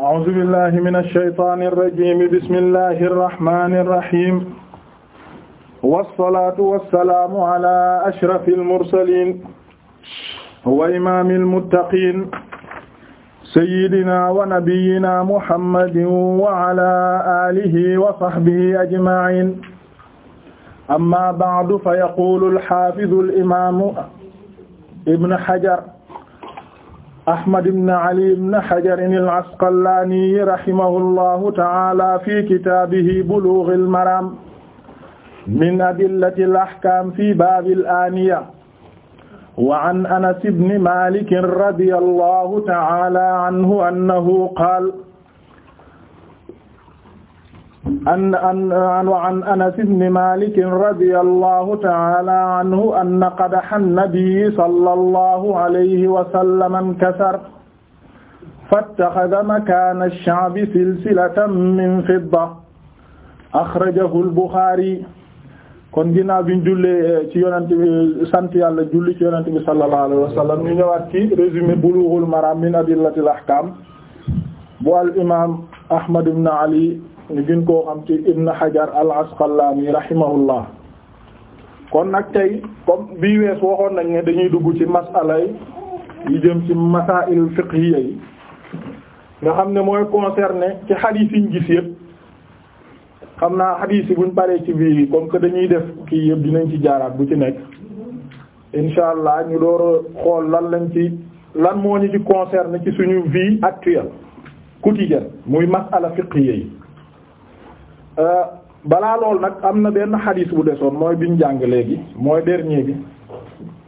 a'uuzu billahi mina shaytaani rajiim bismillahi rahmaani rahiim. wasalaatu wasalaamu ala ashrafil mursaliin. wa imaamil muttaqiin. sayyidina wa nabiyyina muhammadin wa ala aalihi wa sahbihi ajma'iin. amma ba'du fa yaquulu al-haafizu al-imaamu ibn hajar. Ahmad ibn Ali ibn Hajar al-Asqalaani rahimahullahu ta'ala fi kitaabihi Buluughul Maraam min adillatil ahkaam fi baabil aaniya wa an Anas ibn Maalik radiyallahu ta'ala anhu annahu qaala an an an Anas ibn Malik radiyallahu ta'ala anhu anna qadaha an-nabi sallallahu alayhi wa sallam inkasara fattakhadha makana ash-sha'bi silsilatan min fidda akhrajahu al-Bukhari kon ginnaaw bi ñu jullee eh, ci yonent bi sant yàlla julli ci yonent bi sallallahu alayhi wa sallam ñu ñëwaat ci résumé Bulughul Maram min adillatil ahkam bu al imam Ahmad ibn Ali ñu gën koo xam ci Ibn Hajar al-Asqalani rahimahullah kon nag tey comme bii wees waxoon nag ne dañuy dugg ci masalay yi jëm ci masail fiqhiyya yi nga xam ne mooy concerné ci xadiis yi ñu gis yëpp xam naa xadiis yi buñ paree ci biir yi comme que dañuy def kii yëpp dinañ ci jaaraat bu ci nekk incha allah ñu door a xool lan lañ ci lan moo ñu ci concerné ci suñu vie actuelle quotidienne muy masala fiqhiyya yi Euh, balaa loolu nag am na benn xadiis bu desoon mooy biñ jàng léegi mooy dernier bi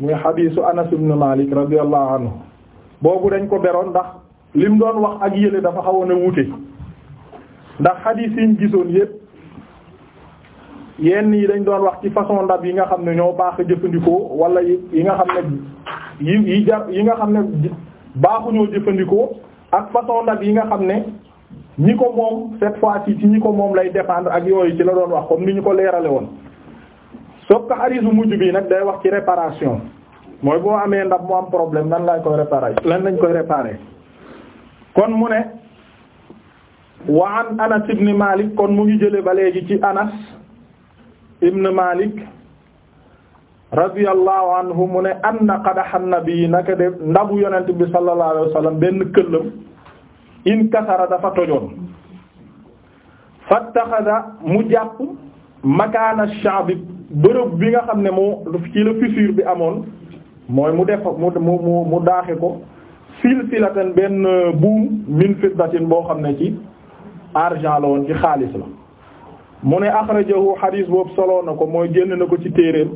muy xadiisu Anas ibn Malik radiyallahu anhu boobu dañ ko beroon ndax lim doon wax ak yële dafa xawoon a wuute ndax xadiis yiñ gisoon yépp yenn yi dañ doon wax ci façon ndab yi nga xam ne ñoo baax a jëfandikoo wala yi nga xam ne yi yi jar yi nga xam ne baaxuñoo jëfandikoo ak façon ndab yi nga xam ne ñi ko moom cette fois-ci ci ñi ko moom lay dépendre ak yooyu ci la doon wax comme ni ñu ko leerale woon soog ko xadiisu mujj bi nag day wax ci réparation mooy boo amee ndab mu am problème nan lañ koy réparer lan lañ koy réparer kon mu ne wa an Anas ibn Malik kon mu ngi jële ba léegi ci Anas ibn Malik radiyallahu anhu mu ne anna qadaha an-nabi naka de ndabu yonent bi sallallahu alayhi wasallam benn këllam in kasara dafa tojoon fattaxada mu jàpp makaana sha'bi bërëb bi nga xam ne moo ci la fissure bi amoon mooy mu def mu mu mu daaxe ko silsilatan benn buum min fiddatin boo xam ne ci argent la woon ci xaalis la mu ne axrajahu xadiis boobu soloo na ko mooy génn na ko ci téereem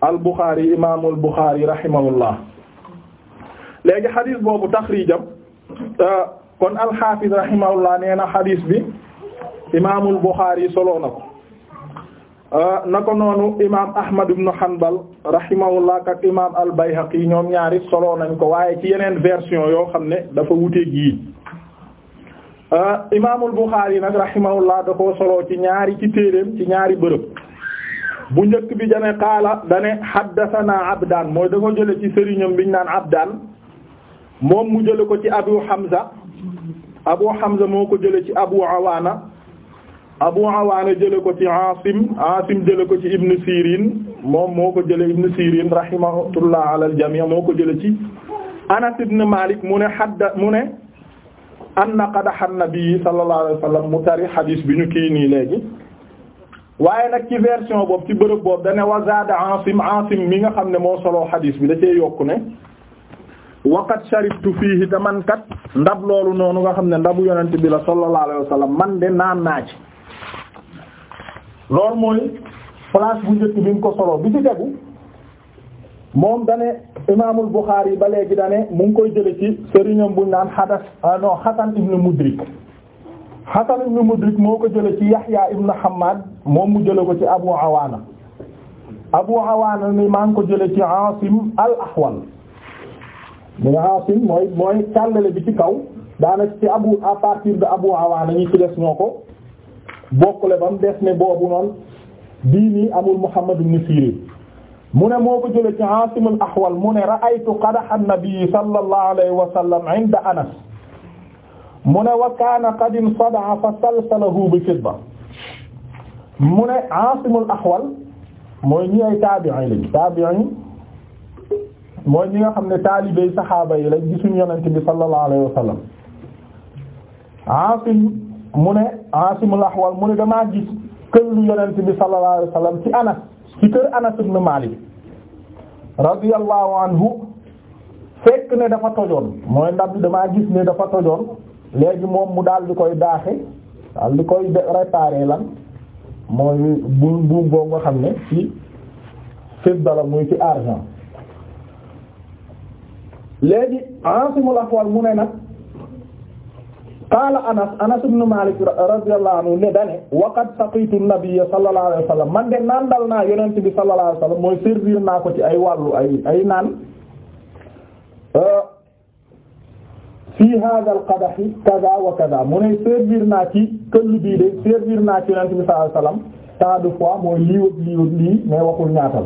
al Buxaari imaamul Buxaari rahimahullah léegi xadiis boobu taxriijam Euh, kon alxaafis rahimahullah nee na xadiis bi imaamul Buxaari soloo na ko euh, na ko noonu imaam Ahmad ibn Hanbal rahimahullah ak imaam al-Bayhaqi ñoom ñaari soloo nañ ko waaye ci yeneen version yoo xam ne dafa wuteeg yii euh, imaamul Buxaari nag rahimahullah da koo soloo ci ñaari ci téereem ci ñaari bërëb bu njëkk bi dane qaala dane haddathana Abdaan mooy da ko jële ci sëriñam biñ naan Abdaan moom mu jële ko ci abu hamza abu hamza moo ko jële ci abu awaana abu awaana jële ko ci asim asim jële ko ci ibn sirin moom moo ko jële ibn sirin rahimahullah ala al moo ko jële ci anas ibn malik mu ne hadda mu ne anna qadaha an-nabi sallallahu alayhi wasallam mu tari hadis bi ñu kii nii léegi waaye nag ci version boobu ci bërëb boobu dane wa zaada asim asim mi nga xam ne moo soloo hadis bi da yokk ne waqat sharibtu fiihi te man ndab loolu noonu nga xam ne ndabu yonent bi la sallallahu alayhi wa sallam man de naan naa ci loolu mooy place bu njëkk bi nga ko solo bi ci tegu moom dane imaamul yi ba léegi dane mu ngi koy jële ci sëriñam buñ naan xadas ah non xasan ibnu mudrik xasan ibnu mudrik moo ko jële ci yaxya ibnu hamad moom mu jële ko ci abu awaana abu awaana ni maa ngi ko jële ci asim al ahwal mu nga Asim ah mooy mooy càllale bi ci kaw daanaka ci abu à partir de Abu Awaana ñi ci des ñoo ko bokkule ba mu des ne boobu noonu bii nii amul Muhammad ibn Sirin mu ne moo ko jële ci Asim al-Ahwal mu ne ra'aytu qadaha an-nabi sallallahu alayhi wa sallam 'inda Anas mu ne wa kaana qad insada'a fa salsalahu bi fidda mu ne Asim al-Ahwal mooy ñi ay taabi'i lañ taabi'i mooy ñi nga xam ne taalibey saxaaba yi lañ gisuñu yonent bi sallallahu alayhi mu ne Aasim al-Ahwal mu ne damaa gis këllu yonent bi sallallahu alayhi ci Anas ci kër Anas ibn Malik radiyallahu anhu fekk ne dafa tojoon mooy ndab damaa gis ne dafa tojoon léegi moom mu daal di koy daaxe daal di koy réparer lan mooy buum buum boo nga xam ne ci fidda la muy ci argent léegi Aasimul Axwal mu ne nag qaala Anas Anas ibn Malik radiyallahu anhu ne dane wa qad saqitu nabiyya sallallahu alayhi wa sallam man de naan dal naa yonent bi sallallahu alayhi wa mooy servir naa ko ci ay wàllu ay ay naan fii hadha al qadahi kaza wa kaza mu ne servir naa ci këll bii de servir naa ci yonent bi sallallahu alayhi wa sallam mooy lii wëg lii wëg waxul ñaata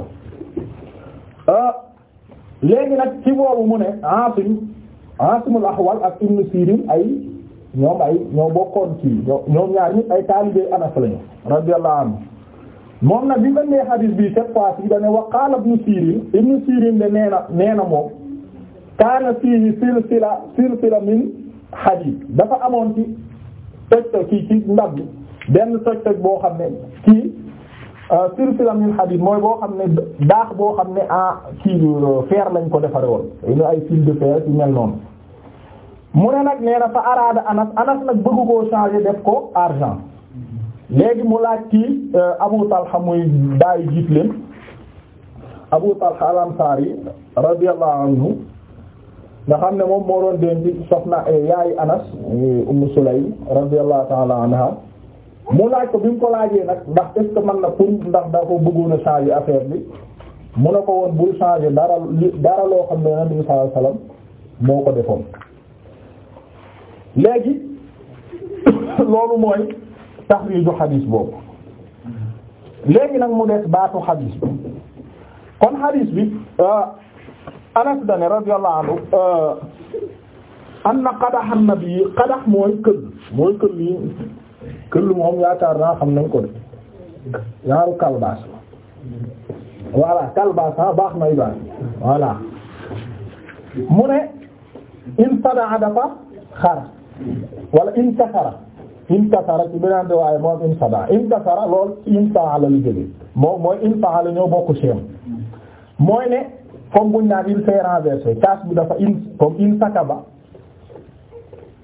la léegi nag ci boobu mu ne Asim Asim al-Ahwal ak Ibn Sirin ay ñoom ay ñoo bokkoon ci ñoom ñaar ñi ay taalibe Anas lañu radiyallahu anhu moom nag bi nga nee hadith bi cette fois ci dañu wa qaala Ibn Sirin Sirin de nee na nee na moom kaana fiihi silsila silsila min hadith dafa amoon ci toj toj ci ci ndab bi benn toj toj boo xam ne ci silsila min hadith mooy boo xam ne daax boo xam ne a ah, kii euh, fer lañ ko defaree woon yu ay fil de fer ci mel noonu mu ne nag nee fa araada anas anas nag bëgg koo changer def ko argent léegi mu laaj kii euh, abu talha muy daay jiit leen abu talha al ansari radiyallahu anhu nga xam ne moom moo doon denc soxna eh, yaayu anas eh, ummu sulaym radiyallahu ta'ala anha mu laaj ko bi mu ko laajee nag ndax est ce man na pour ndax daa ko bëggoon a changer affaire bi mu ne ko woon bul changer dara dara loo xam ne Nabi sallallahu alayhi wasallam moo ko defoon léegi loolu mooy taxriiju xadiis boobu léegi nag mu des baatu xadiis bi kon xadiis bi euh, Anas dane radiyallahu anhu euh, anna qadax an-nabi qadax mooy kël mooy kël yi këll moom yaakaar naa xam nañ ko de ñaaru kalbaas voilà kalbaas ah baax na ibaa voilà mu ne in tadaa dafa xar wala in tasara in tasara ci beneen bi waaye moom in tadaa in tasara lool lu jóge moom mooy in ñoo bokk ci mooy ne comme buñ naan il s'est renversé kaas bi dafa in comme in sakaba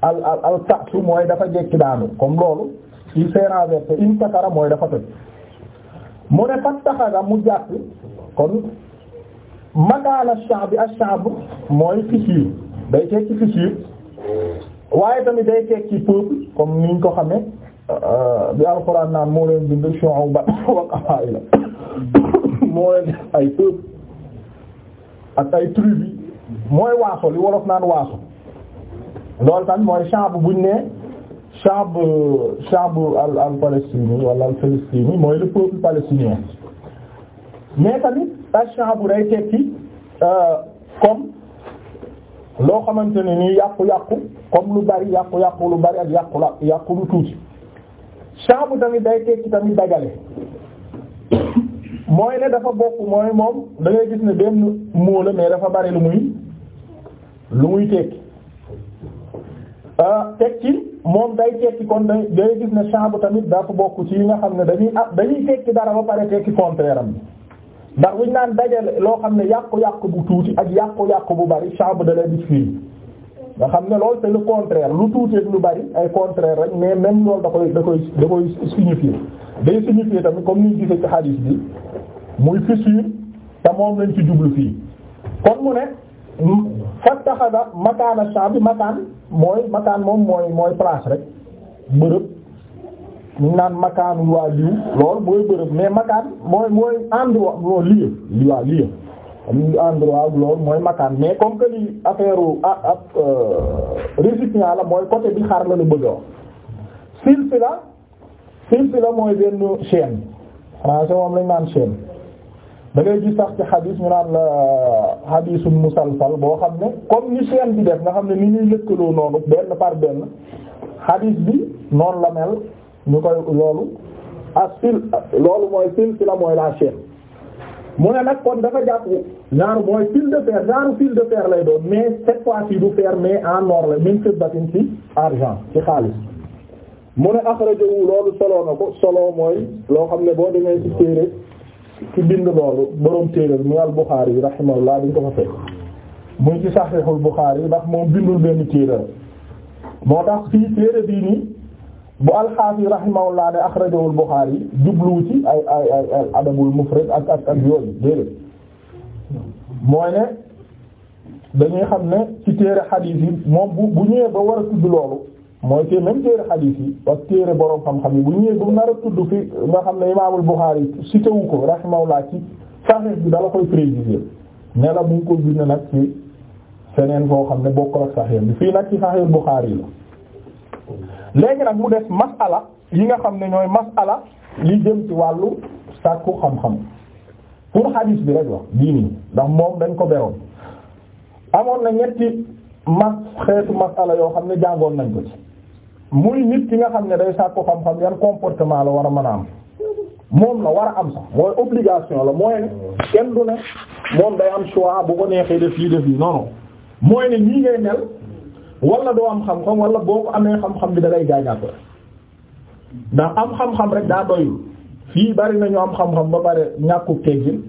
al al al kaasu mooy dafa jekki daanu comme loolu il s'est renversé intakara mooy dafa toj mu ne fa taxaga mu jàpp kon makaana sha'bi ash-sha'b mooy fissure day tekki fissure waaye tamit day tekki peuple comme niñ ko xamee euh, bi alxuraan naan moo leen bind shu'uban wa qabaa'ila moo leen ay peuple ak ay tribu mooy waaso li wolof naan waaso loolu tamit mooy sha'b buñ ne Sha'b Sha'b al al palestini wala al palestini mooy le peuple palestinien mais tamit ash-Sha'b day tekki euh, comme loo xamante ne nii yàqu-yàqu comme lu bari yàqu-yàqu lu bari yàqu la yàqu lu tuuti Sha'b tamit day tekki tamit dajale mooy ne dafa bokk mooy moom da ngay gis ne benn mot la mais dafa bari lu muy lu muy tekki euh, teg moom day tekki kon day day gis ne chambre tamit dafa bokk ci yi nga xam ne dañuy ab dañuy tekki dara ba pare tekki contraire am ndax buñ naan dajale loo xam ne yàqu-yàqu bu tuuti ak yàqu-yàqu bu bari chambre da lay di firi nga xam ne lool c'est le contraire lu tuuti ak lu bari ay contraire rek mais même loolu da koy da koy da koy signifier day signifier tamit comme ni ñu gisee ci hadith bi muy fissure te moom lañ ci jublu fii kon mu ne. fattaxada makaan a shaabi makaan mooy makaan moom mooy mooy place rek bërëb ñu naan makaanu waa liw loolu mooy bërëb mais makaan mooy mooy endroit non lieu waa lieu li endroit loolu mooy makaan mais comme que li affaire u ah ah euh, la mooy côté bi xar la lu bëgg silsila silsila mooy benn chaîne français moom lañ naan chaîne da ngay gis sax ci xadis ñu naan la euh, xadisu musalsal boo xam ne comme ni chaîne bi def nga xam ne ni ñuy lëkkaloo noonu benn par benn xadis bi noonu la mel ñu koy loolu as fil loolu mooy fil fi la mooy la chaîne mu ne nag kon dafa jàpp genre mooy fil de fer genre fil de fer lay doon mais cette fois-ci du fer mais en or la min fiddatin ci argent ci xaalis mu ne axrajahu loolu soloo na ko solo mooy loo xam ne boo demee ci téere ci bind loolu borom téere bi mu al-Bukhari yi rahimahullah dañ ko fa fekk muy ci Sahihul yi ndax moom bindul benn téere moo tax fii téere bii nii bu al-Hafiz rahimahullah ne akhrajahul Bukhari jubluwu ci ay ay ay ay adabul mufrad ak ak yooyu déedéet mooy ne dañuy xam ne ci téere hadith yi moom bu bu ñëwee ba war a tudd loolu. mooy te même téere xadiis ak téere borom xam-xam yi bu ñëwee bu nar a tudd fi nga xam ne imaamul Buxaari cité wu ko rahimahullah ci Sahih bi dala koy préciser ne la mu ngi ko bind nag ci feneen foo xam ne bokkul ak Sahih bi fii nag ci Sahih Buxaari la. léegi nag mu des mas'ala yi nga xam ne ñooy mas'ala li jëm ci wàllu sàkku xam-xam pour xadiis bi rek wax bii nii ndax moom dañ ko beroon amoon na ñetti mas xeetu mas'ala yoo xam ne jàngoon nañ ko ci. muy nit ki nga xam ne day sàkku xam-xam yan comportement la war a mën a am moom la war a am sax mooy obligation la mooy ne kenn du day am bu ko neexee def yi def yi non non mooy ne ñii ngay mel wala doo am xam-xam wala boo ko amee xam-xam bi da ngay gaañaat ndax am xam-xam rek daa doyul fii bari na am xam-xam ba pare ñàkkub teggin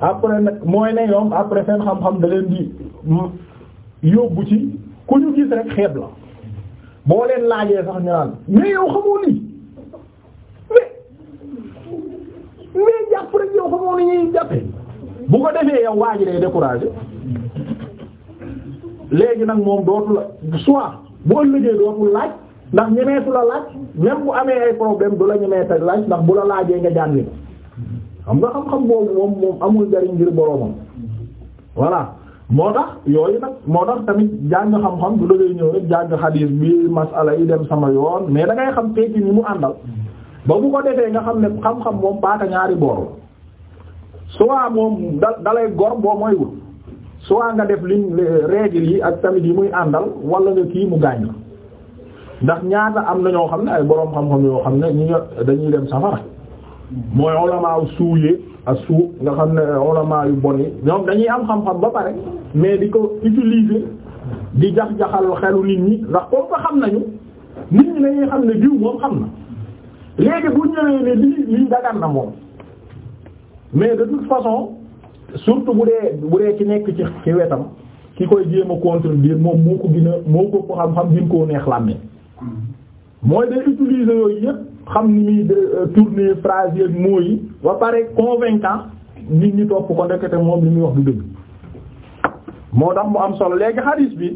après nag mooy ne ñoom après seen xam-xam da leen di yóbbu ci ku ñu gis rek xeeb la. boo leen laajee sax ñu naan mais yow xamoo lii mais mais jàpp rek yow xamoo ni jàppe bu ko defee yow waa ji day découragé léegi nag moom dootu la soit boo ëllëgee dootul laaj ndax ñemeetu la laaj même bu amee ay problème du la ñemeeta laaj ndax bu la laajee nga jàngi ko xam nga xam-xam boobu moom moom amul njariñ ngir boromam voilà moo tax yooyu nag moo tax tamit jàng xam-xam du dangay ñëw rek jàng xadiis bi masala yi dem sama yoon mais dangay ngay xam tekki ni mu àndal ba bu ko defee nga xam ne xam-xam moom paaka ñaari boor la soit moom da dalay gor boo mooy wut nga def li règle yi ak tamit yi muy àndal wala nga kii mu gaañ la ndax ñaata am na ñoo xam ne ay boroom xam-xam yoo xam ne ñu dañuy dem safara mooy ulama suuye ak assu nga xam ne ulama yu bon yi ñoom dañuy am xam-xam ba pare mais di ko utiliser di jax-jaxal xelu nit ñi ndax comme ko xam nañu nit ñi dañuy xam ne jiw moom xam na léegi bu ñëwee ne lii lii na moom mais de toute façon surtout bu dee bu dee ci nekk ci wetam ki koy jéem a contredire moom moo ko gën a moo ko xam-xam gën koo neex làmmee mm-hmm. mooy de utiliser yooyu yëpp xam ni muy euh, tourner phrase yeeg mots yi ba pare convaincant nit ñi topp ko ndekete moom li muy wax du dëgg moo tax mu am solo léegi xadiis bi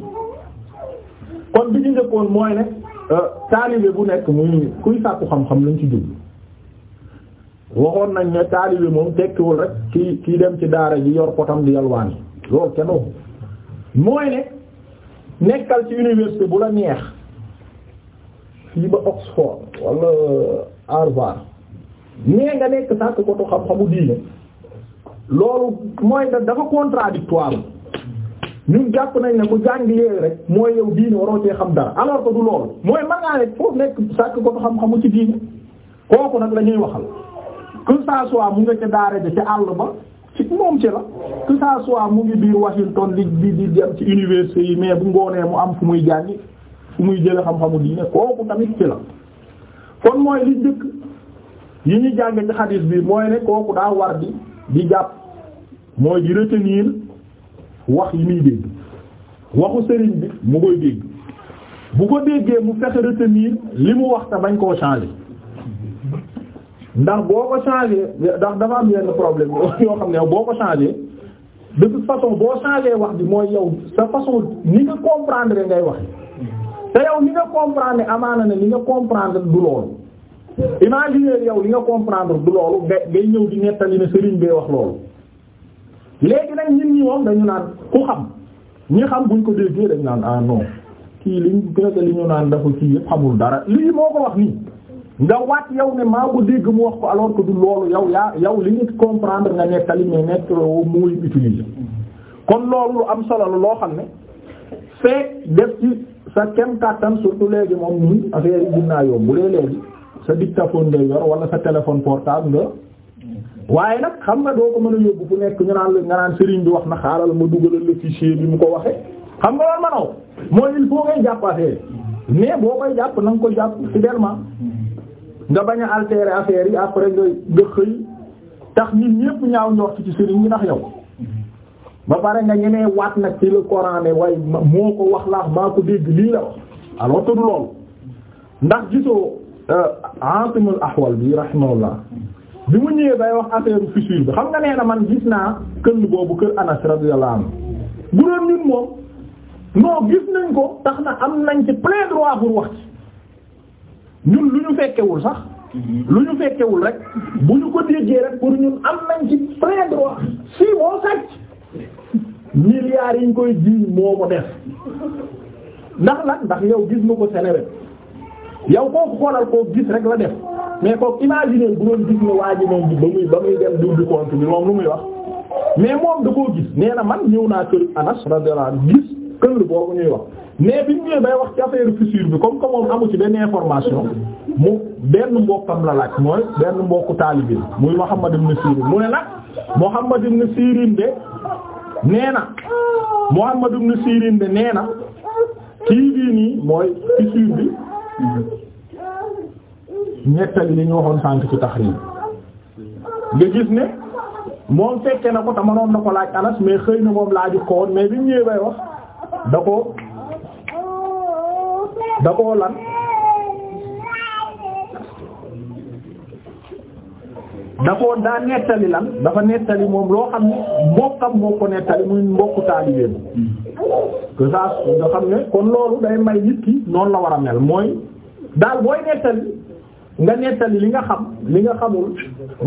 kon bi ñu njëkkoon mooy ne euh, taalibe bu nekk muy kuy sàkku lañ ci jublu waxoon nañ ne taalibe moom tekkiwul rek ki ki dem ci daara yi yor potam di yalwaan yi loolu kenn waxu mooy ne nekkal ci université bu la neex fii ba Oxford wala euh, Harvard mais nga nekk sàkk ko xam-xamu diine loolu mooy dafa contradictoire ñun jàpp nañ ne ku jàng yooyu rek mooy yow diine waroo cee xam dara alors que du loolu mooy mën foofu nekk sàkk ko xam-xamu ci diine kooku nag lañuy ñuy waxal que ça soit mu nga ca daara ja ca àll ci moom ci la que ça soit mu ngi biir Washington di di di dem ci université yi mais bu ngoonee mu am fu muy jàngi fu muy jële xam-xamu diine kooku tamit ci la kon mooy li njëkk yi ñu jàng ci xadiis bi mooy ne kooku daa war di di jàpp mooy di retenir wax yi muy dégg waxu sëriñ bi mu koy dégg bu ko déggee mu fexe retenir li mu wax te bañ koo changer ndax boo ko changer ndax dafa am yenn problème yoo xam ne boo ko changer de toute façon boo changer wax bi mooy yow sa façon ni nga comprendre ngay waxe te yow li nga comprendre amaana ne li nga comprendre du loolu imaginer yow li nga comprendre du loolu nga ngay ñëw di nettali ne sëriñ bee wax loolu léegi nag ñun ñi moom dañu naan ku xam ñi xam buñ ko déggee dañu naan ah non kii liñ li ñu naan dafa kii yëpp xamul dara lii moo ko wax nii nga waat yow ne maa ko dégg mu wax ko alors que du loolu yow yaa yow li nga comprendre nga nettali mais nekk mooy utiliser kon loolu lu am solo la loo xam ne fekk def ci sa kem kàttan surtout léegi moom ñun affaire yi yomb bu dee léegi sa dictaphone ngay yor wala sa téléphone portable nga waaye nag xam nga doo ko mën a yóbbu fu nekk ñu naan la nga naan sëriñ bi wax na xaaral ma dugalal le fichier bi mu ko waxee xam nga loolu manoo mooy il faut ngay jàpp affaire mais boo koy jàpp na ko jàpp fidèlement nga bañ a altérer affaire yi après nga nga xëy tax nit ñépp ñaaw ñor ci sëriñ bi ndax yow ba pare nga ñemee waat nag ci le Coran ne waaye moo ko wax laa maa ko dégg lii la wax alors que du loolu ndax gisoo euh, Asim al-Ahwal bi rahimahullah bi mu ñëwee bay wax affaire fissure bi xam nga nee na man gis naa këll boobu kër Anas radiyallahu anhu bu doon ñun moom non gis nañ ko tax na am nañ ci plein droit pour wax ci ñun lu ñu fekkewul sax lu ñu fekkewul rek bu ñu ko déggee rek pour ñun am nañ ci plein droit si moo sàcc milliards yi ñu koy ji moo ko def ndax la ndax yow gis nga ko Sénégal yow kooku xoolal koo gis rek la def mais kooku imaginer bu doon gis ne waa ji moom ba muy ba muy dem dugg compte moom lu muy wax mais moom da koo gis nee man ñëw naa kër Anas radiyallahu anhu gis kër boobu ñuy wax. mais bi ñu ñëwee bay wax ci affaire bi comme que moom amu ci benn information mu benn mbokkam la laaj mooy benn mbokku taalibe muy Muhammad ibn Sirin mu ne nag Muhammad ibn Sirin de nee na Muhammad ibn Sirin de nee na kii bii nii mooy fissure bi ñettali li ñu waxoon sànk ci tax nii nga gis ne moom fekke na ko te mënoon na ko laaj Anas mais xëy na moom laaju ko mais bi ñu bay wax da ko da koo lan da koo daa nettali lan dafa nettali moom loo xam ne mbokkam moo ko nettali muy mbokku taalibeem que ça nga xam ne kon loolu day may nit ki noonu la war a mel mooy daal booy nettali nga nettali li nga xam li nga xamul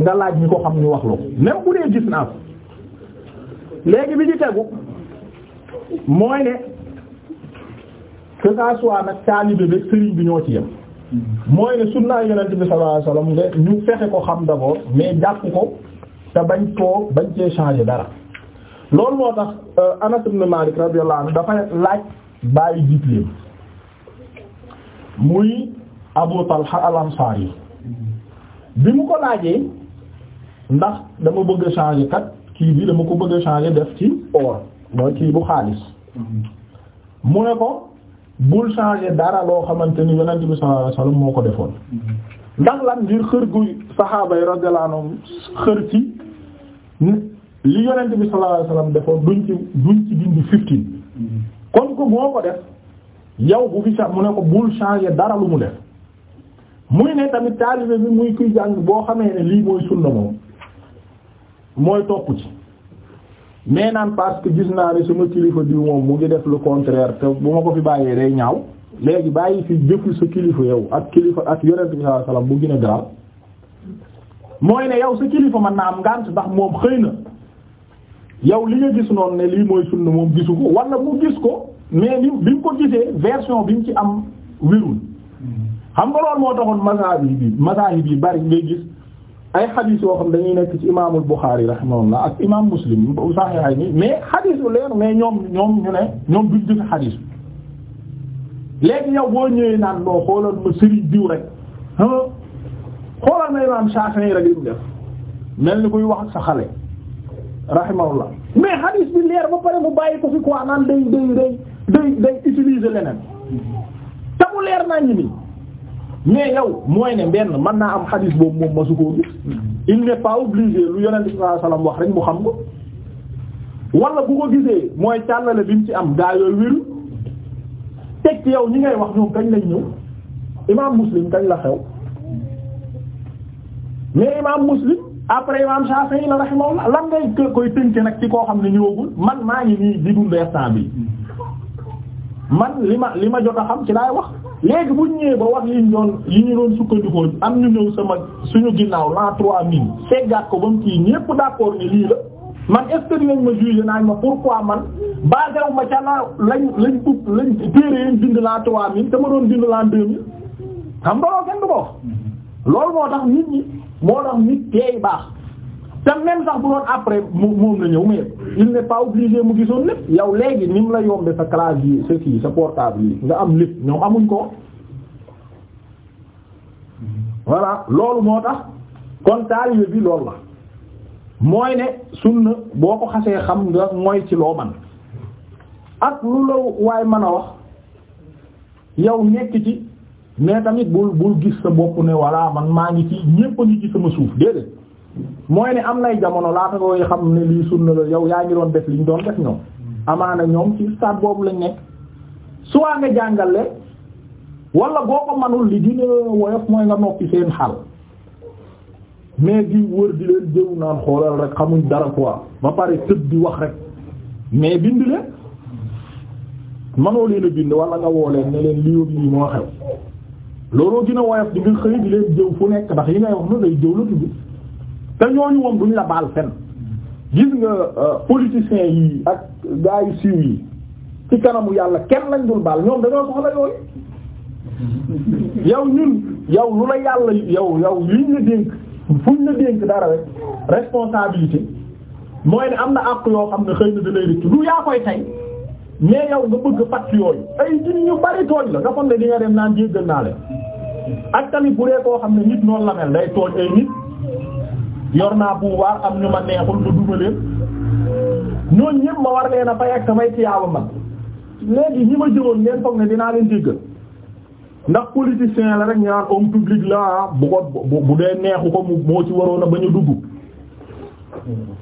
nga laaj ñi ko xam ñu wax la ko même bu dee gis naa ko léegi bi ñu tegu mooy ne. que ça soit nag taalibe bi sëriñ bi ñoo ci yem mooy ne sunna yonent bi sallallahu alayhi wasallam nga ñu fexe ko xam d'abord mais jàpp ko te bañ koo bañ cee changer dara loolu moo tax euh, Anas ibn Malik radiyallahu anhu dafa laaj bàyyi jiitleem muy Abu Talha al-Ansari bi mu ko laajee ndax dama bëgg a changer kat kii bi dama ko bëgg a changer def ci or mooy kii bu xaalis mm-hmm. mu ne ko bul changer dara loo xamante ni yonent bi sallallahu alayhi wasallam moo ko defoon ndax lan ngir xër gu saxaaba yi radiyallahu anhum xër ci li yonent bi sallallahu alayhi wasallam defoon duñ ci duñ ci dindi fifteen kon ko moo ko def yow bu fi mu ne ko bul changer dara lu mu def muy ne tamit taalibe bi muy kuy jàng boo xamee ne lii mooy sunna moom mooy topp ci mais naan parce gis naa ne sama kilifa bi moom mu ngi def le contraire te bu ma ko fi bàyyee day ñaaw léegi bàyyi fi jëful sa kilifa yow ak kilifa ak yonent bi sallallahu alayhi wasallam bu gën a garaaw mooy ne yow sa kilifa man naa am ngànt ndax moom xëy na yow li nga gis noonu ne lii mooy sunna moom gisu ko wala mu gis ko mais ni bi mu ko gisee version bi mu ci am wirul hmm. xam nga loolu moo taxoon mazahib yi mazahib yi bari ngay gis ay xadis yoo xam dañuy nekk ci imaamul Buxaari rahimahullah ak imaam Muslim saxiixay ni mais xadis lu leer mais ñoom ñoom ñu ne ñoom duñ jëfe xadis léegi yow boo ñëwee naan boo xoolal ma sëriñ diw rek xoolal ma imaam Shaafi'i rek lim def mel ni kuy wax ak sa xale rahimahullah mais xadis bi leer ba pare mu bàyyi ko fi quoi naan day day day day day utiliser leneen te mu leer naa nii mais yow mooy ne benn man naa am xadiis boobu moom su ko gis il n'est pas obligé lu yonent bi sallallahu alayhi wasallam wax rek mu xam ko wala bu ko gisee mooy càllale bi ci am gaa yooyu wéru teg ci yow ñi ngay wax ñoom kañ lañ ñëw imaam muslim kañ la xew mais imaam muslim après imaam Shafi'i la rahimahullah lan ngay koy tënke nag ci koo xam ne ñëwagul man maa ngi nii di dund instant bi man li ma li ma jot a xam ci laay wax léegi bu ñu ñëwee ba wax yi ñu doon yi ñu sukkandikoo am ñu ñëw sama suñu ginnaaw la 3000 seggaat ko ba mu kii ñépp d'accord ni lii la man est-ce que dinañ ma juger naañ ma pourquoi man ma ca la lañ lañ ut lañ téere yeen bind la 3000 te ma doon bind la 2000 xam nga loolu kenn du ko mm-hmm. moo tax nit ñi moo tax nit teey baax. te même sax bu doon après moom la ñëw mais il n'est pas obligé mu gisoon lépp yow léegi ni mu la yombe sa clavier sa kii sa portable yi nga am lépp ñoom amuñ ko voilà loolu moo tax kon taalibe bi loolu la mooy ne sunna boo ko xasee xam nga mooy ci loo man ak lu la waay mën a wax yow nekk ci mais tamit bul bul gis sa bopp ne voilà man maa ngi ci ñépp a ngi ci sama suuf déedéet mooy ne am nay jamono laa laata koy xam ne lii sunna la yow yaa ngi doon def liñ doon def ñoom amaana ñoom ci stade boobu lañ nekk soit nga jàngale wala boo ko manul li dina woyof mooy nga noppi seen xal mais di wër di leen jëw naan xoolal rek xamuñ dara quoi ba pare tëb di wax rek mais bind leen manoo leen bind wala nga woo leen ne leen lii lii moo xew looloo gën a woyof di nga xëy di leen jëw fu nekk ndax yi ngay wax noonu lay jëw la te ñooñu moom duñ la baal fen gis nga euh, politiciens yi ak gaa yu siiw yi ci kanamu yàlla kenn lañ dul baal ñoom dañoo soxla yooyu yow ñun yow lu la yàlla yow yow liñ la dénk fuñ la dénk dara rek responsabilité mooy ne am na àq yoo xam ne xëy na da lay rëcc lu yaa koy tay mais yow nga bëgg fàtt yooyu ay jin ñu bari tooñ la nga xam ne dem naan jéggal naa leen ak tamit bu dee koo xam ne nit noonu la mel day tooñ ay nit yor naa pouvoir am ñu ma neexul lu duma leen ñooñu ñëpp ma war leen a fay ak samay tiyaaba man léegi ñi ma jëloon ngeen foog ne dinaa leen jéggal ndax politicien la rek ñu naan public la bu ko bu dee neexu ko moo ci waroon a bañ a dugg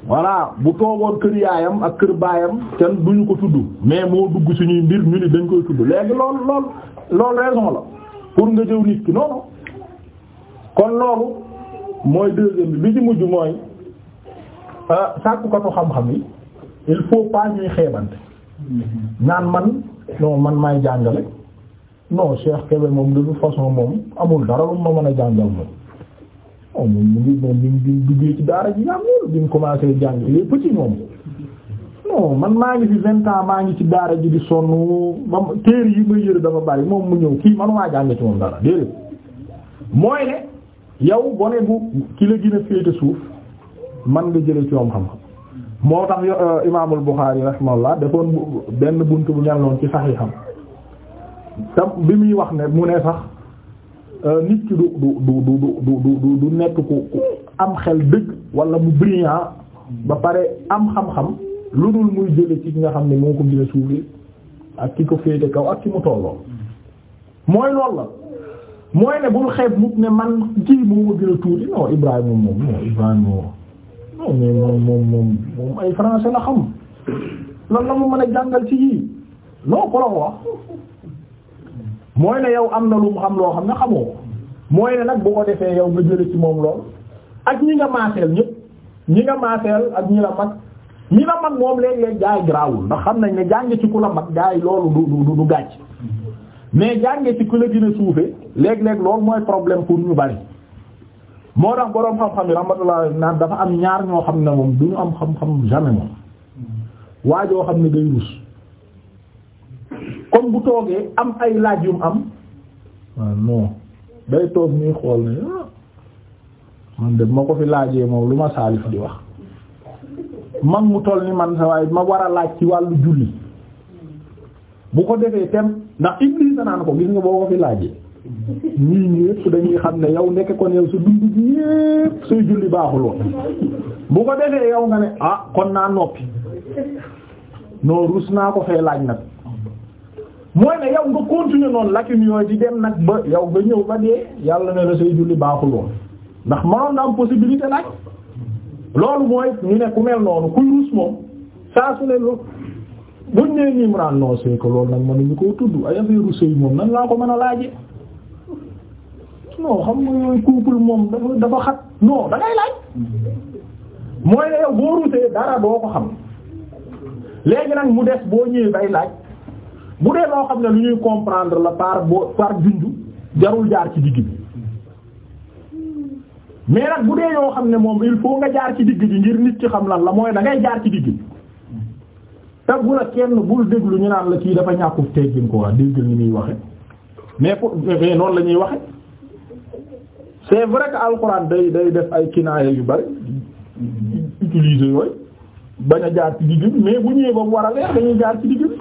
voilà bu toogoon kër yaayam ak kër baayam kenn duñu ko tudd mais moo dugg suñuy mbir ñu ni dañ koy tudd léegi lool lool lool raison la pour nga jëw nit ki noonu kon loolu mooy deuxième bi bi ci mujj mooy euh, sàkkukatu xam-xam yi il faut pas ñuy xeebante naan man non man maay jàngale non Cheikh Kébé moom de toute façon moom amul dara lu ma mën a jàngal moom oh, moom mu ngi moom duggee ci daara ji yàggul bi mu commencé jàng les petits moom non man maa ngi fi vingt ans maa ngi ci daara ji di sonn ba téere yi may yëre dafa bari moom mu ñëw kii man maa jàng ci moom dara déedéet mooy ne yow gone bu ki la gën a féete suuf man nga jële ci moom xam-xam moo tax euh, imaamul Buxaari rahimahullah defoon benn bunt bu mel noonu ci saxiixam tam bi muy wax ne mu ne sax euh, nit ki du du du du du du du nekk ku am xel dëgg wala mu brillant ba pare am xam-xam lu dul muy jële ci ki nga xam ne moo ko gën a suufee ak ki ko féete kaw ak ki mu tolloo mooy loolu la mooy ne bul xeeb mukk ne man kii moo ma gën a tuuti non Ibrahima moom moom Ibrahima moom moom moom moom moom ay français la xam na la mu mën a jàngal ci yii non ko la wax mooy ne yow am na lu mu xam loo xam ne xamoo ko mooy ne nag bu ko defee yow nga jële ci moom lool ak ñi nga maaseel ñi nga maaseel ak ñi la mag ñi la mag moom léeg-léeg gaa yi garaawul ndax xam nañ ne jàng ci ku la mag gaa yi loolu du du du gàcc mais jànge ci ku la gën a suufe léeg-léeg loolu mooy problème pour ñu bari moo tax boroom xam-xam yi rahmatullah naan dafa am ñaar ñoo xam ne moom du ñu am xam-xam jamais moom waa joo xam ne day bu toogee am ay laaj yu am waaw ah non day toog ñuy xool ne ah, man de ma ko fi laajee moom lu ma saalif di wax man mu toll ni man sa waaye ma war a laaj ci wàllu julli bu ko defee tem ndax Iblis naan ko gis nga boo ko fi laajee ñii ñëpp dañuy xam ne yow nekk kon yow sa dund bi yëpp suy julli baaxuloon bu ko defee yow nga ne ah kon naa noppi non rus naa ko fee laaj nag mooy ne yow nga continuer noonu lacune yooyu di dem nag ba yow nga ñëw ba dee yàlla ne la say julli baaxuloon ndax mënoon na am possibilité laaj loolu mooy ñu ne ku mel noonu kuy rus moom saa su ne lu buñ nee Imran non c'est que loolu nag ñu koo tudd ay affaire sëy moom nan laa ko mën a laaje non xam nga yooyu couple moom dafa dafa xat non da laaj mooy ne yow boo rusee dara doo ko xam léegi nag mu des boo ñëwee bay laaj bu dee loo xam ne lu ñuy comprendre la par boo par junj jarul jaar ci digg bi mais nag bu dee yoo xam ne moom il faut nga jaar ci digg bi ngir nit ci xam lan la mooy da ngay jaar ci digg bi. te bu la kenn bul déglu ñu naan la kii dafa ñàkku teggin ko waa déggal ni muy waxe mais pour mais noonu la ñuy waxe c'est vrai que alxuraan day day def ay kinaaya yu bari utiliser yooyu bañ a jaar ci digg bi mais bu ñëwee ba mu dañuy jaar ci digg bi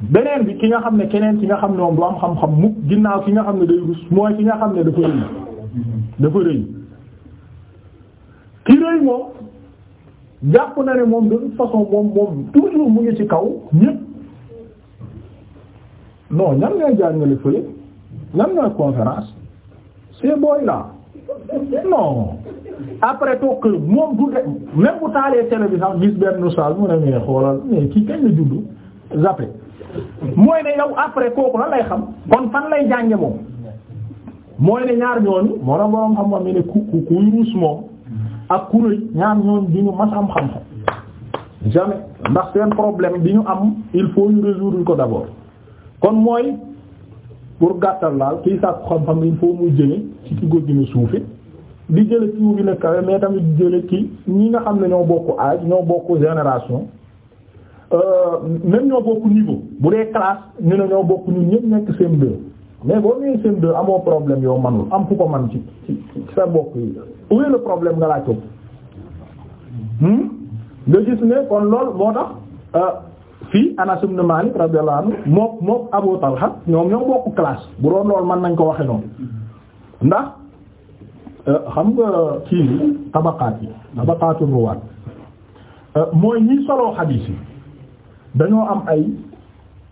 beneen bi ki nga xam ne keneen ki nga xam ne moom am xam-xam mukk ginnaaw ki nga xam ne day rus mooy ki nga xam ne dafa rëy dafa rëy ki rëy moom jàpp na ne moom de toute façon moom moom toujours mu ngi ci kaw ñépp non ñan ngay jàngale fële ñan ngay conférence c'est booy là non après toog moom du de même bu taalee télé bi sax gis benn message mu ne mais xoolal mais kii kañ la juddu zappé mooy ne yow après kooku lan lay xam kon fan lay jànge moom mooy ne ñaar ñooñu moo la boroom xam-xam ne ku ku kuy ruus moom. ak kuréel ñaar ñoon du ñu mas am xam-xam jamais ndax seen problème bi ñu am il faut ñu résoudre ko d'abord kon mooy pour gàttal daal kii sàkku xam-xam il faut muy jële ci ki ko gën a suufe di jële ci mu gën a kawe mais tamit jële ci ñi nga xam ne ñoo bokk âge ñoo bokk génération euh, même ñoo bokk niveau bu dee classe ñu ne ñoo bokku ñu ñëpp nekk seen deux mais boo ñëwee seen deux amoo problème yow manul am ku ko man ci ci sa bokk yi où est problème nga laaj ko hmm? nga gis ne kon lool moo tax euh, fii Anas ibn Malik radiyallahu anhu mook mook Abu Talha ñoom ñoo bokk classe bu doon loolu mën nañ ko waxe noonu ndax euh, xam nga kii bi tabaqaat yi tabaqaatu ruwaat euh, mooy ñi soloo xadiis yi dañoo am ay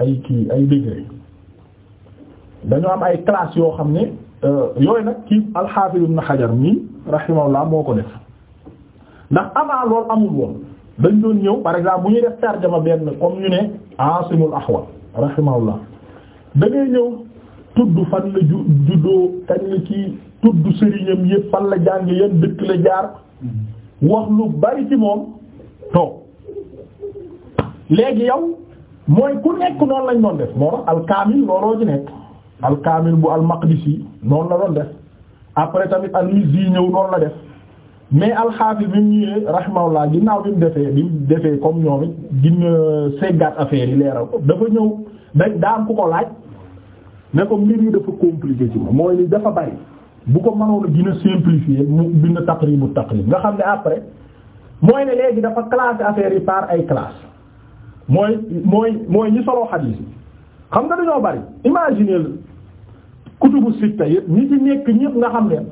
ay kii ay degré dañoo am ay classe yoo xam ne euh, yooyu nag kii al-Hafiz Ibn Hajar mii rahimahullah moo ko def ndax avant loolu amul woon dañ doon ñëw par exemple bu ñuy def tarjama benn comme ñu ne Asimul Ahwal rahimahullah dangay ñëw tudd fan la ju juddoo kañ la kii tudd sëriñam yëpp fan la jàng yan dëkk la jaar wax lu bari ci moom toog léegi yow mooy ku nekk noonu lañ doon def moo tax alkaamil looloo ci nekk. alkaamil bu almaqdisi noonu la doon def après tamit almizzi ñëw noonu la def mais alxaafis bi mu ñëwee rahimahullah ginnaaw bi mu defee bi mu defee comme ñoom it gina euh, seggaat affaire yi leeral ko dafa ñëw da daan ku ko laaj ne ko mbir yi dafa compliqué mooy ni dafa bari bu ko mënoon a gën a simplifier mu bind taqribu taqrib nga xam ne après mooy ne léegi dafa classé affaire yi par ay classe mooy mooy mooy ñi soloo xadiis yi xam nga dañoo bari imaginer kutubu sitta yëpp ñi ci nekk ñëpp nga xam leen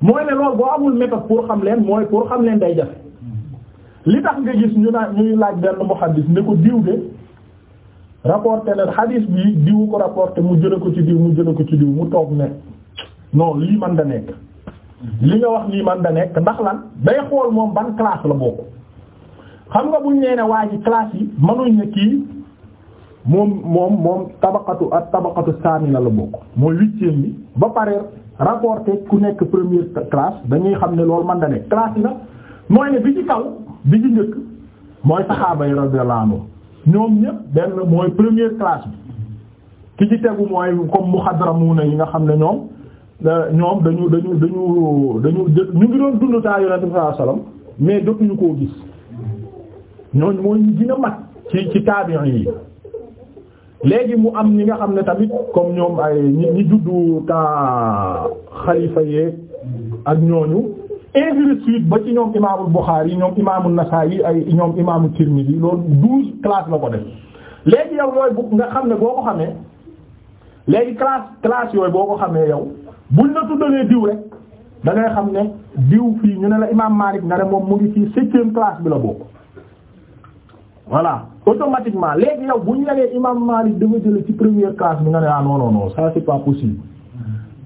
mooy ne loolu boo amul méthode pour xam leen mooy pour xam leen day jafe li tax nga gis ñu naan ñuy laaj benn gis ne ko diw de rapporté na hadis bi diw ko mu jëlee ko ci diw mu jëlee ko ci diw mu toog ne non lii man da nekk. li nga wax nii man da nekk ndax lan day xool moom ban classe la bokk xam nga buñ nee ne waa ji yi mënuñ ne kii. moom moom moom tabaqatu ak tabaqatu saamina la bokk mooy huitième bi ba pare rapporté ku nekk première classe dañuy xam ne loolu man da nekk classe mooy ne bi ci kaw bi ci njëkk mooy saxaaba yi radiyallahu anhu ñoom ñëpp benn mooy première classe bi ki ci tegu mooy comme muxadramuna yi nga xam ne ñoom euh, ñoom dañu dañu dañu dañu ñu ngi doon dund taa yonent bi sallallahu alayhi wasallam mais jotuñu koo gis ñooñ mooy ñu gën a mat ci ci taabi'in yi léegi mu am ñi nga xam ne tamit comme ñoom ay ñi juddu temps xalifa yeeg ak ñooñu ainsi de suite ba ci ñoom imaamul Bukhari ñoom imaamul yi ay ñoom imaamul Tirmidhi loolu douze classes la ko def léegi yow yooyu bu nga xam ne boo ko xamee léegi classe classe yooyu boo ko xamee yow buñ la tuddalee diw rek da xam ne diw fii ñu ne la imaam Malik nga ne moom mu ngi fii septième classe bi la bokk. voilà automatiquement léegi yow bu ñu la nee imaam Malik dafa jële ci première classe bi nga ne ah non non non ça pas possible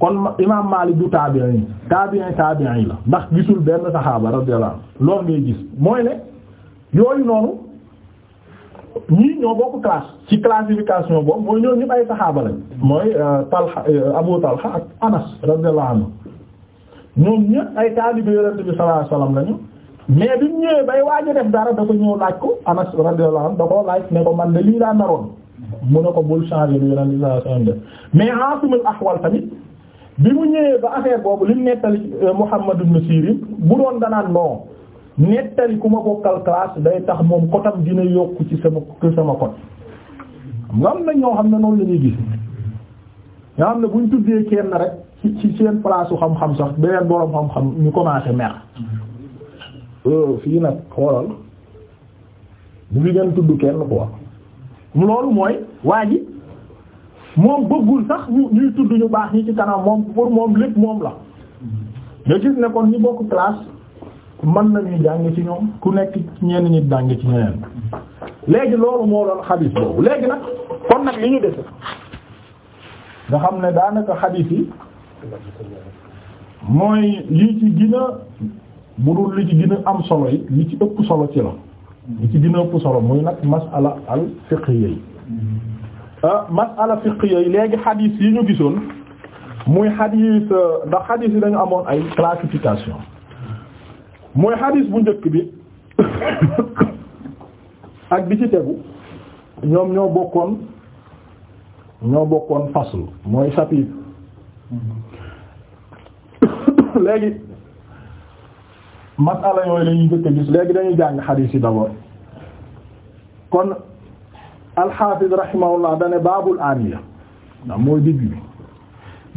kon imaam Malik du tabi'in tabi'in tabi'in yi la ndax gisul benn saxaaba radiyallahu loolu ngay gis mooy ne yooyu noonu ñii ñoo bokk classe ci classification boobu mooy ñoo ñëpp ay saxaaba lañ mooy euh, Talha euh, Abu Talha ak Anas radiyallahu anhu ñoom ñëpp ay taalibe Yonent bi lañu mais bi mu ñëwee bay waaj def dara da ko ñëw laaj ko Anas radiyallahu anhu da ko laaj ne ko man de lii laa naroon mu ne ko bul changer lu yeneen i def mais Asim al-Ahwal tamit bi mu ñëwee ba affaire boobu li mu nettali euh, Muhammad ibn Sirin bu doon danaan non nettali ku ma bokkal classe day tax moom kotam dina yokk ci sama sama kot. am na ñoo xam ne noonu la ñuy gis ñoo xam ne bu ñu tuddee kenn rek ci ci seen place su xam-xam sax beneen borom xam-xam ñu commencé mer. Euh, fii nag xoolal bu fi gën tudd kenn quoi loolu mooy waa ji moom bëggul sax ñu ñuy tudd ñu baax ñi ci kanam moom pour moom lépp moom la nga gis ne kon ñi bokk classe mën nañuy jàng ci ñoom ku nekk ñenn ñi jàng ci ñeneen léegi loolu moo doon xadis boobu léegi nag kon nag li ñu dese nga xam ne daanaka xadis yi mooy lii ci gina bu dul li ci gën am solo yi li ci ëpp solo ci la li ci gën ëpp solo muy nag masala al fiqhiyya yi ah, masala fiqhiyya yi léegi xadiis yi ñu gisoon muy xadiis euh, ndax xadiis yi dañu amoon ay classification mooy xadiis bu njëkk bi ak bi ci tegu ñoom ñoo bokkoon ñoo bokkoon fasl mooy chapitre mm-hmm. léegi masala yooyu la ñuy jëkk a gis léegi dañuy jàng xadiis yi d'abord kon alxaafiz rahimahullah dane baabul aaniya ndax mooy début bi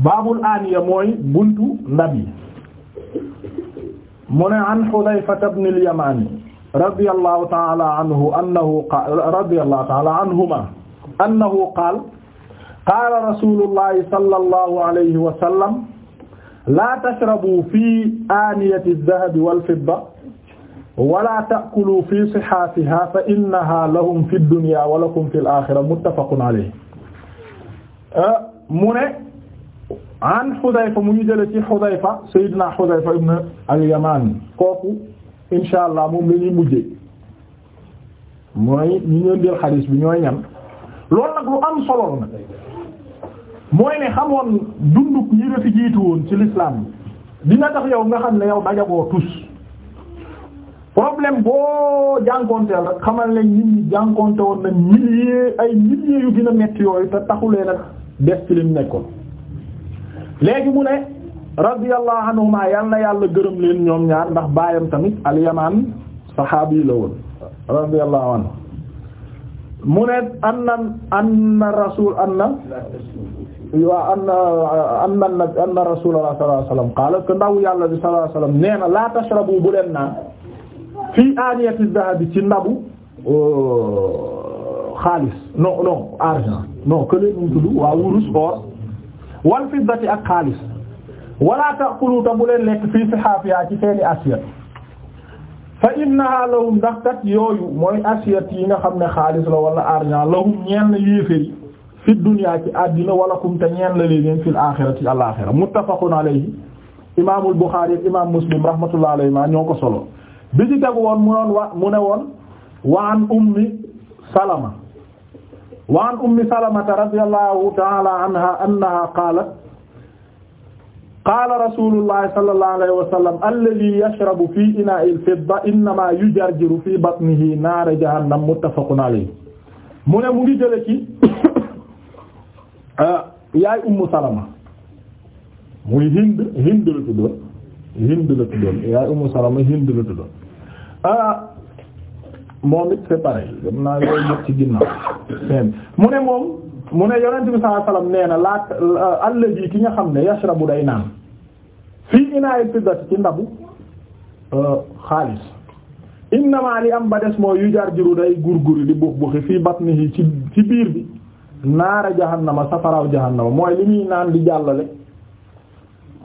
baabul aaniya mooy buntu ndab yi mu ne an Xudayfata ibn al-Yamaani radiyallahu ta'ala anhu annahu qaala radiyallahu ta'ala anhuma annahu qaala qaala rasuulullahi sallallahu alayhi wa sallam laa tashrabu fii aaniyati dahabi wal fidda wala taakulu fi sihaafiha fa innaha lahum fi dunya wa lakum fi al-axira muttafaqun alayhi mu ne an Xudayfa mu ngi jële ci Xudayfa Seydina Xudayfa ibn al-Yamaan kooku insha allah moom la ñuy mujjee mooy ñu ñëw ndil xadiis bi ñooy ñan loolu nag lu am solo nag mooy ne xamoon dunduk ñi la woon ci l'islam dina tax yow nga xam ne yow dajagoo tus problème boo jànkonteel rek xamal ne nit ñi jànkonte woon na milliers ay milliers yu gën a metti yooyu te taxulee nag des ci lim nekkoon léegi mu ne radiyallahu anhuma yal yàlla gërëm leen ñoom ñaar ndax baayam tamit alyamaan saxaabi la woon radiyallahu anhu mu ne anna anna rasul anna waaw am na am na nag am na rasulullah sallallahu alayhi wasallam qaala que ndaw yàlla bi sallallahu alayhi wasallam nee na la tashrabu bu leen naan fii aniyati dhahabi ci ndabu euh, xaalis non non argent non que leen mu tudd waa wurus or wal fiddati ak xaalis wala ta'kulu ta bu leen lekk fii sihaafiha ci seeni assiette fa innaha lahum ndax kat yooyu mooy assiette yi nga xam ne xaalis la wala argent lahum ñeel na yéeféri fi dunya ci àddina wala kum te ñeen la leen fil aaxira ci alaaxira muttafaqun alayhi imaamul Buxaari imaam Muslim rahmatullahi alayhi ma ñoo ko solo bi ci tegu woon mu noon wa mu ne woon wa an ummi salama wa an ummi salamata radiyallahu ta'ala anha annaha qaalat qaala rasulullahi sallallahu alayhi wa sallam alladhi yashrabu fi inaa'il fidda innama yujarjiru fi batnihi naara jahannam muttafaqun alayhi mu ne mu ngi jële ci Euh, yaay ummu salama muy hind hind la tuddoon hind la tuddoon yaay ummu salama hind la tuddoon euh, moom it c'est mu ne moom mu ne yonent bi sallallahu alayhi wasallam nee na laat euh, ki nga xam ne yashrabu day naan fii inaay fiddati ci ndabu xaalis innamaa li am ba des mooy yu jar jiru day gurguri di buux buuxi fii batnihi ci ci biir bi naara jahannama safaraaw jahannama mooy li ñuy naan di jàllale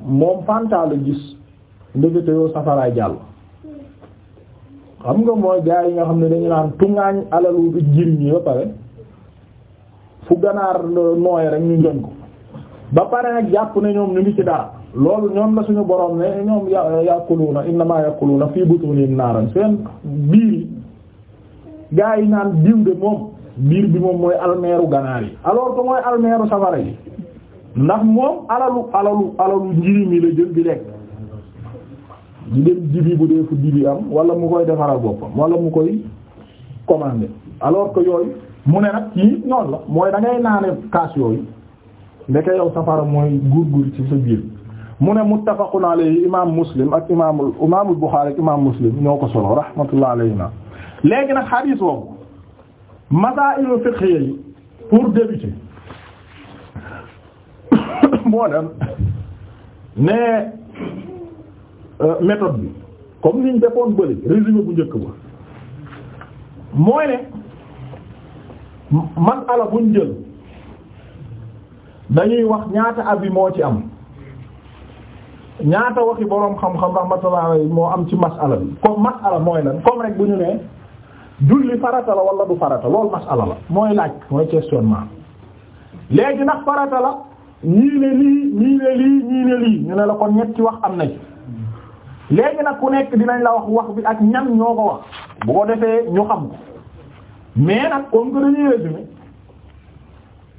moom fanta la gis ndekete yoo safaraay jàll xam nga mooy gaa yi nga xam ne dañu naan tungaañ alalu jirim yi ba pare fu ganaar nooy rek ñu njoñ ko ba pare nag jàpp ne ñoom ñu ngi ci dara loolu ñoom la suñu borom ne ñoom ya- yàquluuna innamaa yàquluuna fii butunin naaran seen biir yi gaa yi naan diw de moom biir bi moom mooy almeeru ganaar yi alors que mooy almeeru safara yi ndax moom alalu alalu alalu njirim yi la jël di lekk di dem jibi bu dee fu jibi am wala mu koy defaral boppam wala mu koy commander alors que yooyu mu ne nag kii noonu la mooy da ngay naane kaas yooyu ndeke yow safara mooy gurgur ci sa biir mu ne muttafaqun alayhi imaam muslim ak imaamul imaamul buxaari ak imaam muslim ñoo ko solo rahmatullah alayhi na léegi nag xadiis boobu masaa'ilu fiqh yi pour débuter moo dem ne euh, méthode bi comme niñ defoon bëri résumé bu njëkk ba mooy ne ala buñ jël dañuy wax ñaata avis moo ci am ñaata waxi boroom xam-xam rahmatullah moo am ci masala bi comme masala mooy lan comme rek bu ñu nee julli farata la wala du farata loolu masala la mooy laaj mooy questionnement léegi ndax farata la ñii ne lii ñii ne lii ñu ne la kon ñetti wax am na ci léegi nag ku nekk dinañ la wax wax bi ak ñan ñoo ko wax bu ko defee ñu xam ko mais nag comme que dañuy résumé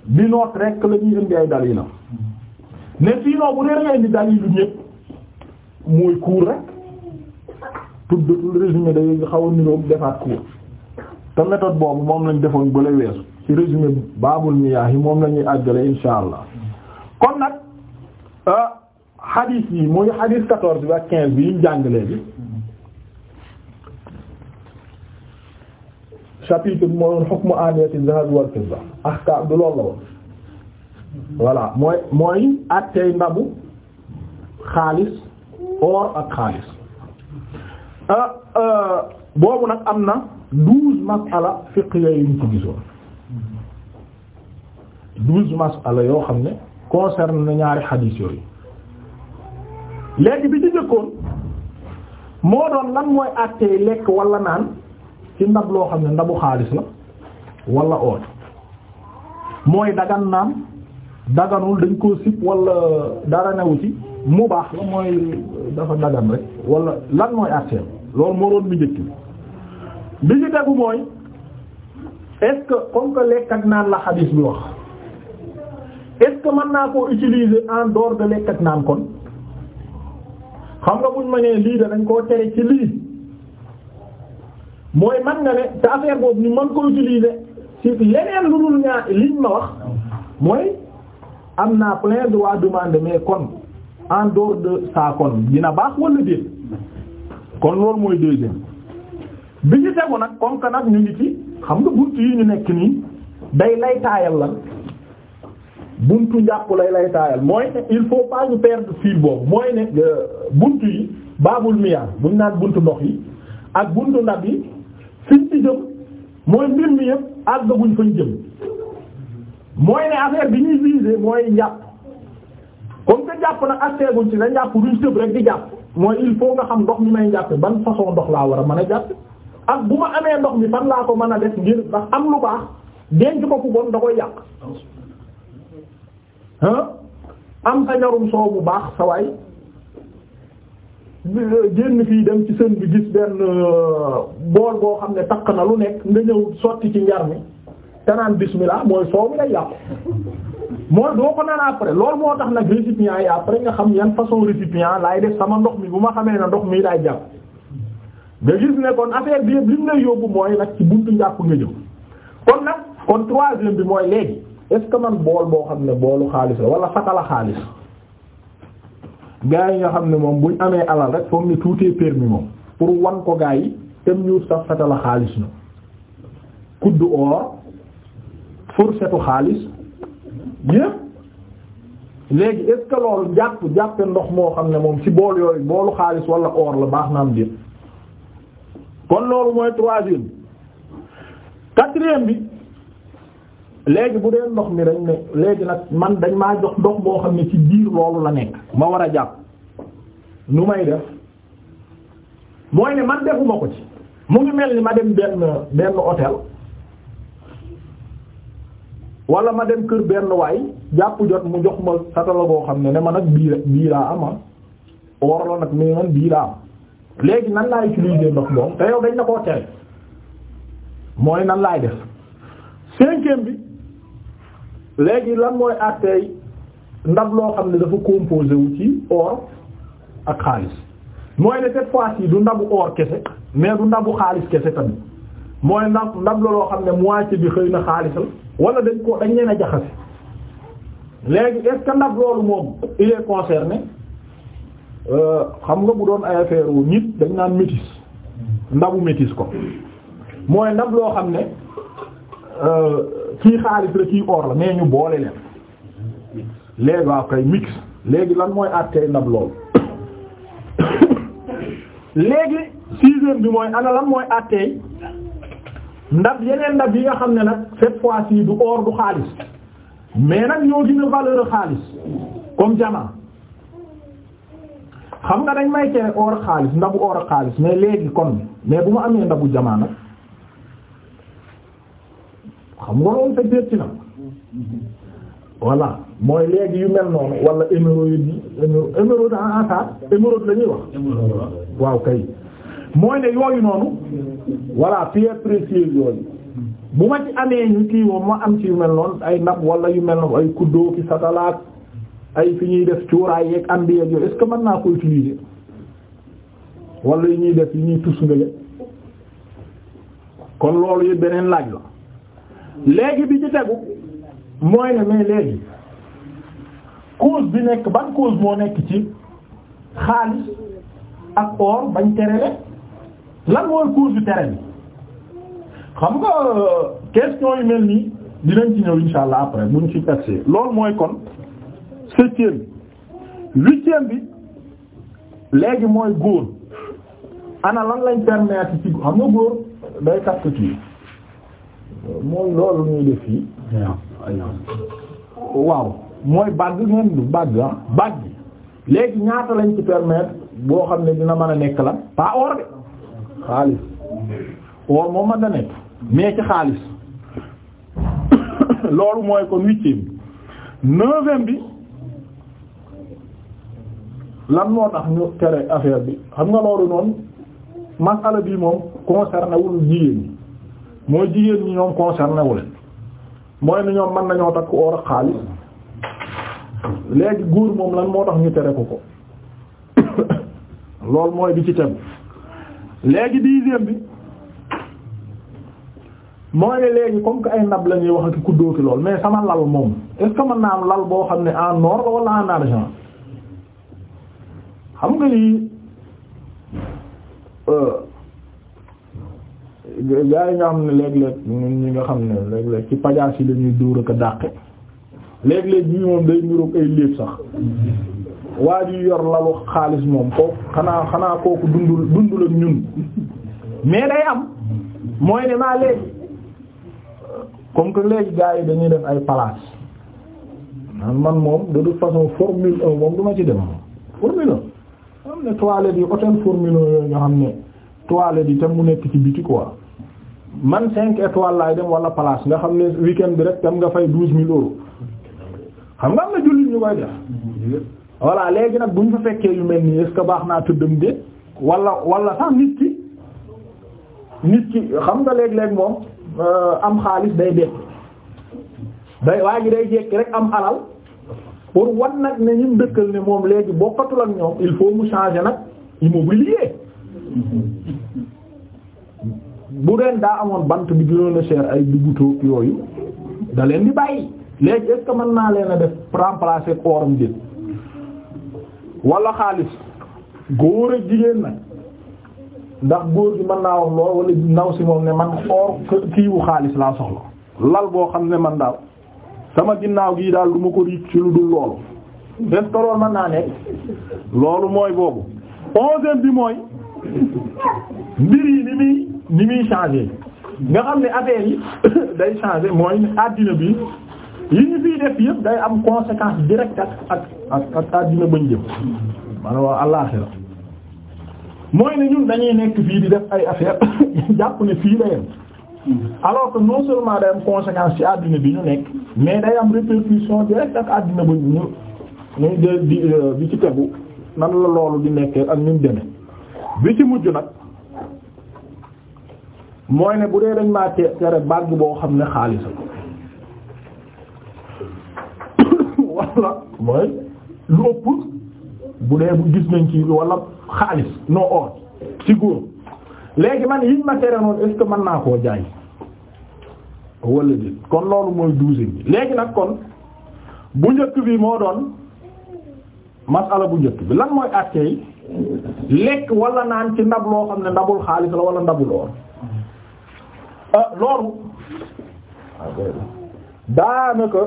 bi noot rek la ñuy indi ay dalilam ne sinon bu dee indi dalilu ñëpp mooy cours rek tuddatul résumé day xaw a niroog defaat cours. te méthode boobu moom lañ defoon bële weesu ci résumé baabul miyaah yi moom la ñuy àggale insha allah kon nag euh, hadith yi muy hadith quatorze bi ak quinze bi yiñ jàngalee bi chapitre moo doon hukmu aniyati zahab wal fidda ahkaam du loolu la woon voilà mooy mooy attey ndabu xaalis or ak xaalis euh, euh, boobu nag am na douze masala fiqh yooyu ñu ci gisoon douze masala yoo xam ne concerne na ñaari xadiis yooyu léegi bi ci jëkkoon moo doon lan mooy àttee lekk walla naan ci ndab loo xam ne ndabu xaalis la wala oor mooy dagan naam daganul dañ koo sib wala dara newu ci mu baax la mooy dafa dagan rek wala lan mooy àttee loolu moo doon bi njëkk bi ci tegu mooy est comme que lekk ak naan la xadiis bi wax est-ce mën naa koo utilise en dehors de lekk ak naan kon xam nga buñ ma nee lii da dañ koo tere ci lii mooy man nga ne te affaire boobu ñu ko utiliser ci leneen lu dul ñaa liñ ma wax mooy am naa plein droit demander mais kon en dehors de ça kon dina baax wala déet kon loolu mooy deuxième bi ñu tegu nag comme que nag ñu ngi ci xam nga buntu yi ñu nekk nii day lay taayal lan buntu njàpp lay lay mooy ne il faut pas ñu perdre boobu mooy ne euh, buntu yi baabul miyaa buñ naan buntu ndox yi ak buntu ndab yi fiñ ci jëm mooy mbir mi yëpp àggaguñ fañ jëm mooy ne affaire bi ñuy viser mooy njàpp comme que jàpp nag affaire guñ ci la njàpp duñ tëb rek di jàpp mooy il faut nga xam ndox mi may njàppe ban façon ndox laa war a mën a jàpp ak bu ma amee ndox mi fan laa ko mën a def ngir ndax am lu baax denc ko fu bon da koy yàq am sa ñarum soow bu baax sa waay génn fii dem ci sën bi gis benn euh, bool boo xam ne taq na lu nekk nga ñëw sotti ci njar mi te naan bismillah mooy soow mi day yàqu mooy doo ko naan après loolu moo tax nag récipient yi après nga xam yan façon récipient laay def sama ndox mi bu ma xamee ne ndox mi laay jàpp nga gis ne kon affaire bi yëpp li mu lay yóbbu mooy nag ci buntu njàpp nga jëm kon nag kon troisième bi mooy léegi est man bool boo xam ne boolu xaalis la wala fatala xaalis gaa yi nga xam ne moom buñ amee alal rek foog ni tout est moom pour wan ko gaa yi tem ñu sax fatala xaalis na kuddu or fourchette xaalis léegi est loolu jàpp jàppe ndox moo xam ne moom ci bool yooyu boolu xaalis wala or la baax na am déet kon loolu mooy troisième bi quatrième bi léegi bu dee ndox mi dañ ne léegi nag man dañ maa jox ndox boo xam ne ci biir loolu la nekk ma war a jàpp nu may def mooy ne man defuma ko ci mu ngi mel ni ma dem benn benn hôtel wala ma dem kër benn waay jàpp jot mu jox ma satala boo xam ne ne ma nag bii bii laa ama ah. or nag mais man bii am léegi nan laay utiliser ndox moom te yow dañ na koo tere mooy nan laay def cinquième bi léegi lan mooy àtteey ndab loo xam ne dafa composé wu ci or ak xaalis mooy ne cette fois du ndabu or kese mais du ndabu xaalis kese tamit mooy ndab ndab la loo xam ne moitié bi xëy na xaalisal wala dañ ko dañ leen a jaxase léegi est ndab loolu moom il est Euh, xam nga bu doon ay affaire nit dañ naan métis ndabu métis ko mooy ndab loo xam ne euh, kii xaalis la kii or la mais ñu boole leen léegi waaw kay mix léegi lan mooy àttee ndab loolu léegi sixième bi mooy ana lan mooy àttee ndab yeneen ndab yi nga xam ne nag cette fois-ci du or du xaalis mais nag ñoo gën a valeur xaalis comme jamaa xam nga dañ may cere or ak xaalis ndabu or ak xaalis mais léegi kon mais bu ma amee ndabu jamaa nag xam nga loolu te déet ci na mooy léegi yu mel noonu wala émeraude yi émeraude en asar émeraude wax waaw kay mooy ne yooyu noonu voilà pierre précieuse yooyu bu ma ci amee ñu kii moom ma am ci yu mel noonu ay ndab wala yu mel noonu ay kuddoo ki satalaat ay fi ñuy def cuuraay yeeg ambiyeeg yooyu est-ce que mën naa ko utiliser wala yi ñuy def yi ñuy tus kon loolu yi beneen laaj la léegi bi ci tegu mooy ne mais léegi cause bi nekk ban cause moo nekk ci xaalis ak or bañ terele lan mooy cause bi tere bi xam nga euh, question yu mel nii dinañ ci ñëw insha allah après ñu ci taxé loolu mooy kon septième bi huitième bi léegi mooy góor ana lan lañ permettre ci xam nga góor day kàtt ci mooy loolu ñuy def fii waaw mooy bàgg ngeen du bàgg ah bàgg léegi ñaata lañ ci permettre boo xam ne dina man a nekk la pas or xaalis or moom mën na nekk mais ci xaalis loolu mooy kon huitième bi lan moo tax ñu tere affaire bi xam nga loolu noonu masala bi moom concerné wul jigéen ñi mooy jigéen ñi ñoom concerné wu leen mooy ne ñoom mën nañoo takk or xaalis léegi góor moom lan moo tax ñu tere ko ko loolu mooy bi ci tegu léegi dixième bi mooy ne léegi comme que ay ndab la ñuy wax ak kuddóoki lool mais sama lal moom est ce am lal boo xam ne en or wala en argent xam nga lii euh, gaa yi nga xam ne léeg-léeg ñun ñi nga xam ne léeg-léeg ci pajaas yi la ñuy dóor ak a dàqe léeg-léeg ñi moom day niroog ay léeb sax waa ji yor lalu xaalis moom kooku xanaa xanaa kooku dundul dundul ak ñun mais day am mooy ne maa léegi comme que léegi gaa yi dañuy def ay palaas man man moom de toute façon formule moom du ma ci dem formule 1 am na toilette yi hôtel Formule yooyu nga xam ne toilette yi te mu nekk ci biti quoi man cinq étoiles laay dem wala place nga xam ne weekend bi rek tam nga fay douze mille euros xam nga am na jullit ñu koy def voilà léegi nag bu ñu fa fekkee yu mel nii est-ce baax naa tëddam de walla wala sax nit ki nit ki xam nga léeg-léeg moom euh, am xaalis day dekk day waa ji day jekki rek am alal pour wan nag ne ñun dëkkal ni moom léegi bokkatul ak ñoom il faut mu changer nag immobilier bu ren daa amoon bant bi gënoon a seer ay duguto yooyu da leen di bàyyi léegi est-ce que mën naa leen a def remplacer kooram jën wala xaalis góor ak jigéen nag ndax góor gi man naa wax lool wala ndaw si moom ne man or kiiwu xaalis laa soxla lal boo xam ne man daal sama ginnaaw gii daal du ma ko riit ci lu dul loolu est-ce que loolu mën naa ne loolu mooy boobu onzième bi mooy mbir yi ni muy ni muy changer nga xam ne affaire yi day changer mooy ne addina bi yi ñu fiy def yëpp day am conséquence directe ak ak ak ak addina bañ jëm maanaam ne ñun dañuy nekk fii di def ay affaire jàpp Mm-hmm. alors que non seulement day am conséquence ci àddina bi ñu nekk mais day am répercussion direct ak àddina bu ñu ñu di bi euh, ci tegu nan la loolu di nekkee ak ñu demee bi ci mujj nag mooy ne bu dee dañ maa tere bàgg boo xam ne xaalis wala mooy lu ëpp bu dee bu gis nañ ci wala xaalis non or ci góor léegi man yiñ ma tere noonu est mën naa koo jaay wala déet kon loolu mooy douzième léegi nag kon bu njëkk bi moo doon masala bu njëkk bi lan mooy àttee lekk walla naan ci ndab loo xam ne ndabul xaalis la wala ndabul or euh, loolu daanaka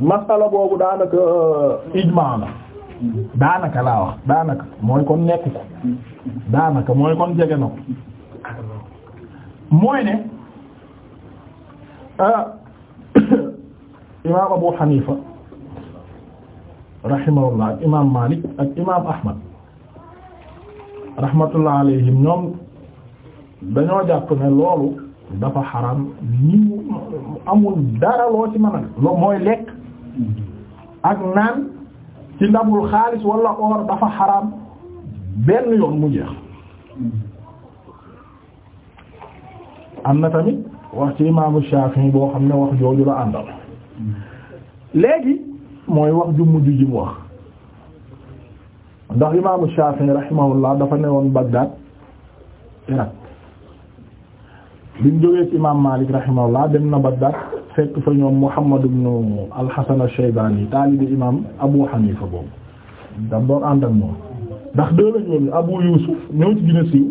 masala boobu daanaka euh, ijmaa na daanaka laa wax daanaka mooy kon nekk ko daanaka mooy kon jege na mooy ne ah, imaam Abu Hanifa rahimahullah ak imaam Malik ak imaam Ahmad rahmatullah alayhim ñoom dañoo jàpp loolu dafa xaram amul dara loo ci mën loo mooy lekk ak naan ci ndabul xaalis wala or dafa xaraam benn yoon mu jeex am na tamit wax imaamu Shafi'i boo xam ne wax jooju la àndal léegi mooy wax ju mujj ji mu wax ndax imaamu Shafi'i rahimahullah dafa newoon Bagdad Irak bi mu jógee ci imaam Malik rahimahullah dem na Bagdad fekk fa ñoom Muhammad ibn al-Hasan al-Shaybani taalibi imam Abu Hanifa boobu dam doon ànd ak moom ndax deux la ñoom Abu Yusuf ñoo ci gën a siiw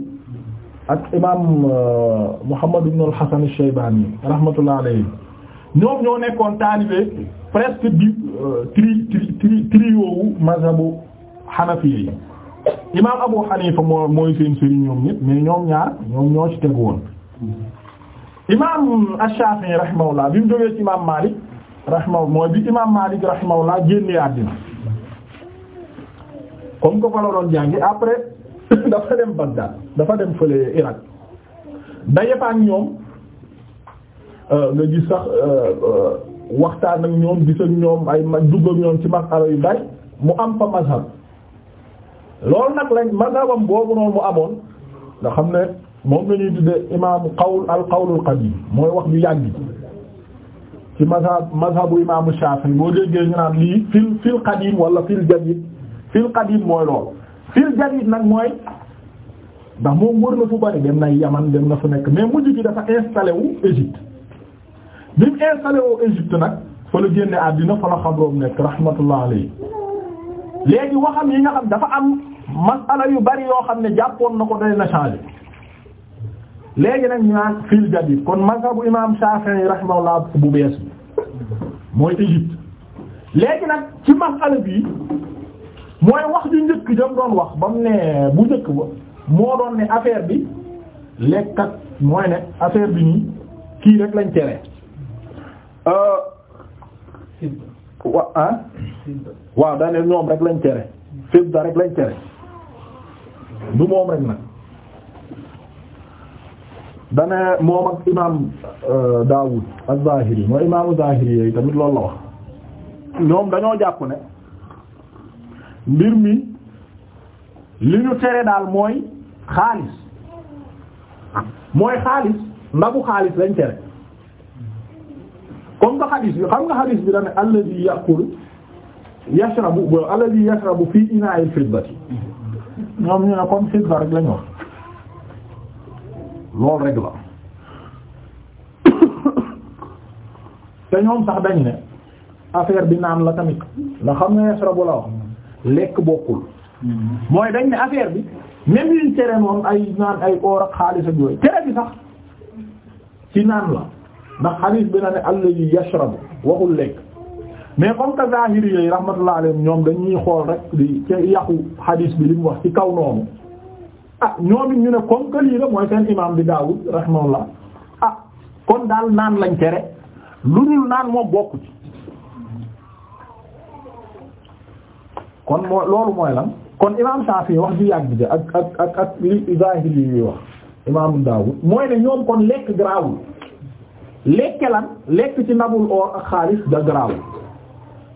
ak imam euh, Muhammad ibn al-Hasan al-Shaybani rahmatullah alayhi ñoom ñoo nekkoon taalibe presque di euh, tri tri tri trioowu mazhabu Hanafi yi imam Abu Hanifa moo mooy seen sëriñ ñoom ñëpp mais ñoom ñaar ñoom ñoo ci tegu woon imaam Ash-Shafi'i rahimahullah bi mu jógee ci imaam Malik rahimahullah mooy bi imaam Malik rahimahullah génnee àddina comme ko fa la jàngi après dafa dem Bagdad dafa dem fële Irak daje ñoom euh, nga gis sax euh, euh, waxtaan ak ñoom gis ak ñoom ay dugg ak ñoom ci masala yu bay mu am fa mazhab loolu nag lañ mazhabam boobu noonu mu amoon nga xam ne. moom la ñuy tuddee imaamu qawl al qawlul qadim mooy wax ju yàgg ci mazhab mazhabu imaamu Shafi'i boo déggee ñu naan lii fil fil qadim wala fil jadid fil qadim mooy loolu fil jadid nag mooy ndax moom wër na fu bari dem na Yaman dem na fu nekk mais mujj bi dafa installé wu Égypte bi mu installé wu Égypte nag fa la génne àddina fa la xabroom nekk rahmatullah alayhi léegi waxam yi nga xam dafa am masala yu bari yoo xam ne jàppoon na ko day na changer léegi nag ñu naan fil jadid kon mazhabu imam Shafi'i rahimahullah bu bees bi mooy Égypte léegi nag ci masala bi mooy wax ju njëkk jam doon wax ba mu ne bu njëkk ba moo doon ne affaire bi lekkat mooy ne affaire bi nii kii rek lañ tere euh, wa ah waaw daaneel ñoom rek lañ tere fidda rek lañ tere du moom rek nag dane moom ak imam euh, Daawud az-Zahiri mooy imaamu Zahiri yooyu tamit loolu la wax ñoom dañoo jàpp ne mbir mi li ñu tere daal mooy xaalis mooy xaalis ndabu xaalis lañ tere comme nga xadis bi xam nga xadis bi dane alladhi yaqulu yashrabu alladhi fi ina'il fiddati ñoom ñu ne comme fidda rek lañ wax loolu rek la te ñoom sax dañ ne affaire bi naan la tamit ndax xam nga yasrabu la wax lekk bokkul mm-hmm. mooy dañ ne affaire bi même yuñ tere moom ay naan ay oor ak xaalis ak yooyu tere bi sax ci naan la ndax xaalis bi na ne alladhi yashrabu waxul lekk mais comme que zahiri yooyu rahmatullah alayhim ñoom dañuy xool rek di ca yàqu xadis bi li wax ci kaw noonu ah ñoom it ñu ne comme que lii la mooy seen imam bi Daawud rahimahullah ah kon daal naan lañ tere lu dul naan moom bokku ci kon moo loolu mooy lan kon imam Saafi wax ju yàgg ja ak ak ak ak li Zaahiri yi wax imam Daawud mooy ne ñoom kon lekk garaawul lekke lan lekk ci nabul or ak xaalis da garaawul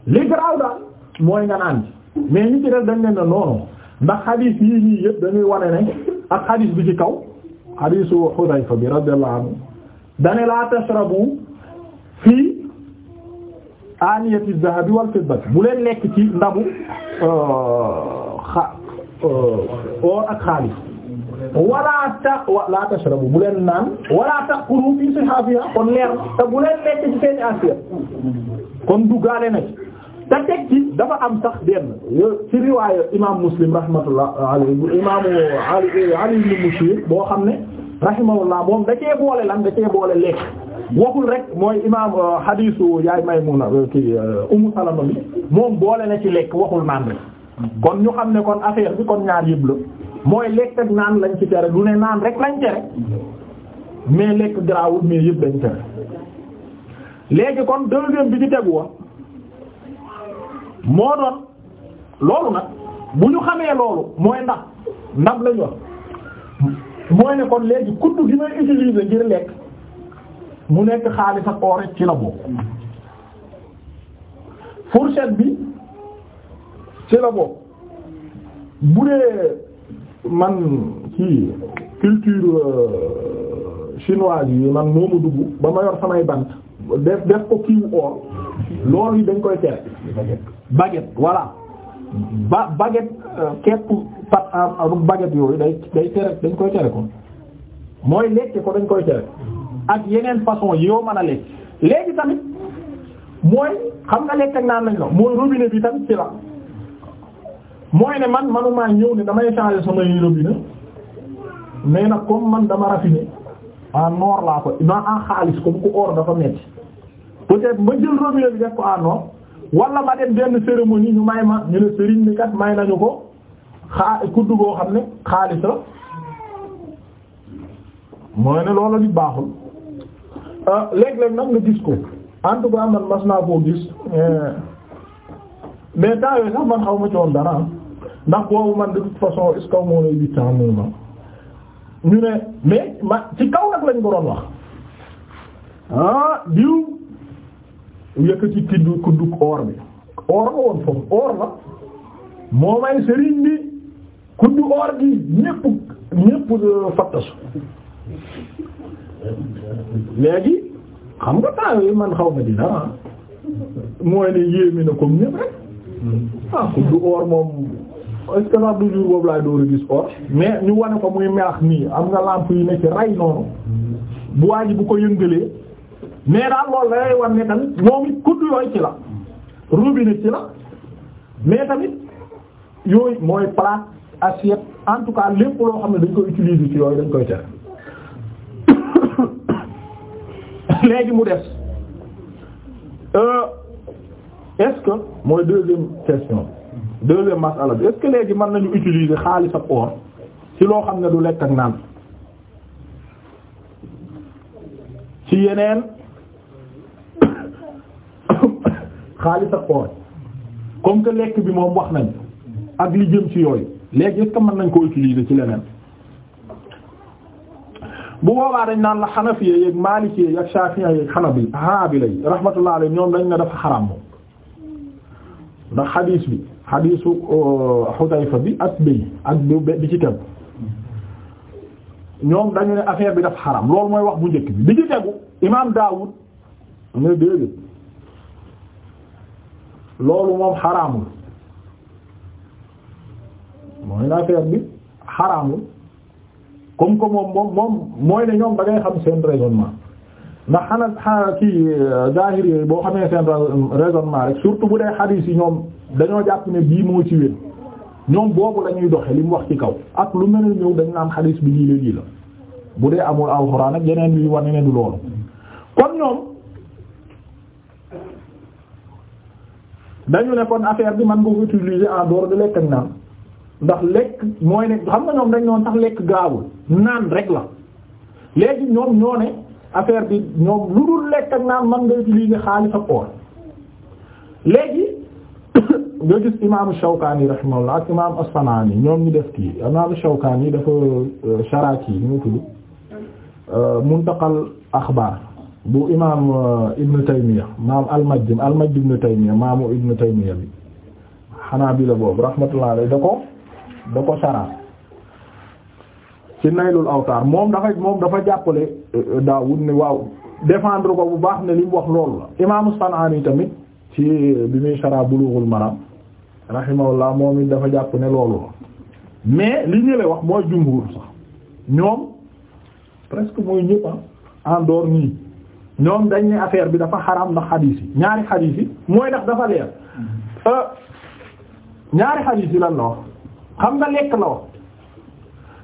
li garaaw daal mooy nga naan ci mais ñi ci dañ ne ne non ndax xadiis yii ñii yëpp dañuy wane ne ak xadiis bi ci kaw xadiisu Xudayfa bi radiyallahu anhu dane laa tashrabu fii aniyati zahabi wal fiddati bu leen lekk ci ndabu euh, euh, or ak xaalis wala ta laa tashrabu bu leen naan wala taqulu fii sihaafiha kon leer te bu leen lekk ci kon duggaale na ci te dafa am sax benn ci riwaaya imam muslim rahmatullah alayhi bu imaamu Ali Ali ibn Mushir boo xam ne rahimahullah moom da cee boole lan da cee boole lekk waxul rek mooy imam euh, hadisu yaay Maymuna euh, ki euh, Ummu Salama bi moom boole na ci lekk waxul naan rek kon ñu xam ne kon affaire bi kon ñaar yëpp la mooy lekk ak naan lañ ci tere lu ne naan rek lañ tere mais lekk garaawul mais yëpp lañ tere léegi kon deuxième bi ci tegu woon moo doon loolu na bu ñu xamee loolu mooy ndab ndab lañu wax mooy ne kon léegi kudd gima may utiliser ngir lekk mu nekk xaalis ak or ci la bokk fourchette bi ci la bokk bu man ci culture euh, chinoise yi man moomu dugg ba ma yor samay bant def def ko kiiwu or loolu yi dañ koy tere baguette voilà ba baguette euh, képp pat ah, ah, baguette yooyu day day tere dañ koy tere ko mooy lekk ko dañ koy tere ak yeneen façon yoo mën a lekk léegi tamit mooy xam nga lekk ak naan lañ la mooy robinet bi tamit ci la mooy ne man manuma ñëw ne damay changer samay robinet mais nag comme man dama raffiné en or laa ko non en xaalis ku or dafa metti peut-être ma jël robinet bi def ko en wala ma dem benn cérémonie ñu may ma ñu ne sëriñ bi kat may nañu ko xaa kudd goo xam ne xaalis la mooy ne loolu li baaxul euh, léeg-léeg nag nga gis ko en tout mas naa koo gis euh, mais temps yooyu sax man xaw ma ci woon dara ndax boobu man de toute façon est-ce que moo lay huit ñu ne mais ma ci kaw nag lañ ko wax ah diw. yëkkati kiddu kuddug or bi or la woon foofu or la moo may sëriñ bi kuddu or gi ñépp ñépp euh, fattasu léegi xam nga temps yi man xaw ma dina mooy ne yéeme na comme ñépp rek ah kuddu moom est que sax du jour boobu door a gis or mais ñu wane ko muy melax nii am nga lamp yi ne ci ray noonu bu waa ji bu ko yëngalee mais daal loolu da ngay war ne tamit moom it kudd yooyu ci la robinet ci la mais tamit yooyu mooy plate assiette en tout cas lépp loo xam ne dañ koy utiliser ci yooy dañ koy tere léegi mu def euh, est-ce mooy deuxième question deuxième masala bi est léegi mën nañu utiliser xaalis ak or ci loo xam ne du lekk ak naan ci yeneen xaalis ak or comme que lekk bi moom wax nañ ak li jëm ci yooyu léegi est-ce que nañ ko utiliser ci leneen bu boobaa dañ naan la xanafiye yeeg maalikee yeeg shafiye yeeg xanabi hanabila yi rahmatullah alayhi ñoom dañ ne dafa xaram moom ndax xadiis bi xadiisu Xudayfa euh, bi ak bi ak bi ci tegu ñoom dañu ne affaire bi dafa xaram loolu mooy wax bu njëkk bi bi ci tegu imaam Daawud ne déedéet loolu moom xaraamul mooy na affaire bi xaraamul comme que moom moom moom mooy ne ñoom da ngay xam seen raisonnement ndax xana xana kii euh, zahir yooyu boo xamee seen raisonnement rek surtout bu dee xadiis yi ñoom dañoo jàpp ne bii moo ci wén ñoom boobu la ñuy doxe li mu wax ci kaw ak lu mel ñëw dañ naan xadiis bi lii la bu dee amul alxuraan ak yeneen yuy wane ne du loolu kon ñoom dañu ne kon affaire bi man nga ko utiliser en dehors lekk ak naan ndax lekk mooy ne xam nga ñoom dañ noon sax lekk gaawul naan rek la léegi ñoom ñoo ne affaire bi ñoom lu dul lekk ak naan man nga utiliser xaalis ak oor léegi nga gis imaamu Shawkaani rahimahullah ak imaamu Asfanaani ñoom ñu def kii imaamu Shawkaani dafa euh, Sharaaki yi ñu tudd euh, Muntaqal Axbaar bu imaam uh, Ibn Taymiya maam al-Majd al-Majd bi Hanabila boobu rahmatullah da ko da ko saraat ci Naylul Awtaar moom dafa moom dafa jàppale uh, Daawud ne waaw défendre ko bu baax ne li mu wax loolu la imaamu San'aani tamit ci uh, bi muy saraat Bulughul Maram rahimahullah moom it dafa jàpp ne loolu la mais li ñu wax mooy jumhur sax ñoom presque mooy ñëpp ah, en nii ñoom dañ ne affaire bi dafa xaraam ndax xadiis yi ñaari xadiis yi mooy ndax dafa leer mm-hmm. euh, ñaari xadiis yi lan la wax xam nga lekk la wax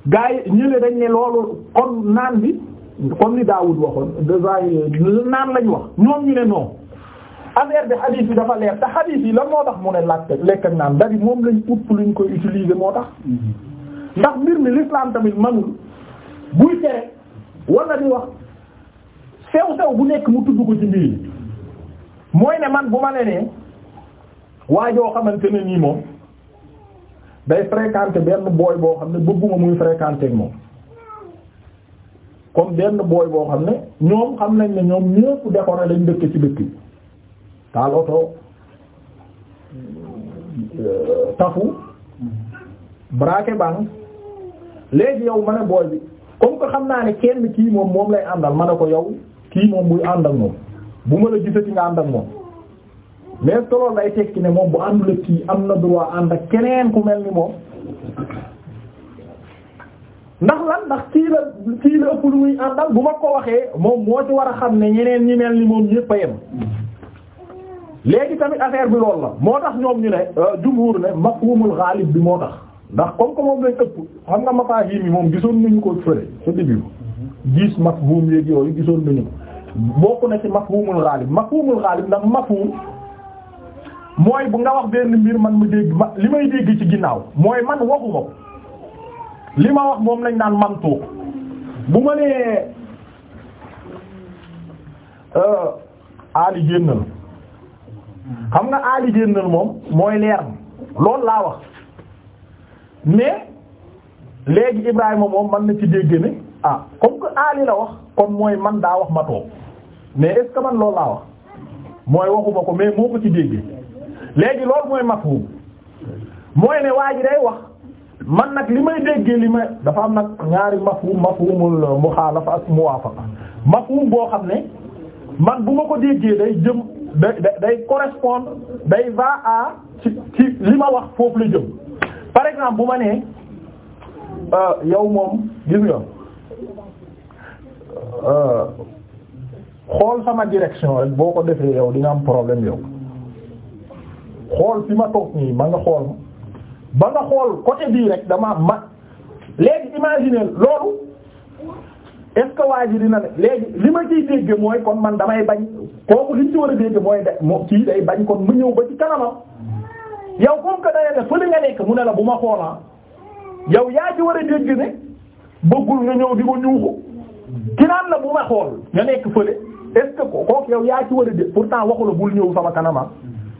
gaa yi dañ ne loolu kon naan bi comme ni Daawud waxoon dèjà naan lañ wax ñoom ñu ne non affaire bi xadiis bi dafa leer te xadiis yi lan moo tax mu ne lakk lekk ak naan dari moom lañ upp luñ koy utiliser moo tax mm-hmm. ndax mbir mi l'islam tamit manul buy tere wala di wax sew sew bu nekk mu tudd ko ci mbir mooy ne man bu ma ne nee waajoo xamante ne nii moom day fréquenter benn booy boo xam ne bëgguma muy fréquenter ak moom comme benn booy boo xam ne ñoom xam nañ ne ñoom ñëpp décoré lañ dëkk ci dëkk yi taal oto euh, tafu braqué banque léegi yow ma ne booy bi comme que xam naa ne kenn kii moom moom lay àndal ma ne ko yow kii moom muy ànd ak moom bu ma la gisati nga ànd ak moom mais toloon day tekki ne moom bu àndul ak kii am na droit ànd ak keneen ku mel ni moom ndax lan ndax kii la kii la ëpp lu muy àndal bu ma ko waxee moom moo ci war a xam ne ñeneen ñi mel ni moom ñépp a yem léegi tamit affaire bi lool la moo tax ñoom ñu ne euh, jumhur ne mafhumul ghalib bi moo tax ndax comme que moom lañ ëpp xam nga ma mafahim yi moom gisoon nañu ko fële sa début gis mafhum yeeg yooyu gisoon nañu bokk na ci mafhumul ghalib mafhumul ghalib ndax mafhum mooy bu nga wax benn mbir man ma dégg ma li may dégg ci ginnaaw mooy man waxu ko li ma wax moom lañ naan mantuuq bu ma nee aali euh, génnal xam nga aali génnal moom mooy leer loolu laa wax mais léegi Ibrahima moom man na ci dégg ne ah comme que aali la wax kon mooy man daa wax ma toog mais est ce man loolu laa wax mooy waxuma ko mais moo ko ci déggee léegi loolu mooy mafhum mooy ne waa ji wax man nag li may déggee li may dafa am nag ñaari mafhum mafhumul muxaalafa ak muwaafaqa mafhum boo xam ne man bu ma ko déggee day jëm day day correspondre day va à ci ci li ma wax foofu la jëm par exemple bu manee nee euh, yow moom gis nga. Euh, xool sama direction rek boo ko defee yow di nga am problème yow xool fi ma toog nii ma nga xool ba xool côté bii rek dama ma léegi imaginer loolu est-ce que waa ji dina ne li ma ciy dégg mooy kon man damay bañ kooku liñ ci war a dégg mooy de moo kii day bañ kon mu ñëw ba ci kanamam yow comme que dayene fële nga nekk mu ne la bu ma xoola yow yaa ci war a dégg ne bëggul nga ñëw di ko ñuuxu ki naan la bu ma xool nga nekk fële est-ce yow yaa ci war a dé pourtant waxu bul ñëw sama kanama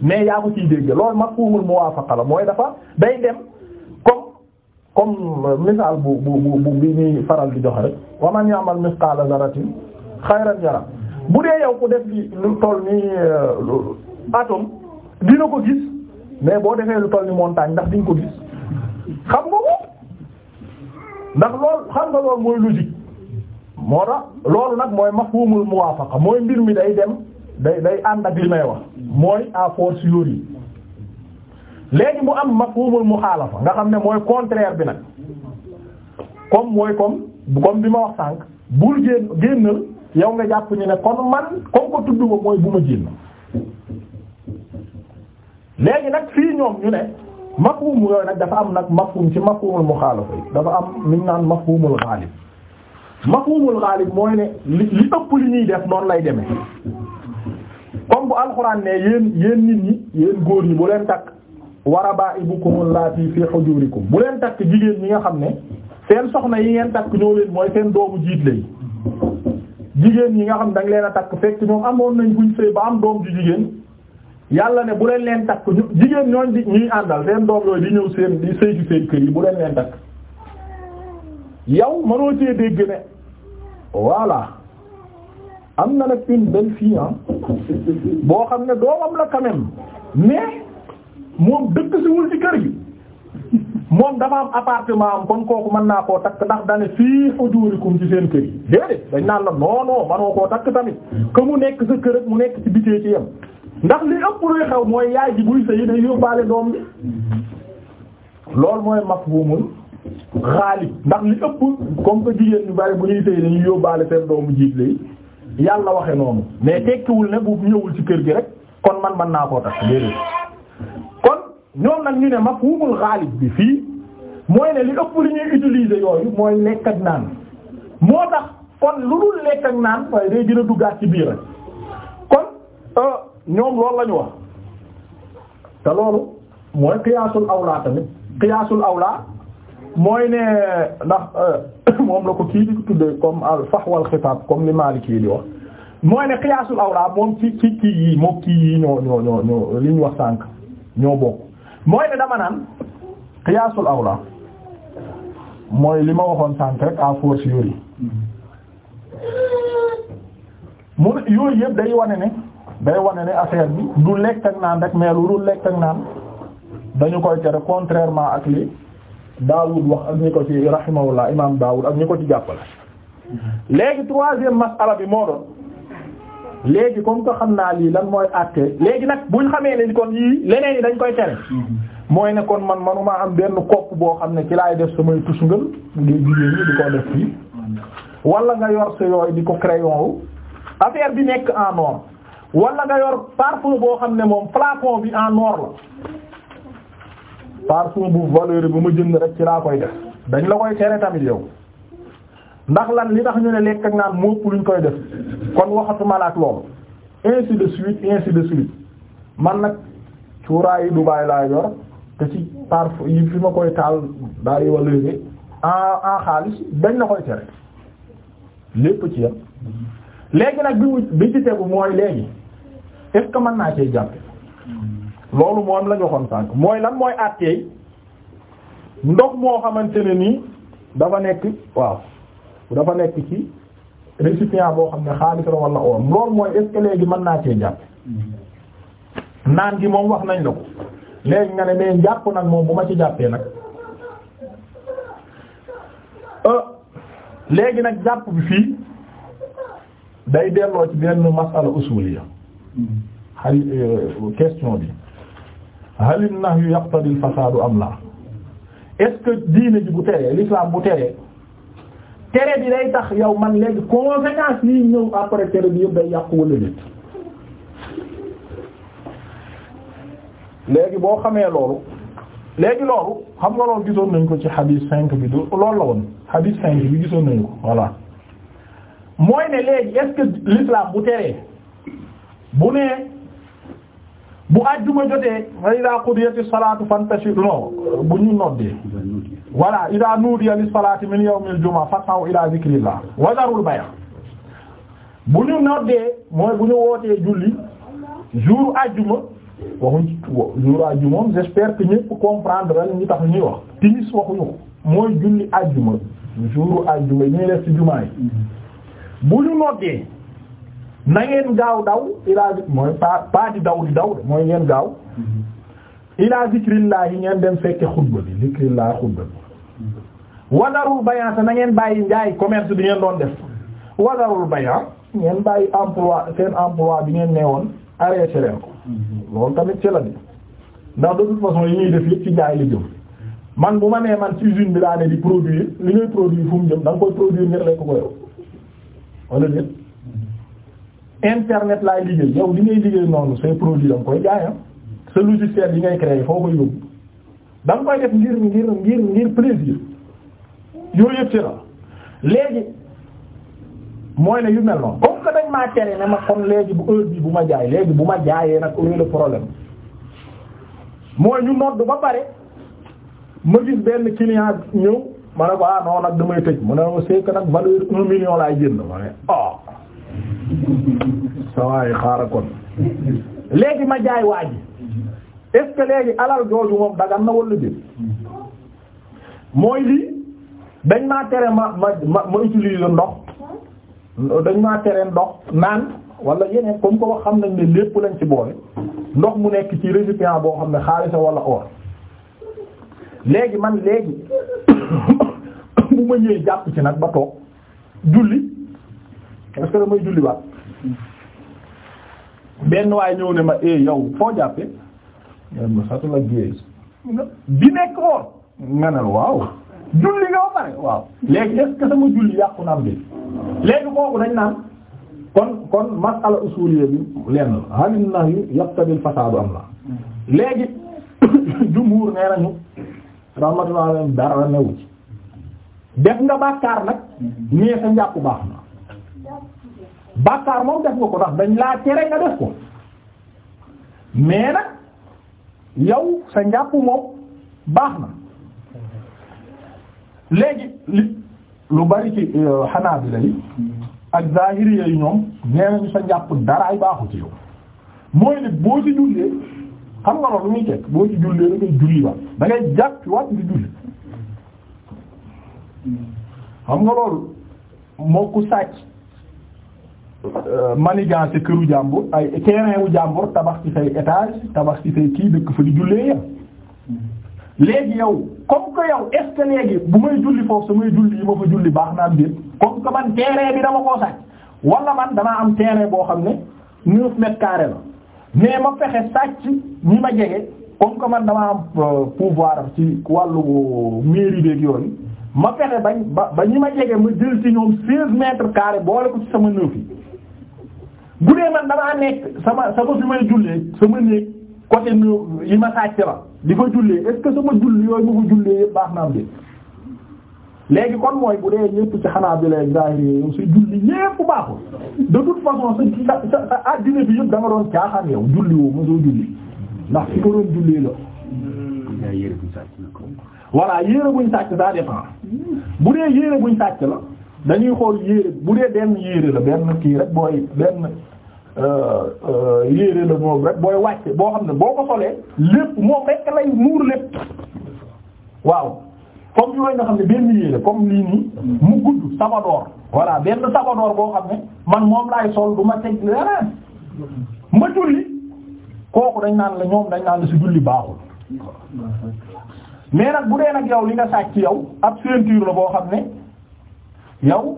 mais yaa ko ciy dégg loolu mafhumul muwaafaqa la mooy dafa day dem comme comme euh, misaal bu bu bu bi ñuy faral di joxe rek wa man ya'mal misqaala zarratin xayran yara bu dee yow ku def li lu toll nii euh, atome dina ko gis mais boo defee lu toll ni montagne ndax diñ ko gis xam nga ko ndax lool xam nga lool mooy logique moo loolu nag mooy mafhumul muwaafaqa mooy mbir mi day dem day day ànd ak li may wax mooy à force yori léegi mu am mafhumul muxaalafa nga xam ne mooy contraire bi nag kom mooy comme comme bi ma wax sànq bul génn génnal yow nga jàpp ni ne kon man comme ko tudd ma mooy bu ma génn léegi nag fii ñoom ñu ne mafhum yooyu nag dafa am nag mafhum ci mafhumul muxaalafa yi dafa am li ñu naan mafhumul xaalib mafhumul ghalib mooy ne li li ëpp li ñuy def noonu lay demee comme bu alxuraan ne yéen yéen nit ñi yéen góor ñi bu leen takk warabaa'ibukum allati fi hujurikum bu leen takk jigéen ñi nga xam ne seen soxna yi ngeen takk ñoo mooy seen doomu jiit lay jigéen ñi nga xam ne nga leen a takk fekk ñoom amoon nañ buñ sëy ba am doom ju jigéen yàlla ne bu leen leen takk jigéen ñooñ di ñuy àndal seen doom yooyu di ñëw seen di sëy ci seen kër yi bu leen leen takk yow mënoo cee dégg ne voilà am na nag une belle fille ah boo xam ne doomam la quand mais moom dëkk si wul ci kër gi moom dafa am appartement am kon kooku mën naa koo takk ndax dane fii hujurikum ci seen kër yi déedéet dañ naan la non manoo koo takk tamit que mu nekk sa kër ak mu nekk ci bitee ci yem ndax li ëpp luy xew mooy yaay ji buy sëy day yóbbaale doom bi loolu mooy mafhumul xaalib ndax li ëpp comme que jigéen ñu bari bu ñuy tëye dañuy yóbbaale seen doomu jiitle yi yàlla waxe noonu mais tekkiwul ne bu ñëwul ci kër gi rek kon man man naa ko tax déedéet kon ñoom nag ñu ne mafhumul xaalib bi fii mooy ne li ëpp li ñuy utiliser yooyu mooy lekk ak naan moo tax kon lu dul lekk ak naan waaye day gën a duggaat ci biir rek kon euh, ñoom loolu la wax te loolu mooy qiyaasul awlaa tamit qiyaasul awlaa mooy ne ndax euh, moom la ko kii di tuddee comme al fahwal xitaab comme li Maalik yi di wax mooy ne xiyaasul awlaa moom ci ci kii yi moom kii yi ñoo ñoo ñoo ñoo li ñu wax sànq ñoo bokk mooy ne dama naan xiyaasul awlaa mooy li ma waxoon sànq rek à force yooyu mu yooyu yëpp day wane ne day wane ne affaire bi du lekk ak naan rek mais lu lekk ak naan dañu koy tere contrairement ak li Daawud wax ak ñi ko ci rahimahullah imaam Daawud ak ñu ko ci jàppale léegi troisième ala bi moo doon léegi comme que xam naa lii lan mooy àtte léegi nag buñ xamee ne kon yii leneen yi dañ koy tere mooy ne kon man manuma am benn kopp boo xam ne ci laay def samay tusngal ngay jigéen ñi di ko def fii wala nga yor sa yooyu di ko crayon wu affaire bi nekk en or wala nga yor parfum boo xam ne moom flacon bi en or la parfum bu valeur bu ma jënd rek ci laa koy def dañ la koy tere tamit yow ndax lan li tax ñu ne lekk ak naan mopp luñ koy def kon waxatuma la ak loolu ainsi de suite ainsi de suite man nag cuuraayu Dubaay laa yor te ci parfum yi fi ma koy taal daa évalué en en xaalis dañ la koy tere lépp ci yam léegi nag bi bi ci tegu mooy léegi est-ce mën naa cee jàppe loolu moom la ñu waxoon mooy lan mooy àtteey ndox moo xamante ne nii dafa nekk waaw dafa nekk ci récipient boo xam ne xaalis la wala or loolu mooy est-ce que léegi mën naa ci jàpp naan gi moom wax nañ la ko léegi nga ne mais jàpp nag moom bu ma ci jàppee nag euh, léegi nag jàpp bi fii day delloo ci benn masala usuliya mm-hmm. xay euh, question bi hal an-nahyu yaqtadi al-fasaadu am la est diine bu teree l'islam bu teree tere bi day tax yow man léegi conséquences yi ñëw après tere bi yëpp day yàqu wala déet léegi boo xamee loolu léegi loolu xam nga loolu gisoon nañ ko ci hadith cinq bi du loolu la woon hadith cinq bi gisoon nañu ko voilà mooy ne léegi est-ce bu teree bu nee bu àjjuma jotee fa ida qudiyati salaatu fantashiru non bu ñu noddee voilà ida nuudiya lis salaati min yawmil jumaa fasaw ila zikrillah wa darul bay' bu ñu noddee mooy bu ñu wootee julli jour àjjuma waxuñ jour àjjuma moom j'espère que ñëpp comprendre la ñu tax ñuy wax timis waxuñu mooy julli àjjuma jour àjjuma ñuy def ci yi bu ñu noddee na ngeen gaaw daw ilaa zik mooy pa pa di daw di daw de mooy ngeen gaaw mm-hmm. ilaa zikrillah yi ngeen dem fekke xutba bi zikrillah xutba bi wadarul bayan na ngeen bàyyi njaay commerce bi ngeen doon def wadarul bayan ngeen bàyyi emploi seen emploi bi ngeen nee woon arrêté leen ko mm-hmm. loolu tamit ci la bi ndax de toute façon yi ñuy def yëpp ci njaay li jëm man bu ma nee man ci usine bi daa ne di produire li ngay produire fu mu jëm da nga koy produire ngir ko yow wala internet laay liggéey yow li ngay liggéey noonu say produit da nga koy jaayam ah. sa logiciel yi ngay créer foo ko yóbbu da nga koy def ngir ngir ngir ngir plaisir yooyu yëpp ci la léegi yu mel noonu comme que dañ maa tere ne ma kon léegi bu heure bi bu ma jaay léegi bu ma jaayee nag loolu le problème mooy ñu nodd ba pare ma gis benn client ñëw ma ne ko ah non nag damay tëj mu sawaay xaaral kon léegi ma jaay waa ji est-ce que léegi alal jooju moom dagan na wala mooy lii dañ maa tere ma ma ma utiliser ndox dañ maa tere ndox naan wala yeneen comme ko xam nañ ne lépp lañ ci boole ndox mu nekk ci récipient boo xam ne xaalisa wala or léegi man léegi bu ma ñëwee jàpp ci nag ba toog julli est-ce que damay julliwaat benn waay ñëw ne ma eh yow foo jàppe man nekk woon nga ne waaw julli nga ba pare waaw léegi est-ce que julli yàqu na bi léegi kooku dañ naan kon kon masala usuliyya bi lenn la halin nax yu yaqtadil fasaadu am la léegi jumhur nee nañu rahmatullah alayhi dara newu ci def nga bàkkaar nag ñee sa njàpp baax na bàkkaar moom def nga ko ndax dañ laa tere nga def ko mais nag yow sa njàpp moom baax na léegi li lu bari ci euh, Hanaabila yi ak Zaahiriya yi ñoom nee nañu sa njàpp daraay baaxu ci yow mooy ne boo ci jullee xam nga loolu lu muy teg boo ci jullee da ngay ba da ngay jàpp wat di julli xam nga loolu moo ku Euh, manigance këru jàmbur ay terrain wu jàmbur tabax ci say étage tabax ci say kii dëkk fa di jullee ya léegi yow comme que yow est ce bu may julli foofu samay julli yi ma fa julli baax na am déet comme que man terrain bi dama koo sàcc wala man damaa am terrain boo xam ne neuf mètres carrés la mais ma fexe sàcc ñi ma jege comme que man dama am euh, pouvoir ci wàllu mairie beeg yooyu ma fexe ba ba ñi ma jege ma jël ci ñoom seize mètres carrés boole ko ci sama neuf yi. bu dee man damaa nekk sama sama ma may jullee sama néeg côté nu yi ma sàcc la di fa jullee est-ce que sama julli yooyu ma fa jullee yëpp baax na am de léegi kon mooy bu dee ñëpp ci xanaa bi lay zahiri yow sa julli ñëpp de toute façon sa sa sa addina bi yëpp da nga doon caaxaan yow julli woo ma soo julli ndax fi nga doon jullee la. voilà yéere buñ sàcc ça dépend bu dee yéere buñ sàcc la dañuy xool yéere bu dee benn yéere la benn kii rek booy benn. Euh, euh, yéere la moom booy wàcc boo xam ne boo ko solee lépp moo fekk lay muur lépp waaw comme yooyu nga xam ne benn yéere comme lii nii mu gudd sabadoor voilà benn sabadoor boo xam ne man moom laay sol du ma teg leneen ma julli kooku dañ naan la ñoom dañ naan si julli baaxul mais nag bu dee nag yow li nga sàcc yow ab ceinture la boo xam ne yow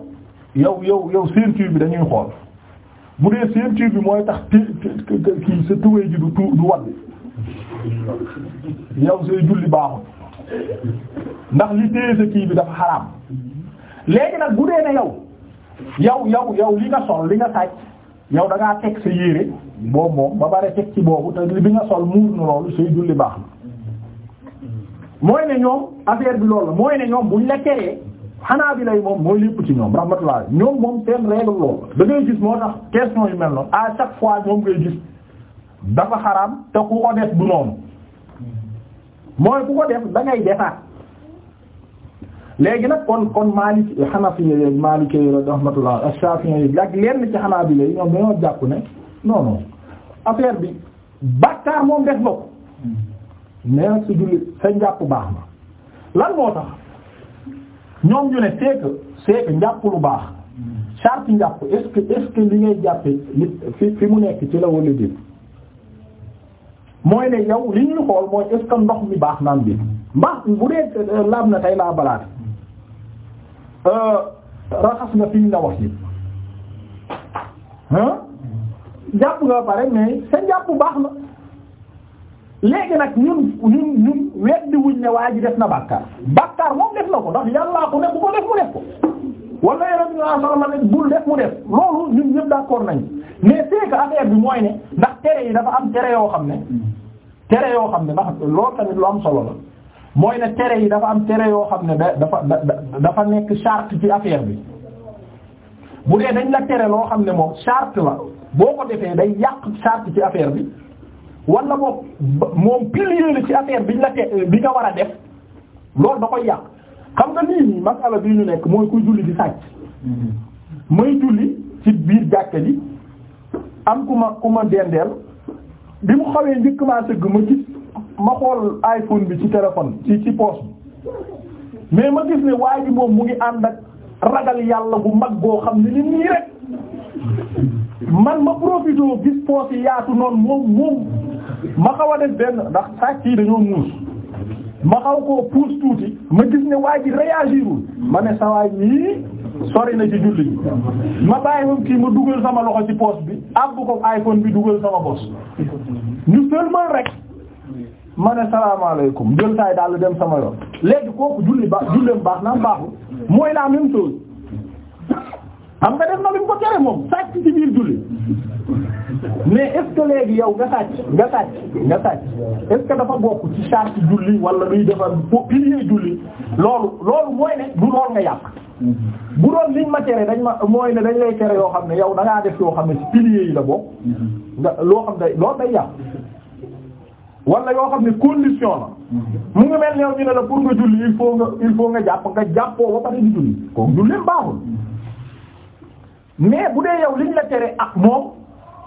yow yow yow ceinture bi dañuy xool bu dee ceinture bi mooy tax ti kii sa ji du tu du wadd yow say julli baaxul ndax li téye sa kii bi dafa xaraam léegi nag bu dee ne yow yow yow yow nga sol li nga sàcc yow da ngaa teg sa yére boobu moom ba bare teg ci boobu te li bi nga sol muur na loolu julli baax na mooy ne ñoom affaire bi loolu mooy ne ñoom buñ la xanaa bi lay moom mooy lépp ci ñoom rahmatullah ñoom moom seen règle loolu da gis moo tax question yu mel noonu fois ñoom ngay gis dafa xaraam ko def du mooy ku ko def da defaat léegi nag kon kon Maalik Hanafi Maalik rahmatullah Shafi'i yi ak lenn ci Hanaabila yi ñoom dañoo jàpp ne non non bi bàkkaar moom def na ko hmm. mais nag su julli sa baax na lan moo tax. ñoom ñu ne c'est que c'est lu baax charte njàpp est-ce que ngay jàppee fi fi mu nekk ci la wala déet mooy ne yow li ñuy xool mooy est ndox mi baax naan bi mbaax bu dee euh, laab na tey laa balaat euh, raxas nga fi ñu la wax yi ah jàpp nga pare mais baax na. léegi nag ñun ñun ñun weddi wuñ ne waa ji def na bàkkaar bàkkaar moom def na ko ndax yàllaa ko ne ko def mu def ko wala yonent bi sallallahu alayhi wasallam bul def mu def loolu ñun ñëpp d'accord nañ mais c'est que affaire bi mooy ne ndax tere yi dafa am tere yoo xam ne tere yoo xam ne ndax loolu tamit lu am solo la mooy ne tere yi dafa am tere yoo xam ne da dafa dafa nekk charte ci affaire bi bu dee dañ la tere loo xam ne moom charte la boo ko defee day yàq charte ci affaire bi wala boog moom pilier la ci affaire bi la te euh, bi nga war a def loolu da koy yàq xam nga lii nii masala bi ñu nekk mooy kuy julli di sàcc mm-hmm. may julli ci biir jàkka ji am ku ma ku ma dendeel bi mu xawee njëkk maa sëgg ma gis ma xool iPhone bi ci téléphone ci ci poche bi mais ma gis ne waa ji moom mu ngi ànd ak ragal yàlla bu mag goo xam ne ni nii rek man ma profité gis poche yaatu noonu moom moom ma xaw a def benn ndax sàcc yi dañoo muus ma xaw koo puus tuuti ma gis ne waa ji réagirul ma ne sawaay ñii sori na ci julli ma bàyyi moom kii ma dugal sama loxo ci poche bi àbb ko iPhone bi dugal sama bos ñu seulement rek ma ne salaamaaleykum jël saay daal dem sama yoon léegi kooku julli ba julleem baax na baaxul mooy la même xam nga def na ko tere moom sàcc ci biir julli mais est-ce que léegi yow nga sàcc nga sàcc nga sàcc est-ce que dafa bokk ci charte loolu loolu mooy ne du nga yàq bu doon liñ ma tere dañ ma mooy ne dañ lay tere yoo xam ne yow da ngaa def yoo xam ne ci pilier yi la bokk nga loo xam day loolu day yàq wala yoo xam ne condition la mu ngi mel ne yow na ne la pour nga il faut nga il faut nga jàpp nga jàppoo ba pare di julli kooku mais bu dee yow liñ la tere ak ah, moom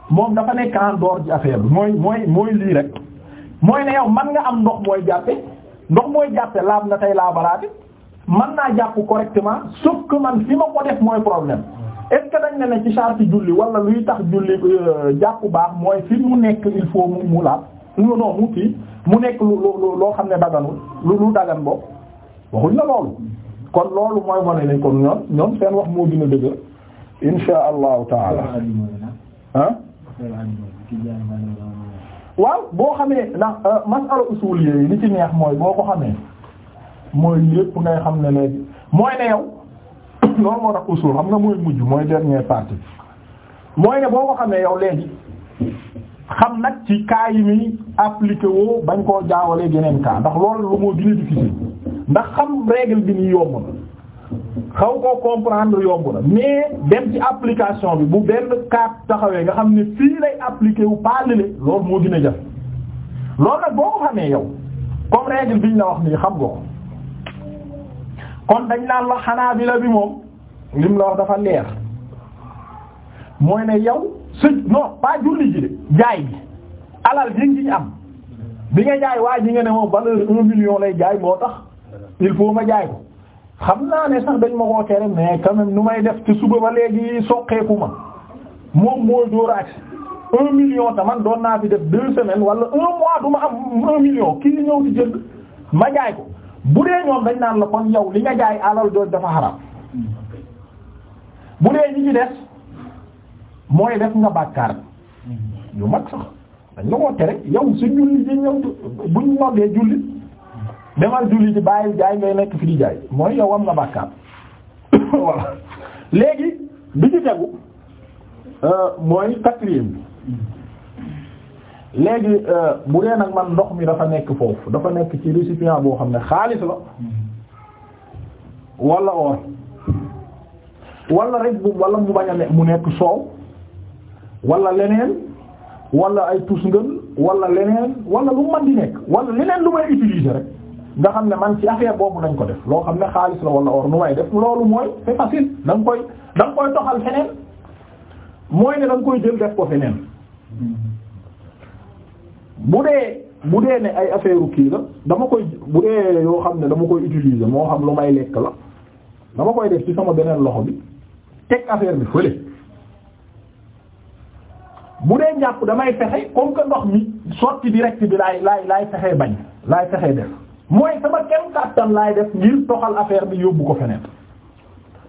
moom dafa nekk en dehors ci bi mooy mooy mooy lii rek mooy ne yow man nga am ndox mooy jàppe ndox mooy jàppe laab na tey laa laabalaate man naa jàpp correctement sauf que man fi ma ko def mooy problème est na que dañ ne ne ci charte julli wala luy tax julli euh, jàpp baax mooy fi mu nekk il faut mu mu laab non non mu kii mu nekk lu loo xam ne daganul lu lu dagan boobu waxuñ la loolu kon loolu mooy wane ne kon ñoom ñoom seen wax moo gën a insha allahu taala ah waaw boo xamee ndax euh, masala usul yi li ci neex mooy boo ko xamee mooy lépp ngay xam ne léegi mooy ne yow loolu moo tax usul xam nga mooy mujj mooy dernier partie mooy ne boo ko xamee yow léegi xam nag ci cas yi muy appliqué woo bañ koo jaawalee yeneen cas ndax loolu lu moo gën a difficile xam règle bi ni yomb xaw ko comprendre yomb na mais dem ci application bi bu benn carte taxawee nga xam ne fii lay appliquer wu paalile loolu moo dina a jafe loolu nag boo ko xamee yow comme bi biñ la wax nii xam nga ko kon dañ naan la xanaa bi la bi moom lim la wax dafa leer mooy ne yow sëñ non pas julli ji de jaay bi alal ji ngi am bi nga jaay waa ji nga ne moom valeur un million lay jaay moo tax il faut ma jaay ko. xam naa ne sax dañ ma koo tere mais quand nu may def ci suba ba léegi soqeeku ma moom moo dóor a agsi un million ta man doon naa fi def deux semaines wala un mois du am un million kii ñëw di jënd ma jaay ko bu dee ñoom dañ naan la kon yow li nga jaay alal doon dafa xaram bu dee ñi ci des mooy def nga bàkkaar yu mag sax dañ la koo tere yow su julli ji demal julli di bàyyi jaay ngay nekk fi di jaay mooy yow am nga bàkkaar voilà léegi bi ci tegu euh, mooy quatrième léegi euh, bu dee nag man ndox mi dafa nekk foofu dafa nekk ci récipient boo xam ne xaalis la wala or wala rek bu wala mu bañ a ne mu nekk soow wala leneen wala ay tusngal wala leneen wala lu man di nekk wala leneen lu may utiliser rek nga xam ne man ci affaire boobu lañ ko def loo xam ne xaalis la wala or nu may def loolu mooy c'est facile da nga koy da nga koy toxal feneen mooy ne da koy jël def ko feneen bu dee bu dee ne ay affaire kii la dama koy bu dee yoo xam ne dama koy utiliser moo xam lu may lekk la dama koy def ci sama beneen loxo bi teg affaire bi fële bu dee njàpp damay fexe comme ndox mi sotti direct bi laay laay laay fexee bañ laay fexee def mooy sama kenn kàttan laay def ngir doxal affaire bi yóbbu ko feneen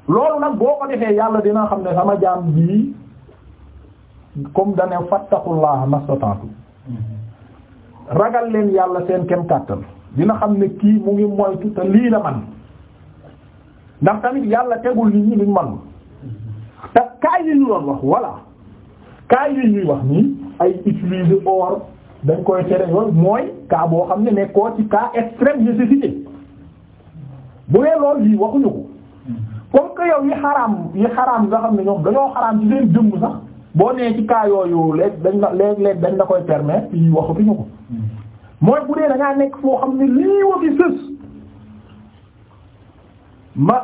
loolu nag boo ko defee yàlla dina xam ne sama jaam bii comme dane fattaqullaha mastata'tu ragal leen yàlla seen kem kàttan dina xam ne kii mu ngi moytu te lii la man ndax tamit yàlla tegul nit ñi luñ man te kaay yi ñu doon wax voilà kaay yi ñuy wax nii ay utiliser or dañ koy tere yooyu mooy cas boo xam ne nekkoo ci cas extrême nécessité bu dee loolu lii waxuñu ko comme que yow yi xaraam yi xaraam nga xam ne ñoom dañoo xaraam ci seen jëmm sax boo nee ci kaa yooyu léeg dañ la léeg-léeg dañ la koy permettre yi waxatuñu ko mooy bu dee da ngaa nekk foo xam ne lii wa fi sës ma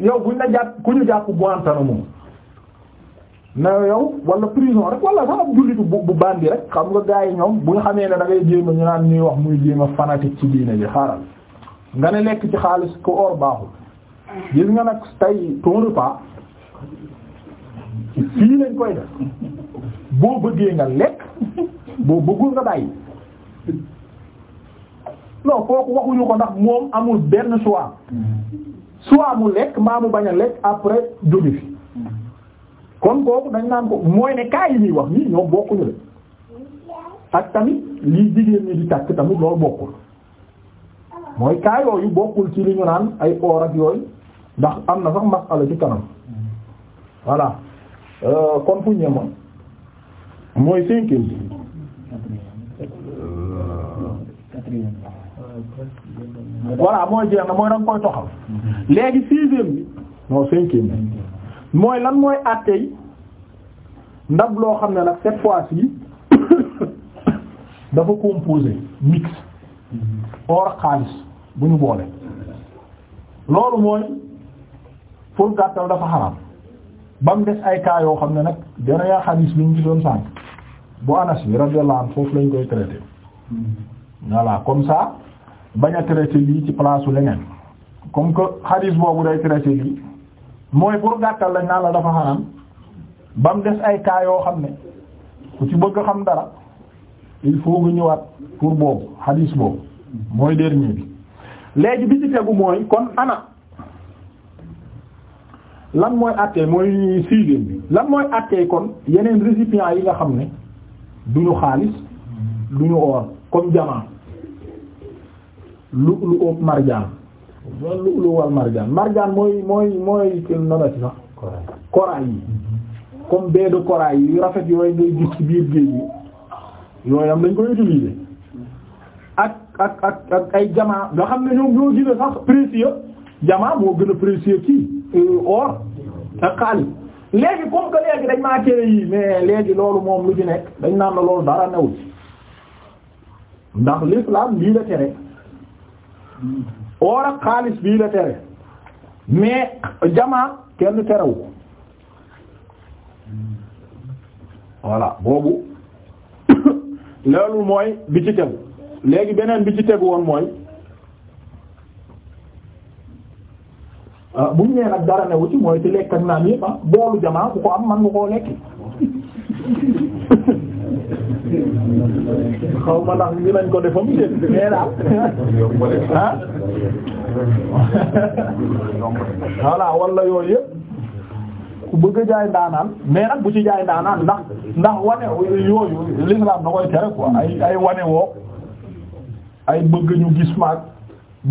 yow buñ la jàpp ku ñu jàpp Guantanamo moom na yow wala prison rek wala sax ab jullitu bu bu bandi rek xam nga gaa yi ñoom bu nga xamee ne da ngay a ñu naan ñuy wax muy jéem a ci diine bi xaaral nga ne lekk ci xaalis ko or baaxul gis nga nag tey ton repas fii lañ koy def boo bëggee nga lekk boo bëggul nga bàyyi non kooku waxuñu ko ndax moom amul benn choix soit hmm. mu lekk maamu mu bañ a lekk après jóge kon kooku dañ naan ko mooy ne kaa yi wax nii ñoom bokkuñu de ak tamit lii jigéen ñi di takk tamit loolu bokkul mooy kaa yooyu bokkul ci li ñu ay or ak yooyu ndax am na sax masala ci kanam voilà euh, kon fu ñemoon mooy cinquième bi euh, voilà mooy jeex mooy da toxal léegi sixième bi non cinquième bi mooy lan mooy àttey ndab loo xam ne nag cette fois-ci dafa composé mix or xaalis bu ñu boole loolu mooy pour gàttal dafa xaraam ba mu des ay cas yoo xam ne nag dernier xadiis bi ñu gisoon sànq bu Anas bi radiyallahu foofu lañ koy traité voilà comme ça bañ a traité lii ci place su leneen comme que xadiis boobu day traité lii. mooy pour gàttal lañ naa la dafa xanaan ba mu des ay cas yoo xam ne ku ci bëgg xam dara il faut nga ñëwaat pour boobu hadis boobu mooy dernier bi léegi bi ci tegu mooy kon ana lan mooy àttee mooy sixième bi lan mooy àttee kon yeneen récipients yi nga xam ne duñu xaalis duñu or comme jamaa lu lu ëpp marjaan loolu lu wal marjaan marjaan mooy mooy mooy kii nanati sax corail yi mhm. comme baie de corail yi yu rafet yooyu ngay gis ci biir géej yi yooyu am dañ koy utiliser ak ak ak ak ay jamaa nga xam ne ñoom ñoo gën a sax précieux jamaa moo gën a précieux kii euh, or ak xaalis léegi comme que léegi dañ maa tere yi mais léegi loolu moom lu ci nekk dañ naan la loolu dara newul ndax l'islam lii la tere mhm. or ak xaalis bii la tere mais jamaa kenn terewu ko voilà boobu loolu mooy bi ci tegu léegi beneen bi ci tegu woon mooy ah, bu ñu nee nag dara newu ci mooy ci lekk ak naan yëpp ah, boolu jamaa bu am man nga koo xaw ma ndax ñu ko defam dé mais daal ah voilà wala yooyu yëpp ku bëgg a jaay ndaanaan mais bu ci jaay ndaanaan ndax ndax wane yooyu l'islam da koy tere quoi ay ay wane woo ay bëgg ñu gis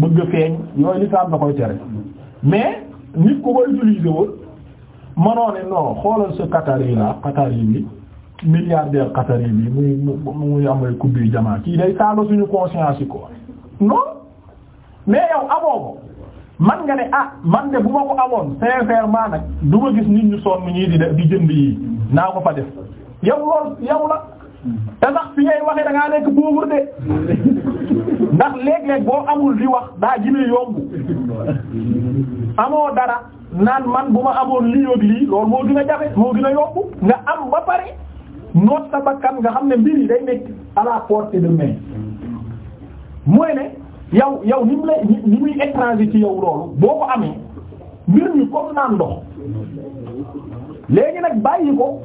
bëgg feeñ yooyu l'islam da koy tere mais nit ku koy utiliser woon mënoo ne non xoolal sa Qatar yi la milliardaire qatari bi muy mu amee coupe du jamaa kii day saaga suñu conscience yi ko non mais yow amoo man nga ne ah man de bu ko amoon sincèrement nag du ma gis nit ñu sonn ñii di di jënd yi naa ko fa def yow lool yow la te sax fi ngay waxee da ngaa nekk pauvre de ndax léeg-léeg boo amul di wax daa gën a amoo dara naan man bu ma amoon lii ak lii loolu moo gën a jafe moo gën a nga am ba pare. noot sa nga xam ne mbir yi day nekk à la portée main mooy ne yow yow ni mu lay ni muy étranger ci yow loolu boo ko amee mbir mi comme naan ndox léegi nag bàyyi ko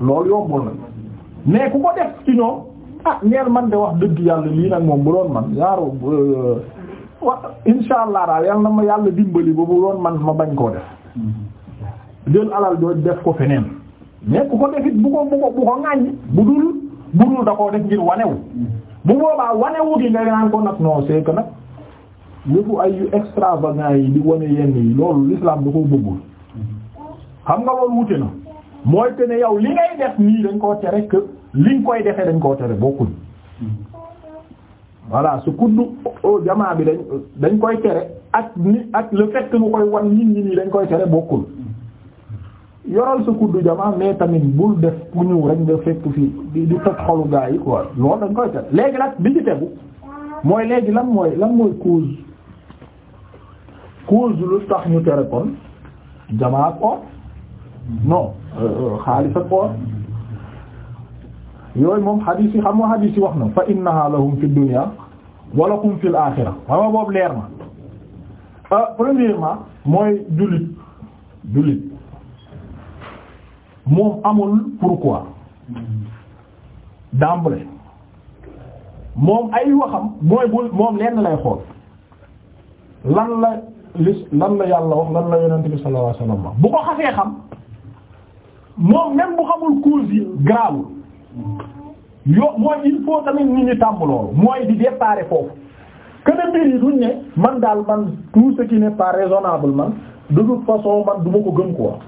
loolu yombul na mais ku ko def ci ñoom ah ñeent man de wax dëgg yàlla lii nag moom bu doon man yaaru euh, wa insha allah daal na ma yàlla dimbali ba bu doon man ma bañ koo def jël alal jooju def ko feneen. mais ku ko defit bu ko bu ko bu ko ŋàññ bu dul bu dul da koo def ngir wanewu bu boobaa wanewu gi nga naan ko nag non c'est que nag yëfu ay yu extravagant yi di wane yenn yi loolu l'islam da koo bëggul xam nga loolu wute na mooy te ne yow li ngay def nii dañ koo tere que liñ koy defee dañ koo tere bokkul voilà su kuddu jamaa bi dañ dañ koy tere ak ni ak la fait que koy wan nit nii dañ koy tere bokkul yoral sa kuddu jamaa mais tamit bul def ku ñëw rek nga fekk fii di di toj xolu gaa yi quoi loolu dañ koy toj léegi nag bi ci tegu mooy léegi lan mooy lan mooy cause cause lu tax ñu tere kon jamaa ak or euh, euh, xaalis ak or yooyu moom xadiis yi xam nga xadiis wax na fa innaha lahum fi dunya wa lakum fil axira waaw boobu leer na euh, premièrement mooy jullit jullit. moom amul pourquoi d'emblée moom ay waxam mooy bul moom lenn lay xool lan la lis lan la yàlla wax lan la yonent bi sallallahu alayhi wasallam wax bu ko xasee xam moom même bu xamul cause yi grawul yo mooy il faut tamit nit loolu mooy di déparer foofu que ne yi duñ ne man daal man tout ce qui raisonnable man de toute façon man du ma ko gën quoi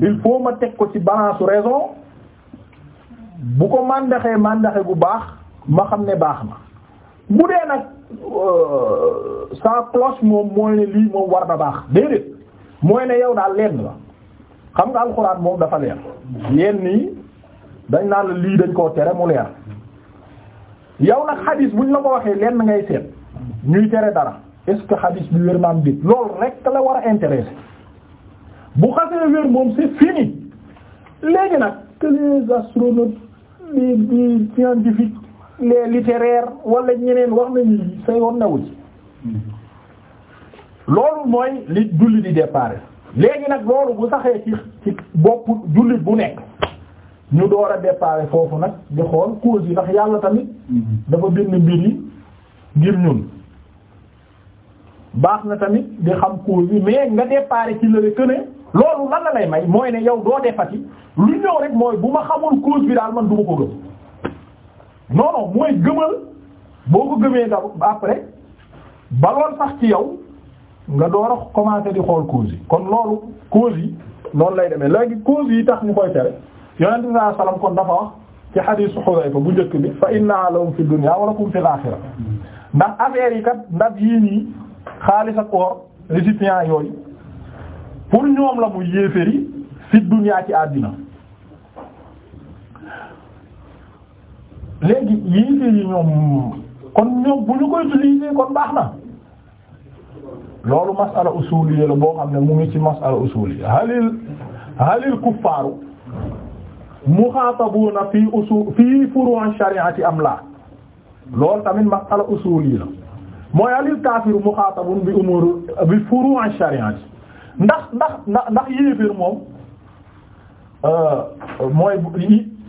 il faut ma teg ko ci balance raison bu ko màndaxee màndaxe gu baax ma xam ne baax na bu dee nag euh, sa cloche moom mooy ne lii moom war na baax déedéet mooy ne yow daal lenn la xam nga alxuraan moom dafa leer yenn nii dañ naan la lii dañ koo tere mu leer yow nag xadis buñ la ko waxee lenn ngay seet ñuy tere dara est-ce que xadis bi wér na dit loolu rek la war a intéresser bu xasee wér moom c'est fini léegi nag que les astronautes les les scientifiques les wala ñeneen wax nañu say woon na ci loolu mooy li julli di départ léegi nag loolu bu saxee ci ci bopp jullit bu nekk ñu door a départ foofu nag di xool cause yi ndax yàlla tamit dafa bind mbir yi ngir ñun baax na tamit di xam cause yi nga départ ci lëre que loolu lan la lay may mooy ne yow doo defati lu ñëw rek mooy bu ma xamul cause bi daal man du ma ko gëm non non mooy gëmal boo ko gëmee nga après ba lool sax ci yow nga door a commencer di xool cause yi kon loolu cause yi loolu lay demee léegi cause yi tax ñu koy tere yonent bi sallallahu alayhi wasallam kon dafa wax ci hadiisu Hudayfa bu njëkk bi fa inna lahum fi dunya wa lakum fil aaxira ndax affaire yi kat ndab yii nii xaalis ak or récipient yooyu. pour ñoom la mu yéeféri fi dunya ci àddina léegi yéeféri ñoom kon ñoom bu ñu koy utiliser kon baax na loolu masala usuli la boo xam ne mu ngi ci masala usuli halil halil kuffaaru muxaatabuuna fii usul fii furu'an shari'ati am laa loolu tamit masala usuli la mooy halil kaafiru muxaatabun bi umuru bi furu'an shari'ati ndax ndax ndax ndax yéeféer moom euh, mooy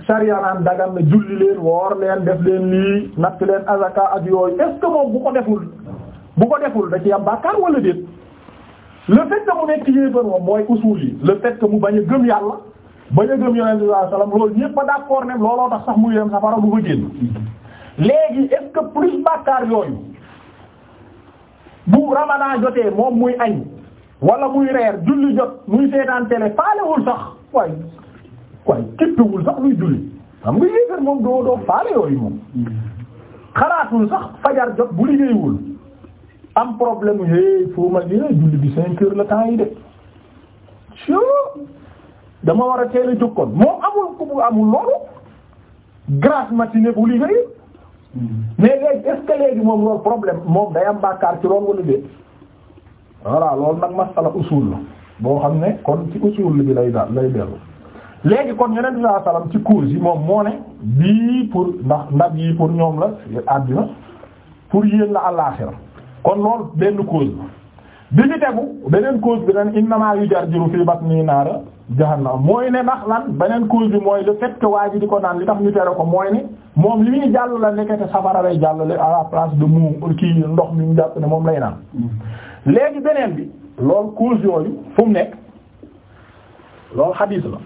sariya naan dagan na julli leen woor leen def leen lii natt leen azaka ak yooyu est moom bu ko deful bu ko deful da ci am bàkkaar wala déet le fait mu nekk yéeféer moom mooy usul yi le fait que mu bañ a gëm yàlla bañ a gëm yonent bi loolu ñépp d'accord ne looloo tax sax muy dem safara du fa génn léegi est plus bàkkaar yooyu bu ramadan jotee moom muy añ wala muy reer julli jot muy seetaan télé faalewul sax waay waay képpiwul sax luy julli xam nga yéefar moom doo doo faale yooyu moom xalaatul sax fajar jot bu liggéeywul am problème é foo ma dina julli bi cinq heures le temps de so dama war a teel a jóg kon moom amul ku amul loolu grasse matinée bu liggéey hmm. mais léegi est-ce moom loolu problème moom day am bàkkaar ci loolu wala déet voilà loolu nag masala usul la boo xam ne kon ci usul bi lay daal lay dellu léegi kon yeneen bi saa salaam ci cause yi moom moo ne bii pour ndax ndab yi pour ñoom la àddina pour yéen la àllaaxira kon loolu benn cause bi ci tegu beneen cause bi ren innamaa yujarjiru fii batni naara jahannam mooy ne ndax lan beneen cause bi mooy le fait que waa ji di ko naan li tax ñu tere ko mooy ne moom li muy jàll la nekkete safara lay jàllale à la place de mu kii ndox mi ñu jàpp ne léegi beneen bi loolu cause yooyu fu nekk loolu xadiis la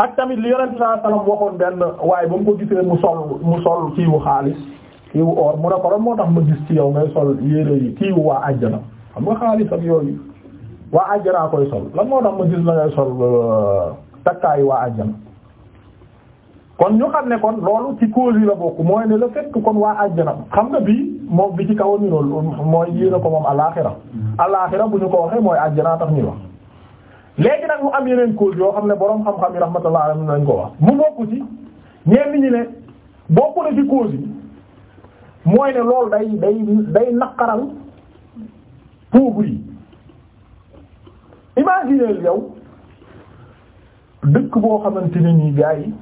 ak tamit li yonent saa salaam waxoon benn waaye ba mu ko gisee mu sol mu sol kiiwu xaalis kiiwu or mu ne ko moo ma gis ci yow ngay sol yére yi kiiwu waa àjjana xam nga xaalis ak yooyu waa àjjanaa ma gis la ngay sol euh, takkaayu waa àjjana kon ñu xam ne kon loolu ci cause yi la bokk mooy ne le fait kon waa àjjana xam nga bii moom bi ci kaw a nirool mooy yéena ko moom alaaxira alaaxira bu ñu ko waxee mooy àjjana tax ñu wax léegi nag mu am yeneen cause yoo xam ne boroom xam-xam yi rahmatullah alayhi lañ ko wax mu bokk ci ñenn ñi ne bokk na ci cause yi mooy ne loolu day day day naqaral pauvre yi imaginez yow dëkk boo xamante ne nii gars yi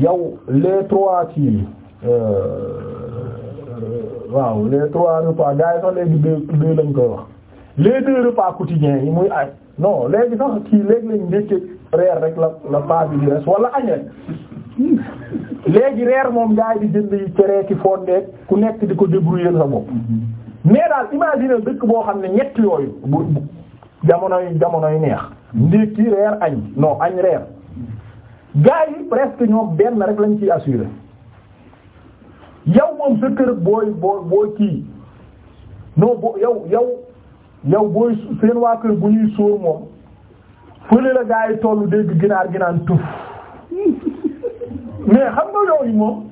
yow les trois euh, waaw les trois repas gars yi sax léegi deux deux lañ koy wax les deux repas quotidiens yi muy ay non léegi sax kii léegi lañ ndékkee reer rek la la paa bi di res wala añ rek reer moom gars yi di jënd yi cere ki fondeek ku nekk di ko débrouiller sa bopp mais daal imagine dëkk boo xam ne ñett yooyu bu jamonoy jamonoy neex ndékki reer añ non añ reer gars yi presque ñoo benn rek lañu ci assuré yow moom sa kër booy booy booy kii non bo yow yow yow booy seen waa kër bu ñuy sóor moom fële la gaa yi tollu dégg ginaar gi naan tuf mais xam nga yooyu moom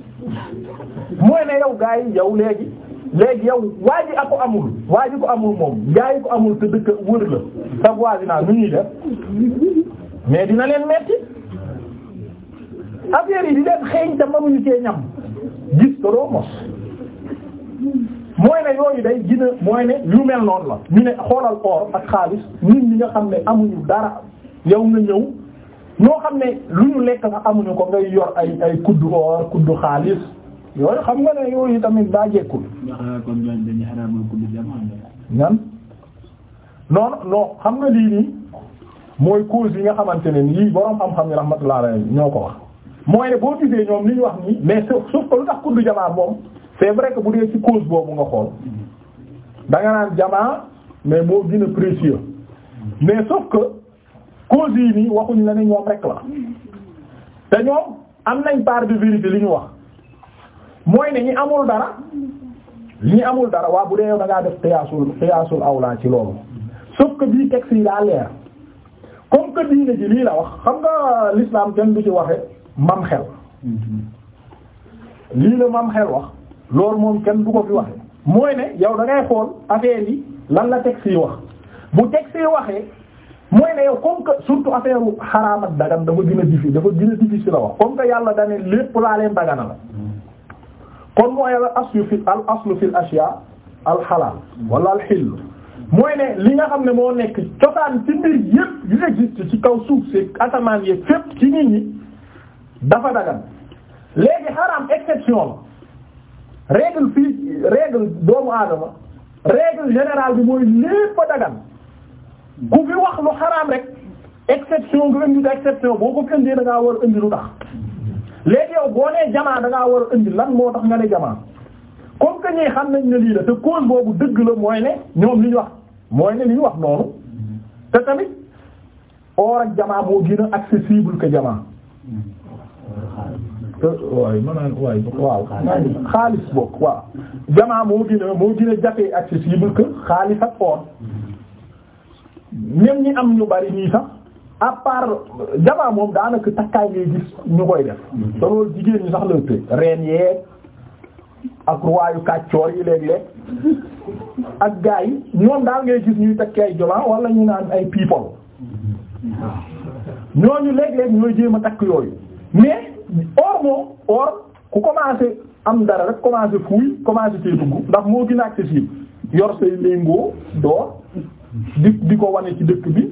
mooy ne yow gaa yi yow léegi léegi yow waaj ji a ko amul waa ji ko amul moom gaa yi ko amul te dëkk wër la sa voisinage nu ñuy def mais dina leen metti affaire yi di leen xeeñ te mënuñu cee ñam gis ko doo mos mooy ne yooyu day gina mooy ne yu mel noonu la ñu ne xoolal or ak xaalis nit ñi nga xam ne amuñu dara yow nga ñëw ñoo xam ne lu ñu lekk sax amuñu ko ngay yor ay ay kuddu or kuddu xaalis yooyu xam nga ne yooyu tamit daa jekkul ñan non xam nga lii nii mooy cause yi nga xamante ne nii borom xam-xam yi rahmatullah alayhi ñoo ko wax mooy ne boo gisee ñoom li ñu wax ni mais sauf sauf que lu tax kuddu jamaa moom c'est vrai que bu dee ci cause boobu nga xool da nga naan jamaa mais moo gën a précieux mais sauf que cause yi nii waxuñ la ne ñoom rek la te ñoom am nañ part de vérité li ñu wax mooy ne ñi amul dara ñi amul dara waa bu dee yow da ngaa def xiyaasul xiyaasul awlaa ci loolu sauf que bii texte yi daa leer comme que diine ji lii la wax xam nga l'islam kenn du ci waxe mam xel lii la mam xel wax loolu moom kenn bu ko fi waxe mooy ne yow da ngay xool affaire yi lan la texte yi wax bu texte yi waxee mooy ne yow comme que surtout affaire xaraam ak dagan dafa gën a difficile dafa gën a difficile la wax comme que yàlla dane lépp laa leen dagana la kon mooy al aslu fi al aslu fi al ashiya al xalaal wala mooy ne li nga xam ne moo nekk cosaan ci mbir yépp yu ci kaw suuf si asamaan yépp ci nit ñi dafa dagan léegi xaraam exception la règle fii règle doomu aadama règle générale bi mooy lépp a dagan ku fi wax lu xaraam rek exception nga indi exception boo ko indee da ngaa war a indi lu tax léegi yow boo nee jamaa da war a lan moo tax nga ne jamaa comme que ñi xam nañ ne lii la te cause boobu dëgg la mooy ne ñoom li wax mooy ne li wax noonu te tamit or jamaa moo gën accessible que jamaa waaye ma naan waaye waaw bokk waaw jamaa moo gën a moo gën a jafee accessible que xaalis ak or même ñi am ñu bari nii sax à part jamaa moom daanaka takkaay ngay gis ñu koy def te loolu jigéen ñi sax la tëj reen yeeg ak ruwaayu kàccoor yi léeg-léeg ak gaa yi ñoom daal ngay gis ñuy takki ay jamaa wala ñu naan ay people ñooñu léeg-léeg ñooy jéem a takk yooyu mais or moom or ku commencé am dara rek commencé fuuy commencé cee dugg ndax moo gën a accessible yor say léngoo door di di ko wane ci dëkk bi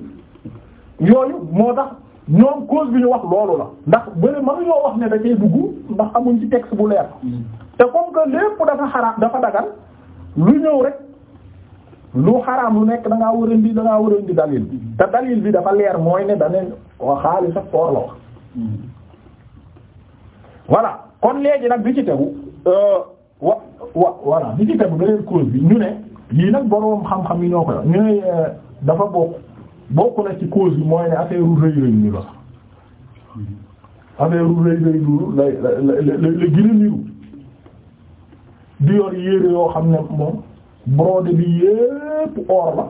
yooyu moo tax ñoom cause bi ñu wax loolu la ndax bële mënuñoo wax ne da cee dugg ndax amuñ ci texte bu leer te comme que lépp dafa xaraam dafa dagal lu ñëw rek lu xaraam lu nekk da ngaa war a da ngaa war a indi dalil bi dafa leer mooy ne da ne wa xaalis ak or la wax voilà kon léegi nag bi ci tegu euh, wa wa voilà bi ci tegu beneen cause bi ñu ne lii nag boroom xam-xam yi ñoo ko ñu ne euh, dafa bokk bokk na ci cause bi mooy ne affaire u rëy rëy la sax affaire u rëy rëy la gën a niru di yor yére yoo xam ne moom brodé bi yépp or la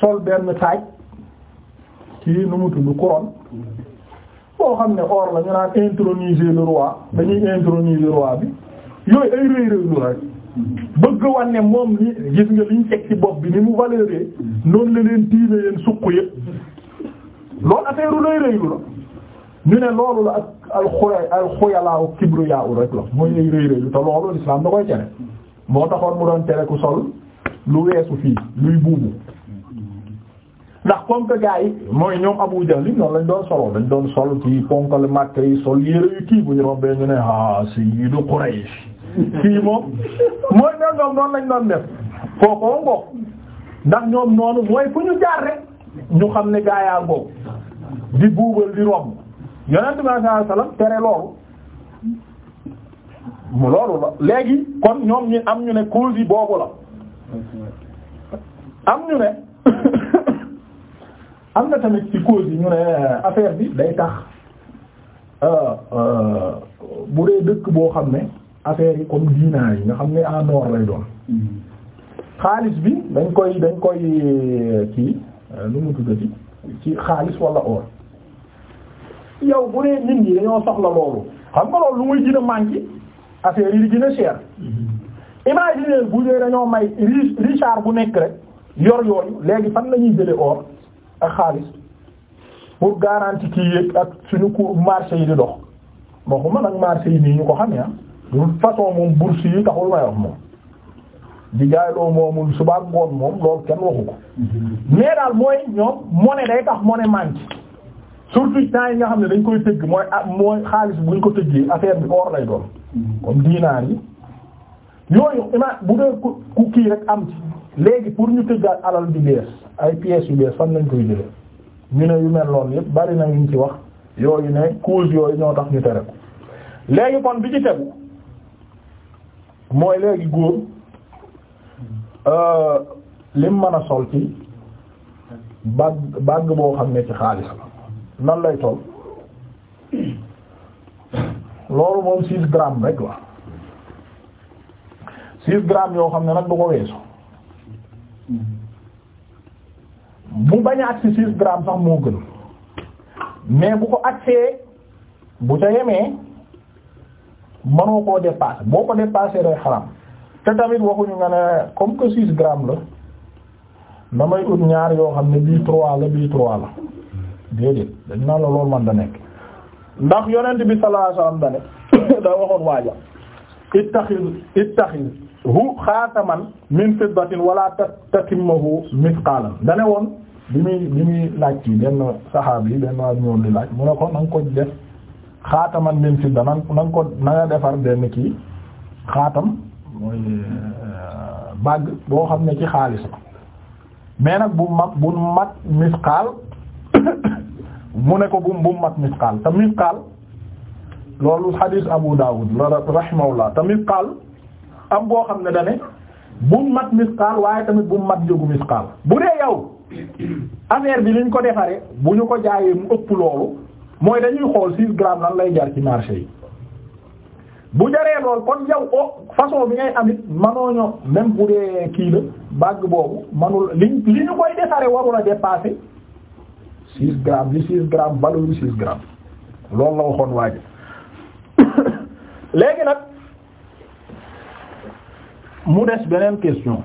sol benn taaj ci nu mu tudd couronne boo xam ne or la ñu naan introniser le roi dañuy introniser roi bi yooyu ay rëy rëy rek bëgg wan ne moom ni gis nga liñ teg ci bopp bi ni mu valeuré noonu la leen tiime leen suq yëpp loolu affaire u rëy rëy lu la ne loolu la ak alxuya alxuyalaaw kibru yaaw rek la mooy ay rëy rëy lu te loolu l'islam da koy tere moo taxoon mu doon tere ku sol lu weesu fii luy buubu ndax comme que gars yi mooy ñoom Abu Jahl noonu lañ doon soloo dañ doon sol ci ponkal màkk yi sol yére yu kii bu ñu rombee ñu ne ah sayyidu Quraysh kii moom mooy ñoom ñoom noonu lañ doon def fookoo ngoog ndax ñoom noonu mooy fu ñu jaar rek ñu xam ne gaa yaa ngoog di buubal di romb yonent bi sallallahu alayhi tere loolu mu loolu la léegi kon ñoom ñi am ñu ne cause yi boobu la am ñu ne am na tamit ci cause yi ñu ne euh, affaire bi day tax euh, euh, bu dee dëkk boo xam ne affaire yi comme diinaar yi nga xam ne en or lay doon mm-hmm. xaalis bi dañ koy dañ koy ci lu mu tuddati ci xaalis wala or yow bu dee nit ñi dañoo soxla loolu xam nga loolu lu muy gën a manqué affaire yi di gën a cher mm-hmm. imagine bu dee may Richard bu nekk rek yor yooyu léegi fan la ñuy jële or ak xaalis pour garantie kii yëg ak suñu cours marché yi di dox waxuma nag marché yi nii ñu ko xam ne ah. de toute façon moom bourse yi taxul may wax moom di jaay loo moomul suba ngoon moom loolu kenn waxu ko al moo mooy ñoom monnaie day tax monnaie manque surtout temps yi nga xam ne dañ koy tëgg mooy ah mooy xaalis buñ ko tëggee affaire bi or lay doon comme dinaar yooyu ima bu dee ku kii rek am ci léegi pour ñu tëggaat alal bi bees ay pièces yu bees fan lañ koy jëlee ñu ne yu mel lool yëpp bari na ñu ci wax yooyu ne cause yooyu ñoo tax ñu tere ko léegi kon bi ci tegu mooy léegi góor euh, lim mën a sol ci bag bag boo xam ne ci xaalis la nan lay toll loolu moom six grammes rek la six grammes yoo xam ne nag du ko weesu bu bañ a agsi six grammes sax moo gën mais bu ko agsee bu ca yemee mënoo koo dépasser boo ko dépasser day xaram te tamit waxuñu nga ne comme que six grammes la damay ut ñaar yoo xam ne bii trois la bii trois la déedéet dañ naan la loolu man da nekk ndax yonent bi sallallahu alayhi wasallam da ne da waxoon waaja ittaxiz ittaxiz hu xaataman min fiddatin wala tatimmahu misqaalan dane woon bi muy bi muy laaj ci benn saxaab yi benn waa ñoon di laaj mu ne ko na ko def xaataman min fidda na nga ko na nga defar benn kii xaatam mooy euh, bàgg boo xam ne ci xaalis la mais nag bu mag bu mag misqaal mu ne ko bu bu mat misqaal te misqaal loolu hadis Abu Dawud la te misqaal am boo xam ne dane bu mat misqaal waaye tamit bu mat jógu misqaal bu dee yow affaire bi liñ ko defaree bu ñu ko jaayee mu ëpp loolu mooy dañuy xool 6 grammes lan lay jar ci marché yi bu jaree lool kon yow o façon bi ngay amit manooño même bu dee kii la bàgg boobu manul liñ li ñu koy defaree warul a dépasser 6 grammes li 6 grammes valeur 6 grammes loolu la waxoon waa léegi nag mu des beneen question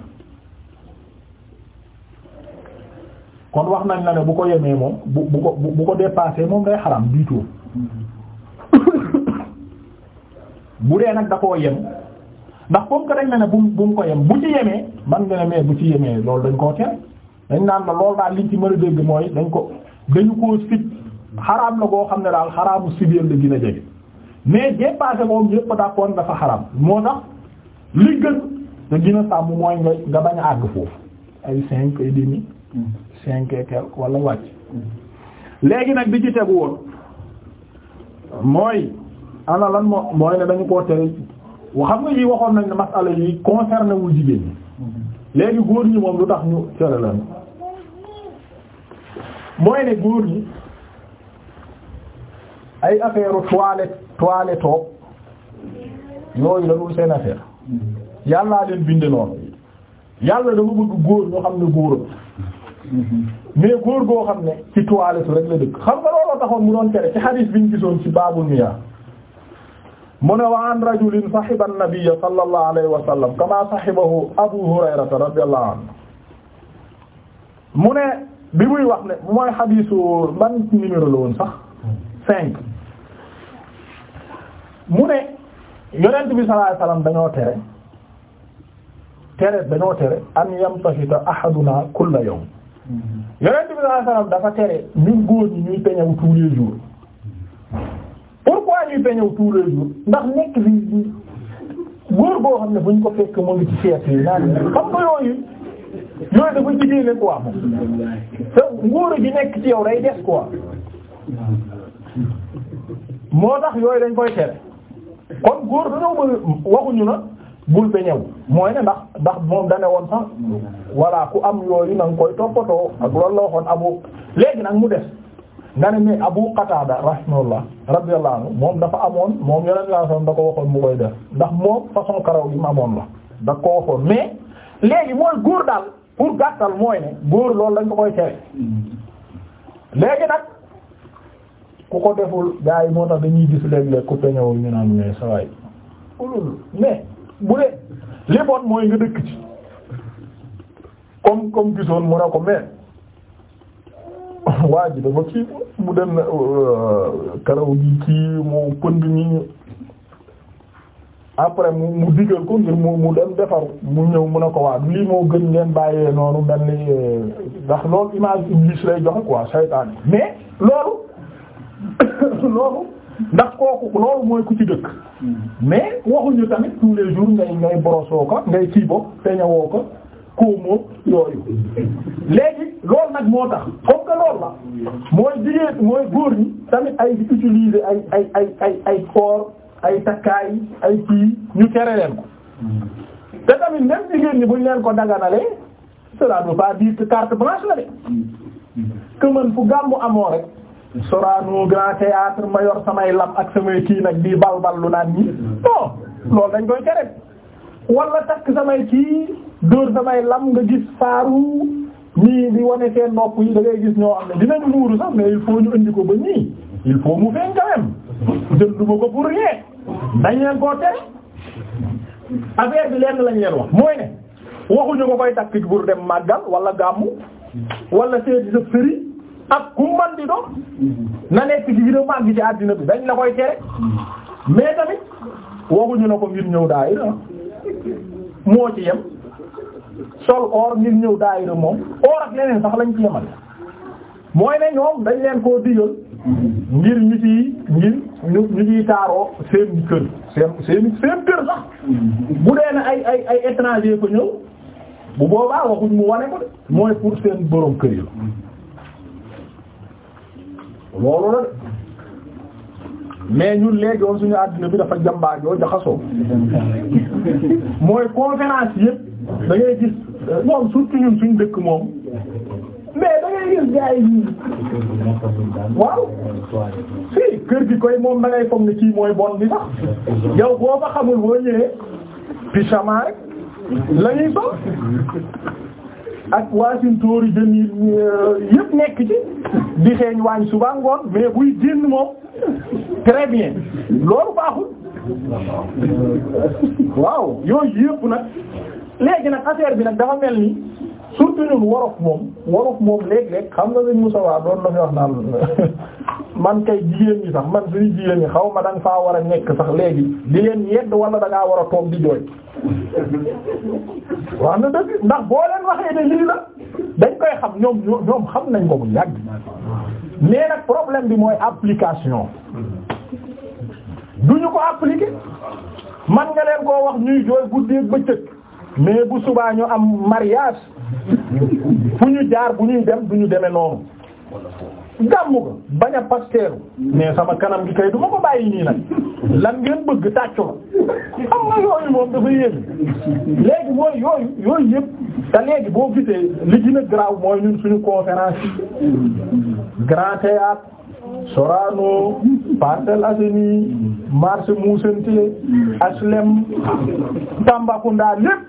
kon wax nañ la ne bu ko yemee moom bu bu ko bu ko dépassé moom day xaram du bu dee nag da koo yem ndax comme que dañ la ne bu bu mu ko yem bu ci yemee man nga ne mais bu ci yemee loolu dañ koo tere dañ naan la lool daal liñ ci mën a dégg mooy dañ ko dañu koo sib xaraam la boo xam ne daal xaraamu sibeel la gën a jege mais dépassé moom yëpp d'accord dafa xaraam moo tax li gën te gën a sàmm mooy nga nga bañ a àgg foofu ay cinq et demi mm. cinq et quelque wala léegi nag bi ci tegu woon mooy ana lan moo mooy ne dañu koo tere xam nga yi waxoon nañ ne masala yi concerné wul jigéen ñi mm-hmm. léegi góor ñi moom lu tax ñu tere lan mooy ne góor ñi ay affaire toilette toilette yooyu la seen affaire mm-hmm. yàllaa leen binde noonu yàlla dama bëgg góor ñoo xam ne góor mais góor goo xam ne ci toilette rek la dëkk xam nga looloo taxoon mu doon tere ci xadiis bi ñu gisoon ci baabul miyaa mu ne wa an rajulin sahiba an-nabiyya sallallahu alayhi wa sallam kama sahibahu abu hurayrata radiyallahu mu ne bi muy wax ne mooy xadiisu ban numéro la woon sax cinq mu ne yonent bi sallallahu alayhi dañoo tere tere dañoo tere an yamtashita ahaduna kulla yawm mm-hmm. yonent bi sallallahu alayhi wasallam dafa tere ñun góor ñi ñuy peñaw tous les jours pourquoi ñuy peñaw tous les jours ndax nekk fi góor boo xam ne buñ ko fekk mu ngi ci seet yi naan xam nga yooyu yooyu gi nekk ci yow day des quoi moo tax yooyu dañ koy tere kon góor dañoo bëgg waxuñu bul beñew mooy ne ndax ndax moom dane woon sax voilà ku am yooyu na nga koy toppatoo ak loolu la waxoon abu léegi nag mu def nga ne mais abu qatada rahimahullah radiyallahu anhu moom dafa amoon moom yonent la sax da ko waxoon mu koy def ndax moom façon karaw gi mu amoon la da ko waxoon mais léegi mooy góor daal pour gàttal mooy ne góor loolu dañ ko koy tere léegi nag ku ko deful gars yi moo tax dañuy gis léeg-léeg ku peñewul ñu naan mais sawaay ulul mais bu dee li bon mooy nga dëkk ci comme comme gisoon mu ne ko mais waa ji dafa ci mu dem na euh, karaw gi kii mu pënd ñi après mu mu ko ngir mu mu dem defar mu ñëw mun a ko waa lii moo gën ngeen bàyyee noonu mel ni euh, ndax loolu image iblis lay joxe quoi saytaane mais loolu loolu ndax kooku loolu mooy ku ci dëkk mais waxuñu tamit tous les jours ngay ngay borosoo ko ngay kii boog feeñawoo ko kóomoo yooyu léegi loolu nag moo tax comme que loolu la mooy jigéen mooy góor ñi tamit ay di utiliser ay ay ay ay ay koor ay takkaay ay kii ñu tere leen ko te tamit même jigéen ñi buñ leen ko daganalee cela ne veut pas dire carte blanche la de que fu gàmmu amoo rek Sorano Grand Théâtre ma yor samay lam ak samay kii nag di balbal lu naan ñi non loolu dañ koy tere wala takk samay kii dóor samay lam nga gis saaru nii di wane seen nopp yi da ngay gis ñoo xam ne dinañ muuru sax mais il faut ñu indi ko ba nii il faut mu feeñ quand même jënduma ko pour rien dañ leen koo tere bi lenn lañ leen wax mooy ne waxuñu ko koy takk pour dem màggal wala gàmmu wala seeti sa fëri ak ku man di doon na nekk ci gën a màgg bi dañ la koy tere mais tamit waxuñu na ko ngir ñëw daayira moo ci yem sol or ngir ñëw daayira moom or ak leneen sax lañ ci yemal mooy ne ñoom dañ leen koo digal ngir ñu ci ngir ñu ñu ciy taaroo seen kër seen seen kër sax bu dee ne ay ay ay étranger ko ñëw bu boobaa waxuñ mu wane ko de mooy pour seen borom kër yi loolu ñu mais ñun léegi woon suñu àddina bi dafa jàmbaajoo jaxasoo mooy conférence yëpp da ngay gis moom surtout ñun suñu dëkk moom mais da gis gars yi waaw si kër gi koy moom da ngay foog ne kii sax yow boo fa boo ñëwee pyjama rek la ak waasin tóori jën yi euh, yëpp nekk ci di xeeñ waañ suba ngoon mais buy génn moom très bien baaxul waaw yooyu yëpp nag léegi nag affaire bi nag dafa mel ni surtout ñun worof moom worof moom léeg-léeg xam nga liñ Moussa waa doon na wax naan man kay jigéen ñi sax man suñu jigéen ñi xaw ma da nga faa war a nekk sax léegi di leen yedd wala da war a toog di jooy. wax na dëgg ndax boo leen waxee ne lii la dañ koy xam ñoom ñoom xam nañ ko bu yàgg mais nag problème bi mooy application duñu ko appliquer man nga leen koo wax ñuy jooy guddi bëccëg mais bu subaa ñu am mariage. fu ñu jaar bu ñu dem bu ñu demee noonu gàmmu ko bañ a pasteeru mais sama kanam gi kay du ma ko bàyyi nii nag lan ngeen bëgg tàccu la am na yooyu moom dafa yéeg léegi mooy yooyu yooyu yëpp ta léegi boo gisee li gën a grave mooy ñun suñu conférence grand théâtre Sorano Parcelles Assainies marché Moussanté HLM Tambacounda lépp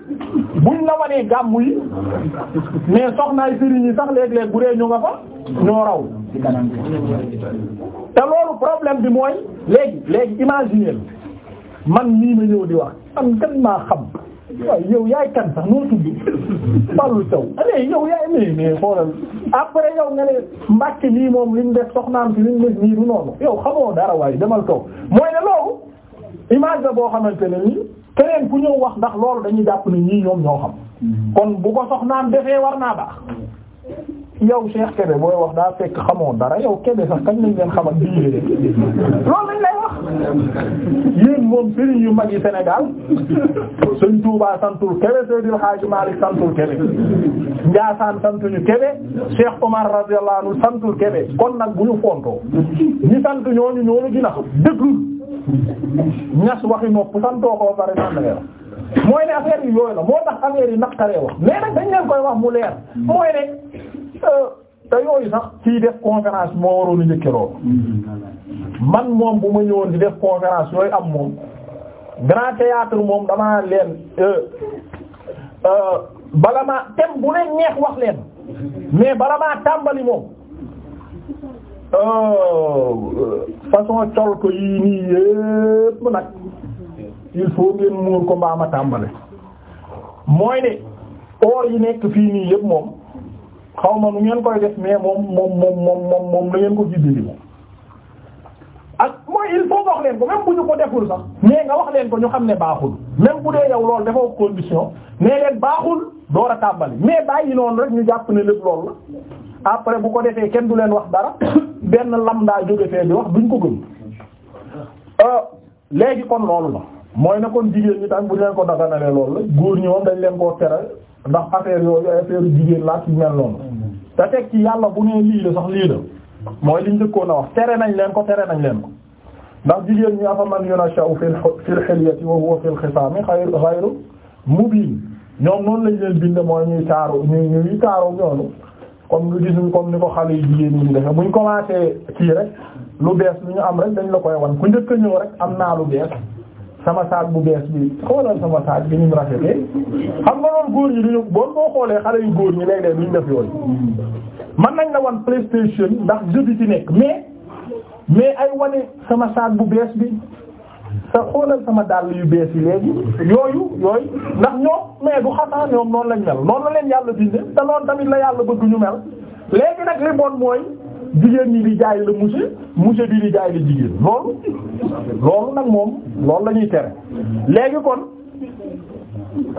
buñ la wanee gàmmu yi mais soxnaay sëriñ yi sax léeg-léeg bu dee ñu nga fa ñoo raw te loolu problème bi mooy léegi léegi imaginer man nii ma ñëw di wax am gan maa xam waaw yow yaay kan sax noo tudd Fallou Thiaw allez yow yaay mais mais xoolal après yow nga ne Mbacke nii moom li mu def soxnaam si li mu noonu yow xamoo dara demal toog mooy ne loolu image la boo xamante ne nii keneen ku ñëw wax ndax loolu dañuy jàpp ne ñii ñoom ñoo xam hmm. kon bu ko soxnaam defee war naa baax. yow Cheikh Kébé booy wax daa fekk xamoo dara yow Kébé sax kañ lañ leen xamal diine loolu lañ lay wax yéen moom sëriñ yu mag yi Sénégal Sëriñ Touba santul Kébé Seydil Hadji Malick santul Kébé Ndiassane santuñu Kébé Cheikh Omar radiyallahu anhu santul Kébé kon nag bu ñu fontoo ñi sant ñooñu ñoo la gën a xam déglu ñas waxi nopp santoo ko bari wax mooy ne affaire yi yooyu la moo tax affaire yi naqaree wax mais wax mu leer mooy ne. te yooyu sax fii def conférence moo waroon a njëkk lool man moom bu ma ñëwoon di def conférence yooyu am moom grand théâtre moom damaa leen euh, euh, bala maa thème bu leen neex wax leen mais bala maa tàmbali moom euh, façon col ko yii nii yépp nag il faut ngeen muur ko mbaa ma tàmbale mooy ne or yi nekk fii nii yépp moom xaw ma nu ngeen koy def mais moom moom moom moom moom moom na ngeen ko jibbili moom ak mooy il faut nga wax leen ko même bu ñu ko deful sax mais nga wax leen ko ñu xam ne baaxul même bu dee yow loolu dafa condition mais leen baaxul door a tàmbali mais bàyyi noonu rek ñu jàpp ne lépp loolu la après bu ko defee kenn du leen wax dara benn lam daa jóge fee bi wax duñ ko gëm euh, léegi kon loolu la mooy na kon jigéen ñi tam bu ñu leen ko daganalee loolu la góor ñi moom dañ leen koo tere ndax affaire yooyu affaire jigéen laa ci mel noonu mm-hmm. te teg ci yàlla bu nee lii la sax lii la mooy liñ njëkkoon a wax tere nañ leen ko tere nañ leen ko ndax ji jigéen ñi afa man yunashau fil fil hilyati wa huwa fil khisaami xayru xayru mubiin ñoom noonu lañ leen bind mooy ñu taaru ñuy ñuy taaru ñoonu comme lu gis comme ni ko xale yi jigéen ñi defe buñ commencé kii rek lu bees lu ñu am rek dañ la koy wan ku njëkk a ñëw rek am naa lu bees sama saag bu bees bi xoolal sama saag bi ni rafetee xam nga loolu góor ñi du ñu bon boo xoolee xale yu góor ñi léeg-léeg duñ def yooyu man nañ la wan PlayStation ndax jeu bi ci nekk mais mais ay wane sama saag bu bees bi sa xoolal sama dàll yu bees yi léegi yooyu yooyu ndax ñoom mais du xataa ñoom noonu lañ mel noonu la leen yàlla bindee te loolu tamit la yàlla bëgg ñu mel léegi nag li bon mooy jigéen ñi di jaay la monsieur monsieur bi di jaay la jigéen loolu loolu nag moom loolu lañuy tere léegi kon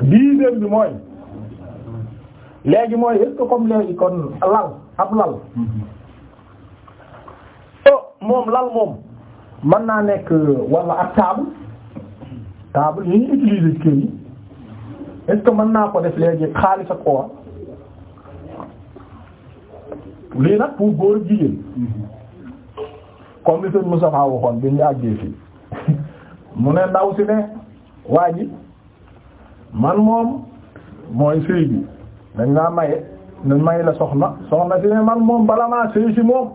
dixième bi mooy léegi mooy est-ce que comme léegi kon lal ab lal oh moom lal moom mën naa nekk euh, wala ak table table yi ñu utiliser kër yi est-ce mën naa ko def léegi xaalis ak or lii nag pour góor jigéen comme li sëñ Moustapha waxoon bi ñu àggee fii mu ne ndaw si ne waa ji man moom mooy sëy bi dañ laa maye dañ may la soxna soxna si ne man moom bala maa sëy si moom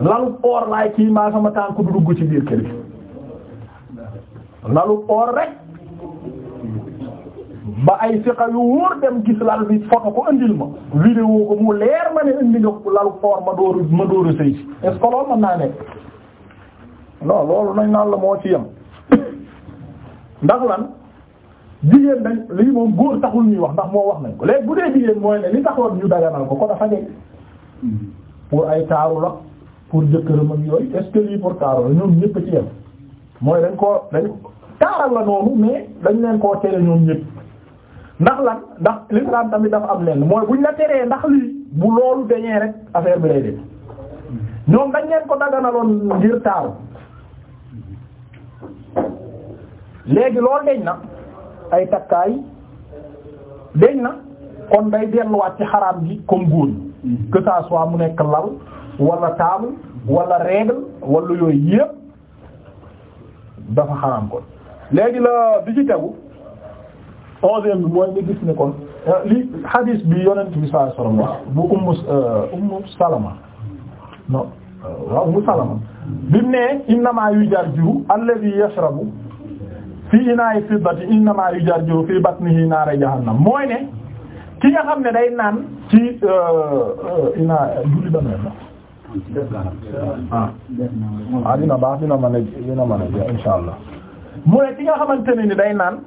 lalu or laay kii maa sama tànk du dugg ci biir kër lalu or rek ba ay siqa yu wóor dem gis lal bi foto ko indil ma vidéo ko mu leer ma ne indi nga lalu foor ma dooru ma dooru sëy si naa nekk loolu nañ naan la moo ci yem ndax lan jigéen dañ lii moom góor taxul ñuy wax ndax moo wax nañ ko léegi bu dee jigéen mooy ne li taxoon ñu daganal ko ko dafa nekk pour ay taaru la pour jëkkëram ak yooyu est-ce pour taaru la ñoom ñëpp ci yem mooy dañ koo dañ taaral la noonu mais dañ leen ko tere ñoom ñëpp ndax la ndax l'islam tamit dafa am lenn mooy buñ la teree ndax lii bu loolu dañee rek affaire bi lay dem ñoom dañ leen ko daganaloon ngir taaru léegi loolu deñ na ay takkaay deñ na kon day delluwaat ci xaraam gi comme góor mm-hmm. que ça soit mu nekk lal wala table wala règle wala yooyu yépp dafa xaraam kon léegi la bi ci tegu onzième bi mooy nga gis ne kon li hadis bi yonent bi sallallahu alayhi wasallam wax bu ummu euh, ummu salama non euh, waaw ummu salama bi mu ne innama yujarjiru alladhi yashrabu fi ina'i fiddati innama yujarjiru fi batnihi naara jahannam mooy ne ki nga xam ne day naan ci euh, ina julli ba mel ah ah dina baax dina mën a dina mën a inshallah mooy ki nga xamante ni day naan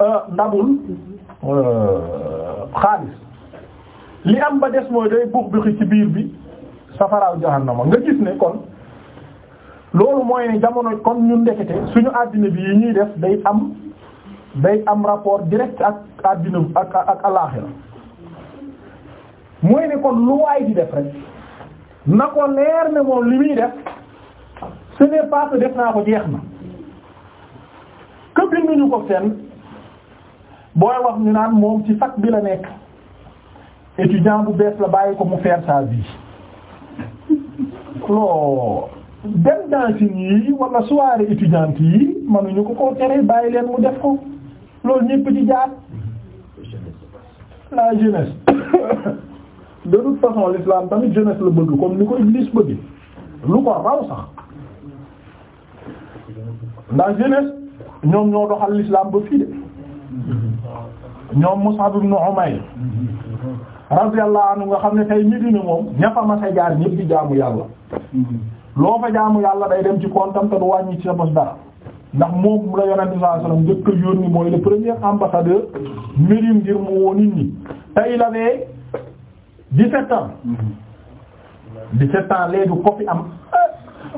Euh, ndabul euh, xaalis li am ba des mooy day buux bi ci biir bi safaraaw jahannama nga gis ne kon loolu mooy ne jamono kon ñu ndekete suñu àddina bi yi ñuy def day am day am rapport direct ak àddina ak ak alaaxira mooy ne kon lu waay di def rek na ko leer ne moom li muy def ce n'est pas def naa ko jeex na que binduñu ko fenn booy wax ñu naan moom ci fac bi la nekk étudiant bu bees la bàyyi ko mu faire sa vie loo dem dancing yi wala soirée étudiante yi mënuñu ko koo tere bàyyi leen mu def ko lo ñépp ci jaar la jeunesse de toute façon l'islam tamit jeunesse la bëgg comme ni ko Iblis bëgg lu ko raw sax ndax jeunesse ñoom ñoo doxal l'islam ba fii de ñoom Mus'ab ibn Umayr radiyallahu anhu nga xam ne tey Medina moom ña fa ma sa jaar ñëpp di jaamu yàlla loo fa jaamu yàlla day dem ci kontam te du wàññi ci sa bos dara ndax moom la yonente sallallahu alayhi wasallam njëkk a yónni mooy le premier ambassadeur Médine ngir mu woo nit ñi tey la nee dix-sept ans dix am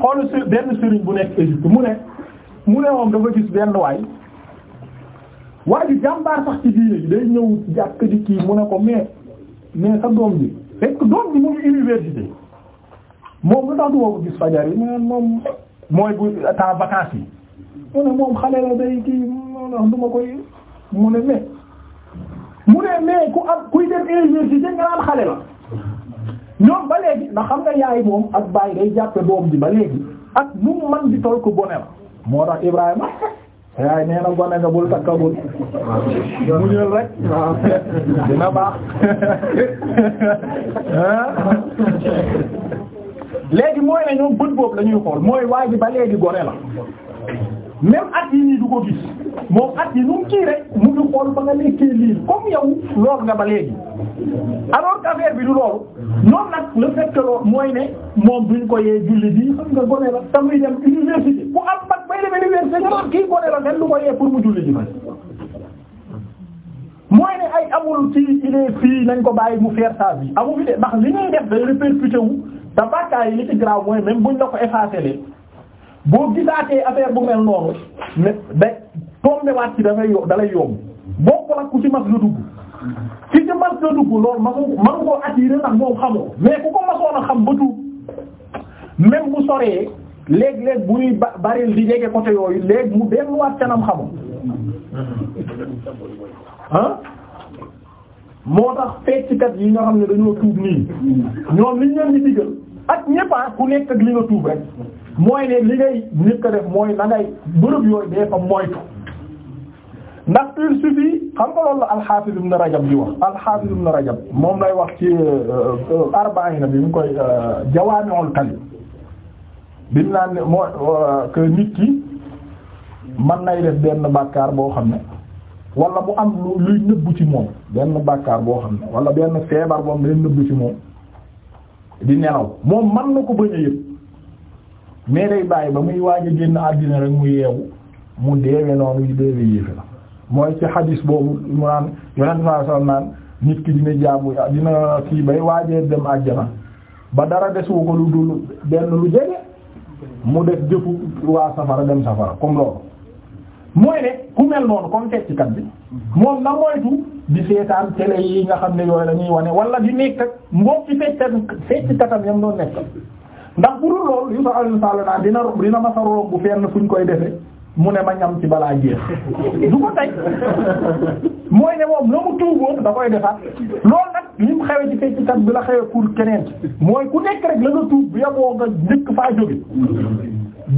xoolu benn sëriñ bu nekk Égypte mu ne mu ne moom dafa gis benn waay waa ji jàmbaar sax ci diine ji day ñëw jàpp di kii mu ne ko mais mais sa doom bi fekk doom bi mu ngi université moom lu tax du woo gis fajar yi moom mooy bu temps vacances yi moom xale la day kii mu ma koy mu ne mais mu ne mais ku am kuy dem université nga naan xale la ñoom ba léegi ndax xam na yaay moom ak baay day jàppe doom ji ba léegi ak nu mu man di tol ko bone la moo tax Ibrahima yaay nee na gone nga bul takkagul mu ñëw rek dina baax léegi mooy ne ñoom bët boobu la ñuy xool mooy waa ji ba léegi gone la même at yi nii du ko gis moom at yi nu mu kii rek mu ngi xool ba nga nekkee lii comme yow lool nga ba léegi alors que affaire bi du loolu noonu nag le fait que mooy ne moom duñ ko yee julli bi xam nga gone la tam muy dem université bu am bac bay dem kii gone la kenn du ko yee pour mu julli ji fay mooy ne ay amul ci idée fii nañ ko bàyyi mu faire sa vie amu fi de ndax li ngay def day répercuté wu te yi li ci grave mooy même buñ la ko effacé leen boo gisaatee affaire bu mel noonu ne da tombé waat ci dafay yo dalay yomb bokkul ak ku ci mas la dugg lo ci mas la dugg loolu masu manu koo attiré ndax moom xamoo mais ku ko masoon a xam ba tuub même bu soree léeg-léeg bu ba baril di jege côté yooyu léeg mu delluwaat kanam xamoo ah moo tax fecckat yi nga xam ne dañoo tuub nii ñoom liñ leen di digal ak ñéppa ah, ku nekk ak li nga tuub rek mooy ne li ngay nit ko def mooy dangay ngay bërëb yooyu dee fa moytu ndax il suffit xam nga loolu la al Rajab di wax al-Hafiz Rajab moom lay wax ci euh, arba'ina bi mu koy euh, jawaami'ul kalim bi mu naan mooy euh, que nit ki man nay def benn bàkkaar boo xam ne walla mu am luy nëbbu ci moom benn bàkkaar boo xam ne wala benn feebar boo am day nëbbu ci moom di nelaw moom mën na ko bañ a mais day bàyyi ba muy waaj génn àddina rek mu yeewu mu deewe noonu deewe yéefe la mooy ci xadis boobu mu naan yonent naan nit ki dina jaamu dina kii bay waajee dem àjjana ba dara desuwu ko lu dul benn lu jege mu def jëfu waa safara dem safara comme loolu mooy ne ku mel noonu comme feccikat bi moom na moytu di seetaan télé yi nga xam ne yooyu la wane wala di nekk ak mbokk ci fecc fecc katam yam doon nekk ndax bu dul loolu yu sax alin sall naa dina dina na romb bu fenn fuñ koy defe mu ne ma ñam ci balaa jeex mooy ne moom la mu tuuboon da koy defaat loolu nag lim xewe ci feccikat bi la xewe pour keneen mooy ku nekk rek la nga tuub bu yaboo nga njëkk faa jóge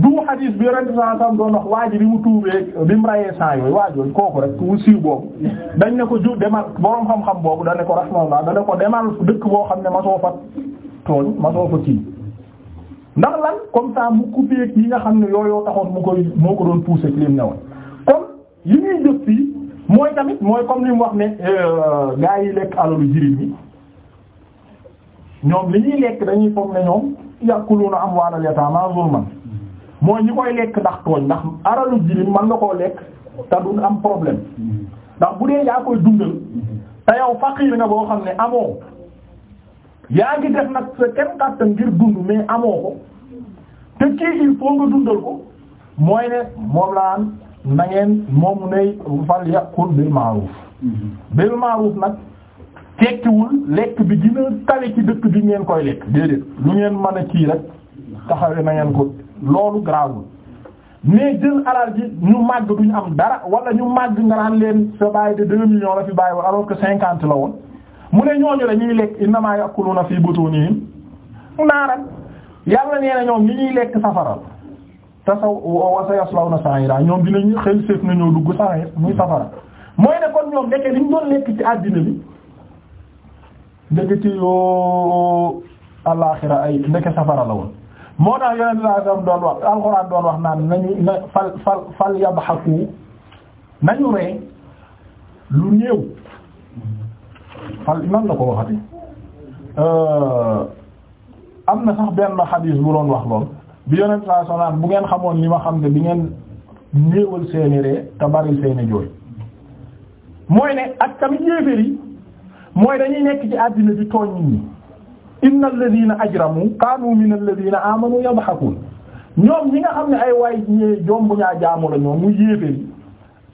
du xadiis bi yonent saa sam doon wax waa ji bi mu tuubee bi mu rayee saa yooyu waajooñ kooku rek wu siiw boobu dañ ne ko ju demal boroom xam-xam boobu da ne ko raxmalla da ne ko demal dëkk boo xam ne ma soo ma soo fa ndax lan comme ça mu coupé yi nga xam ne yooyoo taxoon mu koy moo ko doon poussé ci ne woon kon yi ñuy jëf fii mooy tamit mooy comme li wax ne euh, gaa yi lekk alalu jirim yi ñoom li ñuy lekk dañuy foog ne ñoom yàquluna amwaalal yataama zulman mooy ñi koy lekk ndax tooñ ndax alalu jirim man nga koo lekk te du am problème ndax bu dee yaa koy dundal te yow faqiir nga boo xam ne amoo yaa ngi def nag sa kenn kàttan ngir dund mais amoo ko te kii il faut nga dundal ko mooy ne moom laa am na ngeen moom nay fal yàqul mm-hmm. bil ma'ruf nag tekkiwul lekk bi gën a tali ci dëkk bi ngeen koy lekk déedéet lu ngeen mën a kii rek taxawee na ngeen ko loolu garaawul mais jël alal gi ñu màgg duñu am dara wala ñu màgg nga naan leen sa bàyyi de deux millions la fi bàyyi woon alors que cinquante la woon mu ne ñooñu la ñuy lekk innamaa ya'kuluuna fii butuunihim naaran yàlla nee na ñoom ñi ñuy lekk safara te sa wa sayaslawna sa'iira ñoom dinañu xëy seet na ñoo dugg sa'iir muy safara mooy ne kon ñoom ndeke liñ doon lekk ci àddina bi ndeke ci yoo alaaxira ay ndeke safara la woon moo tax yonent la dam doon wax alxuraan doon wax naan nañu na fal fal fal yabxaku nañu ree lu néew al nan la ko waxati euh, am na sax benn xadiis bu doon wax lool bi yonent saa sonaan bu ngeen xamoon li ma xam ne bi ngeen néewal seeni ree te bari seeni jooy mooy ne ak tamit yéeféer mooy dañuy nekk ci àddina bi tooñ nit ñi inna alladhina ajramu kaanu min alladhina amanu yadhakun ñoom ñi nga xam ne ay waay ñee jomb ñaa jaamu la ñoom mu yéeféer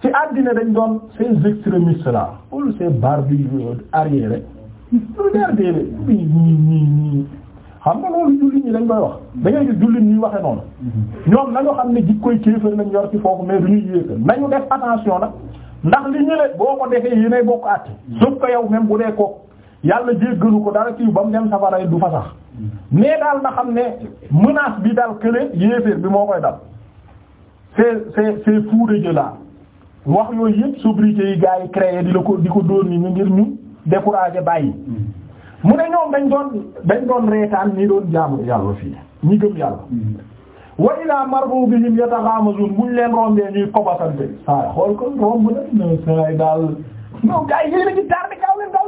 ci àddina dañ doon ces extrémistes là wala ces barbus arrière lu bi ñii ñii xam nga loolu jullit ñi dañ koy wax da ngay gis jullit ñuy waxe noonu ñoom nañu xam ne jikkoy kéefër lañ yor ci foofu mais du ñuy yéefër nañu def attention nag ndax li ñu boo ko defee yéenay bokk àtte sauf ko yow même bu dee ko yàlla gënu ko dara ci ba mu dem safara du fa sax daal na xam ne menace bi daal kële yéefër bi moo koy dal c'est c'est c'est fou wax yooy yëpp sobriquet yi gars yi créé di la ko di ko dóor ni ñu ngir ñu découragé bàyyi mm. mu ne ñoom dañ doon dañ doon reetaan ñi doon jaamu yàlla fii ñi gëm yàlla mm. wa ila marbu bihim yataxaamazun buñ leen rombee ñuy kobasante xool kon romb na no saay daal non gars yi yéen a ngi tardé gaaw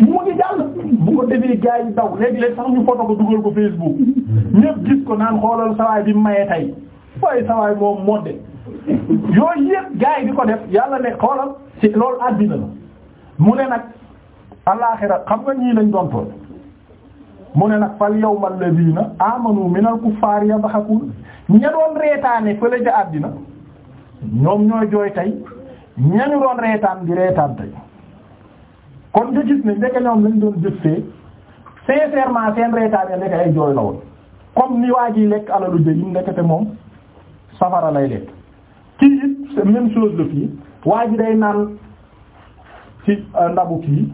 mu ngi jàll yi daw léegi-léeg sax ñu photo ko dugal ko Facebook mm. ñëpp gis ko naan xoolal sawaay bi maye tay waaye sawaay moom modde yooyu yëpp gars yi di ko def yàlla ne xoolal ci loolu àddina la mu ne nag alaaxira xam nga ñii lañ doon mu ne nag fal yawmal ladina amanu minal kuffaar yadhakun ña doon reetaane fële ca àddina ñoom ñooy jooy tey ñañu doon reetaan di reetaan tey kon nga gis ne ndeke ñoom lañ doon jëfee sincèrement seen reetaan ya ndeke ay jooy la woon comme ni waa ji lekk alalu jëriñ ndekete moom safara lay lekk. kii it c'est même ji day naan ci euh, ndabu kii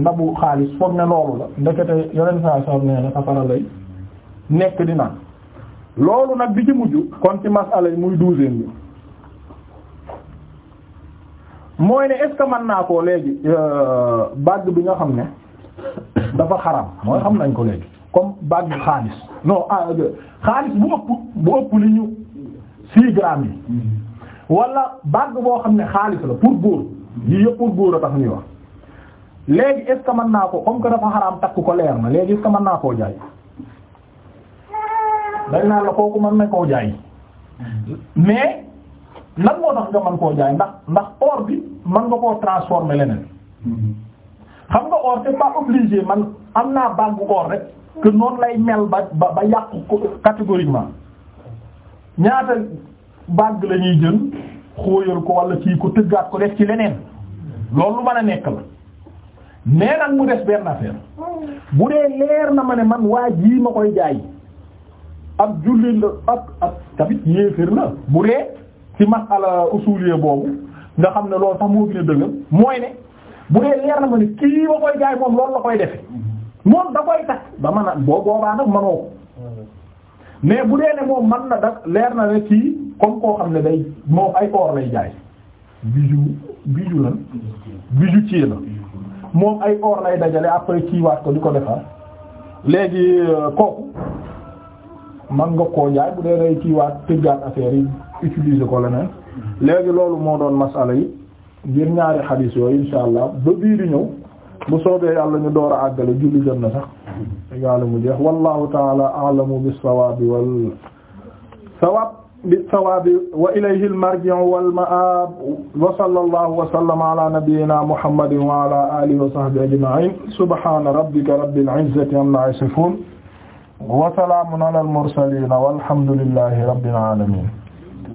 ndabu xaalis foog ne loolu la ndekete yoneen saa saa nee na safara lay nekk di loolu nag bi ci mujj kon ci masala yi muy douzième bi mooy ne est-ce naa ko léegi euh, bàgg bi ñoo xam ne dafa xaram mooy xam nañ ko léegi comme bàgg xaalis non ah, euh, xaalis bu ëpp bu ëpp li ñu six grammes yi mm-hmm. wala bagg boo xam ne xaalis la pour góor yi yëpp pour góor a tax ñuy wax léegi est-ce que naa ko comme que dafa xaraam takk ko leer na léegi est-ce que mën naa koo jaay dañ la kooku mën na koo jaay mais lan moo tax nga mën koo jaay ndax ndax or bi mën nga koo transformer leneen xam nga or c'est pas obligé man am naa bagg or rek que noonu lay mel ba ba ba yàqu catégoriquement ñaata bàgg la ñuy jël xóoyal ko walla kii ko tëggaat ko def ci leneen loolu mën a nekk la mais mu des benn affaire bu dee leer na ma ne man waa jii ma koy jaay ab jullit la ab ab tamit yéeféer la bu dee ci masala usulier boobu nga xam ne lool sax moo gën a dëgg mooy ne bu dee leer na ma ne kii ma koy jaay moom loolu la koy defe moom da koy tax ba mën a boo boobaa nag mënoo mais bu dee ne moom man na da leer na ne ci comme koo xam ne day moom ay or lay jaay bijou bijou lan ci la moom ay or lay dajale après kiiwaat ko di ko defar léegi euh, kooku man nga koo jaay bu dee day kiiwaat tëggaat affaire yi utiliser ko leneen léegi loolu moo doon masala yi ngir ñaari xadiis yooyu insha allah ba biir di ñëw bu soobee yàlla ñu door a àggale julli jot na sax yàlla mu jeex wallahu taala a'lamu bis sawaabi wal sawaab bi sawaabi wa ilayhi al marji'u wal ma'aab wa sallallahu wa sallama ala nabiyyina muhammadin wa ala alihi wa sahbihi ajma'in subhana rabbika rabbil izzati amma yasifun wa salaamun ala al mursalin walhamdulillahi rabbil alamin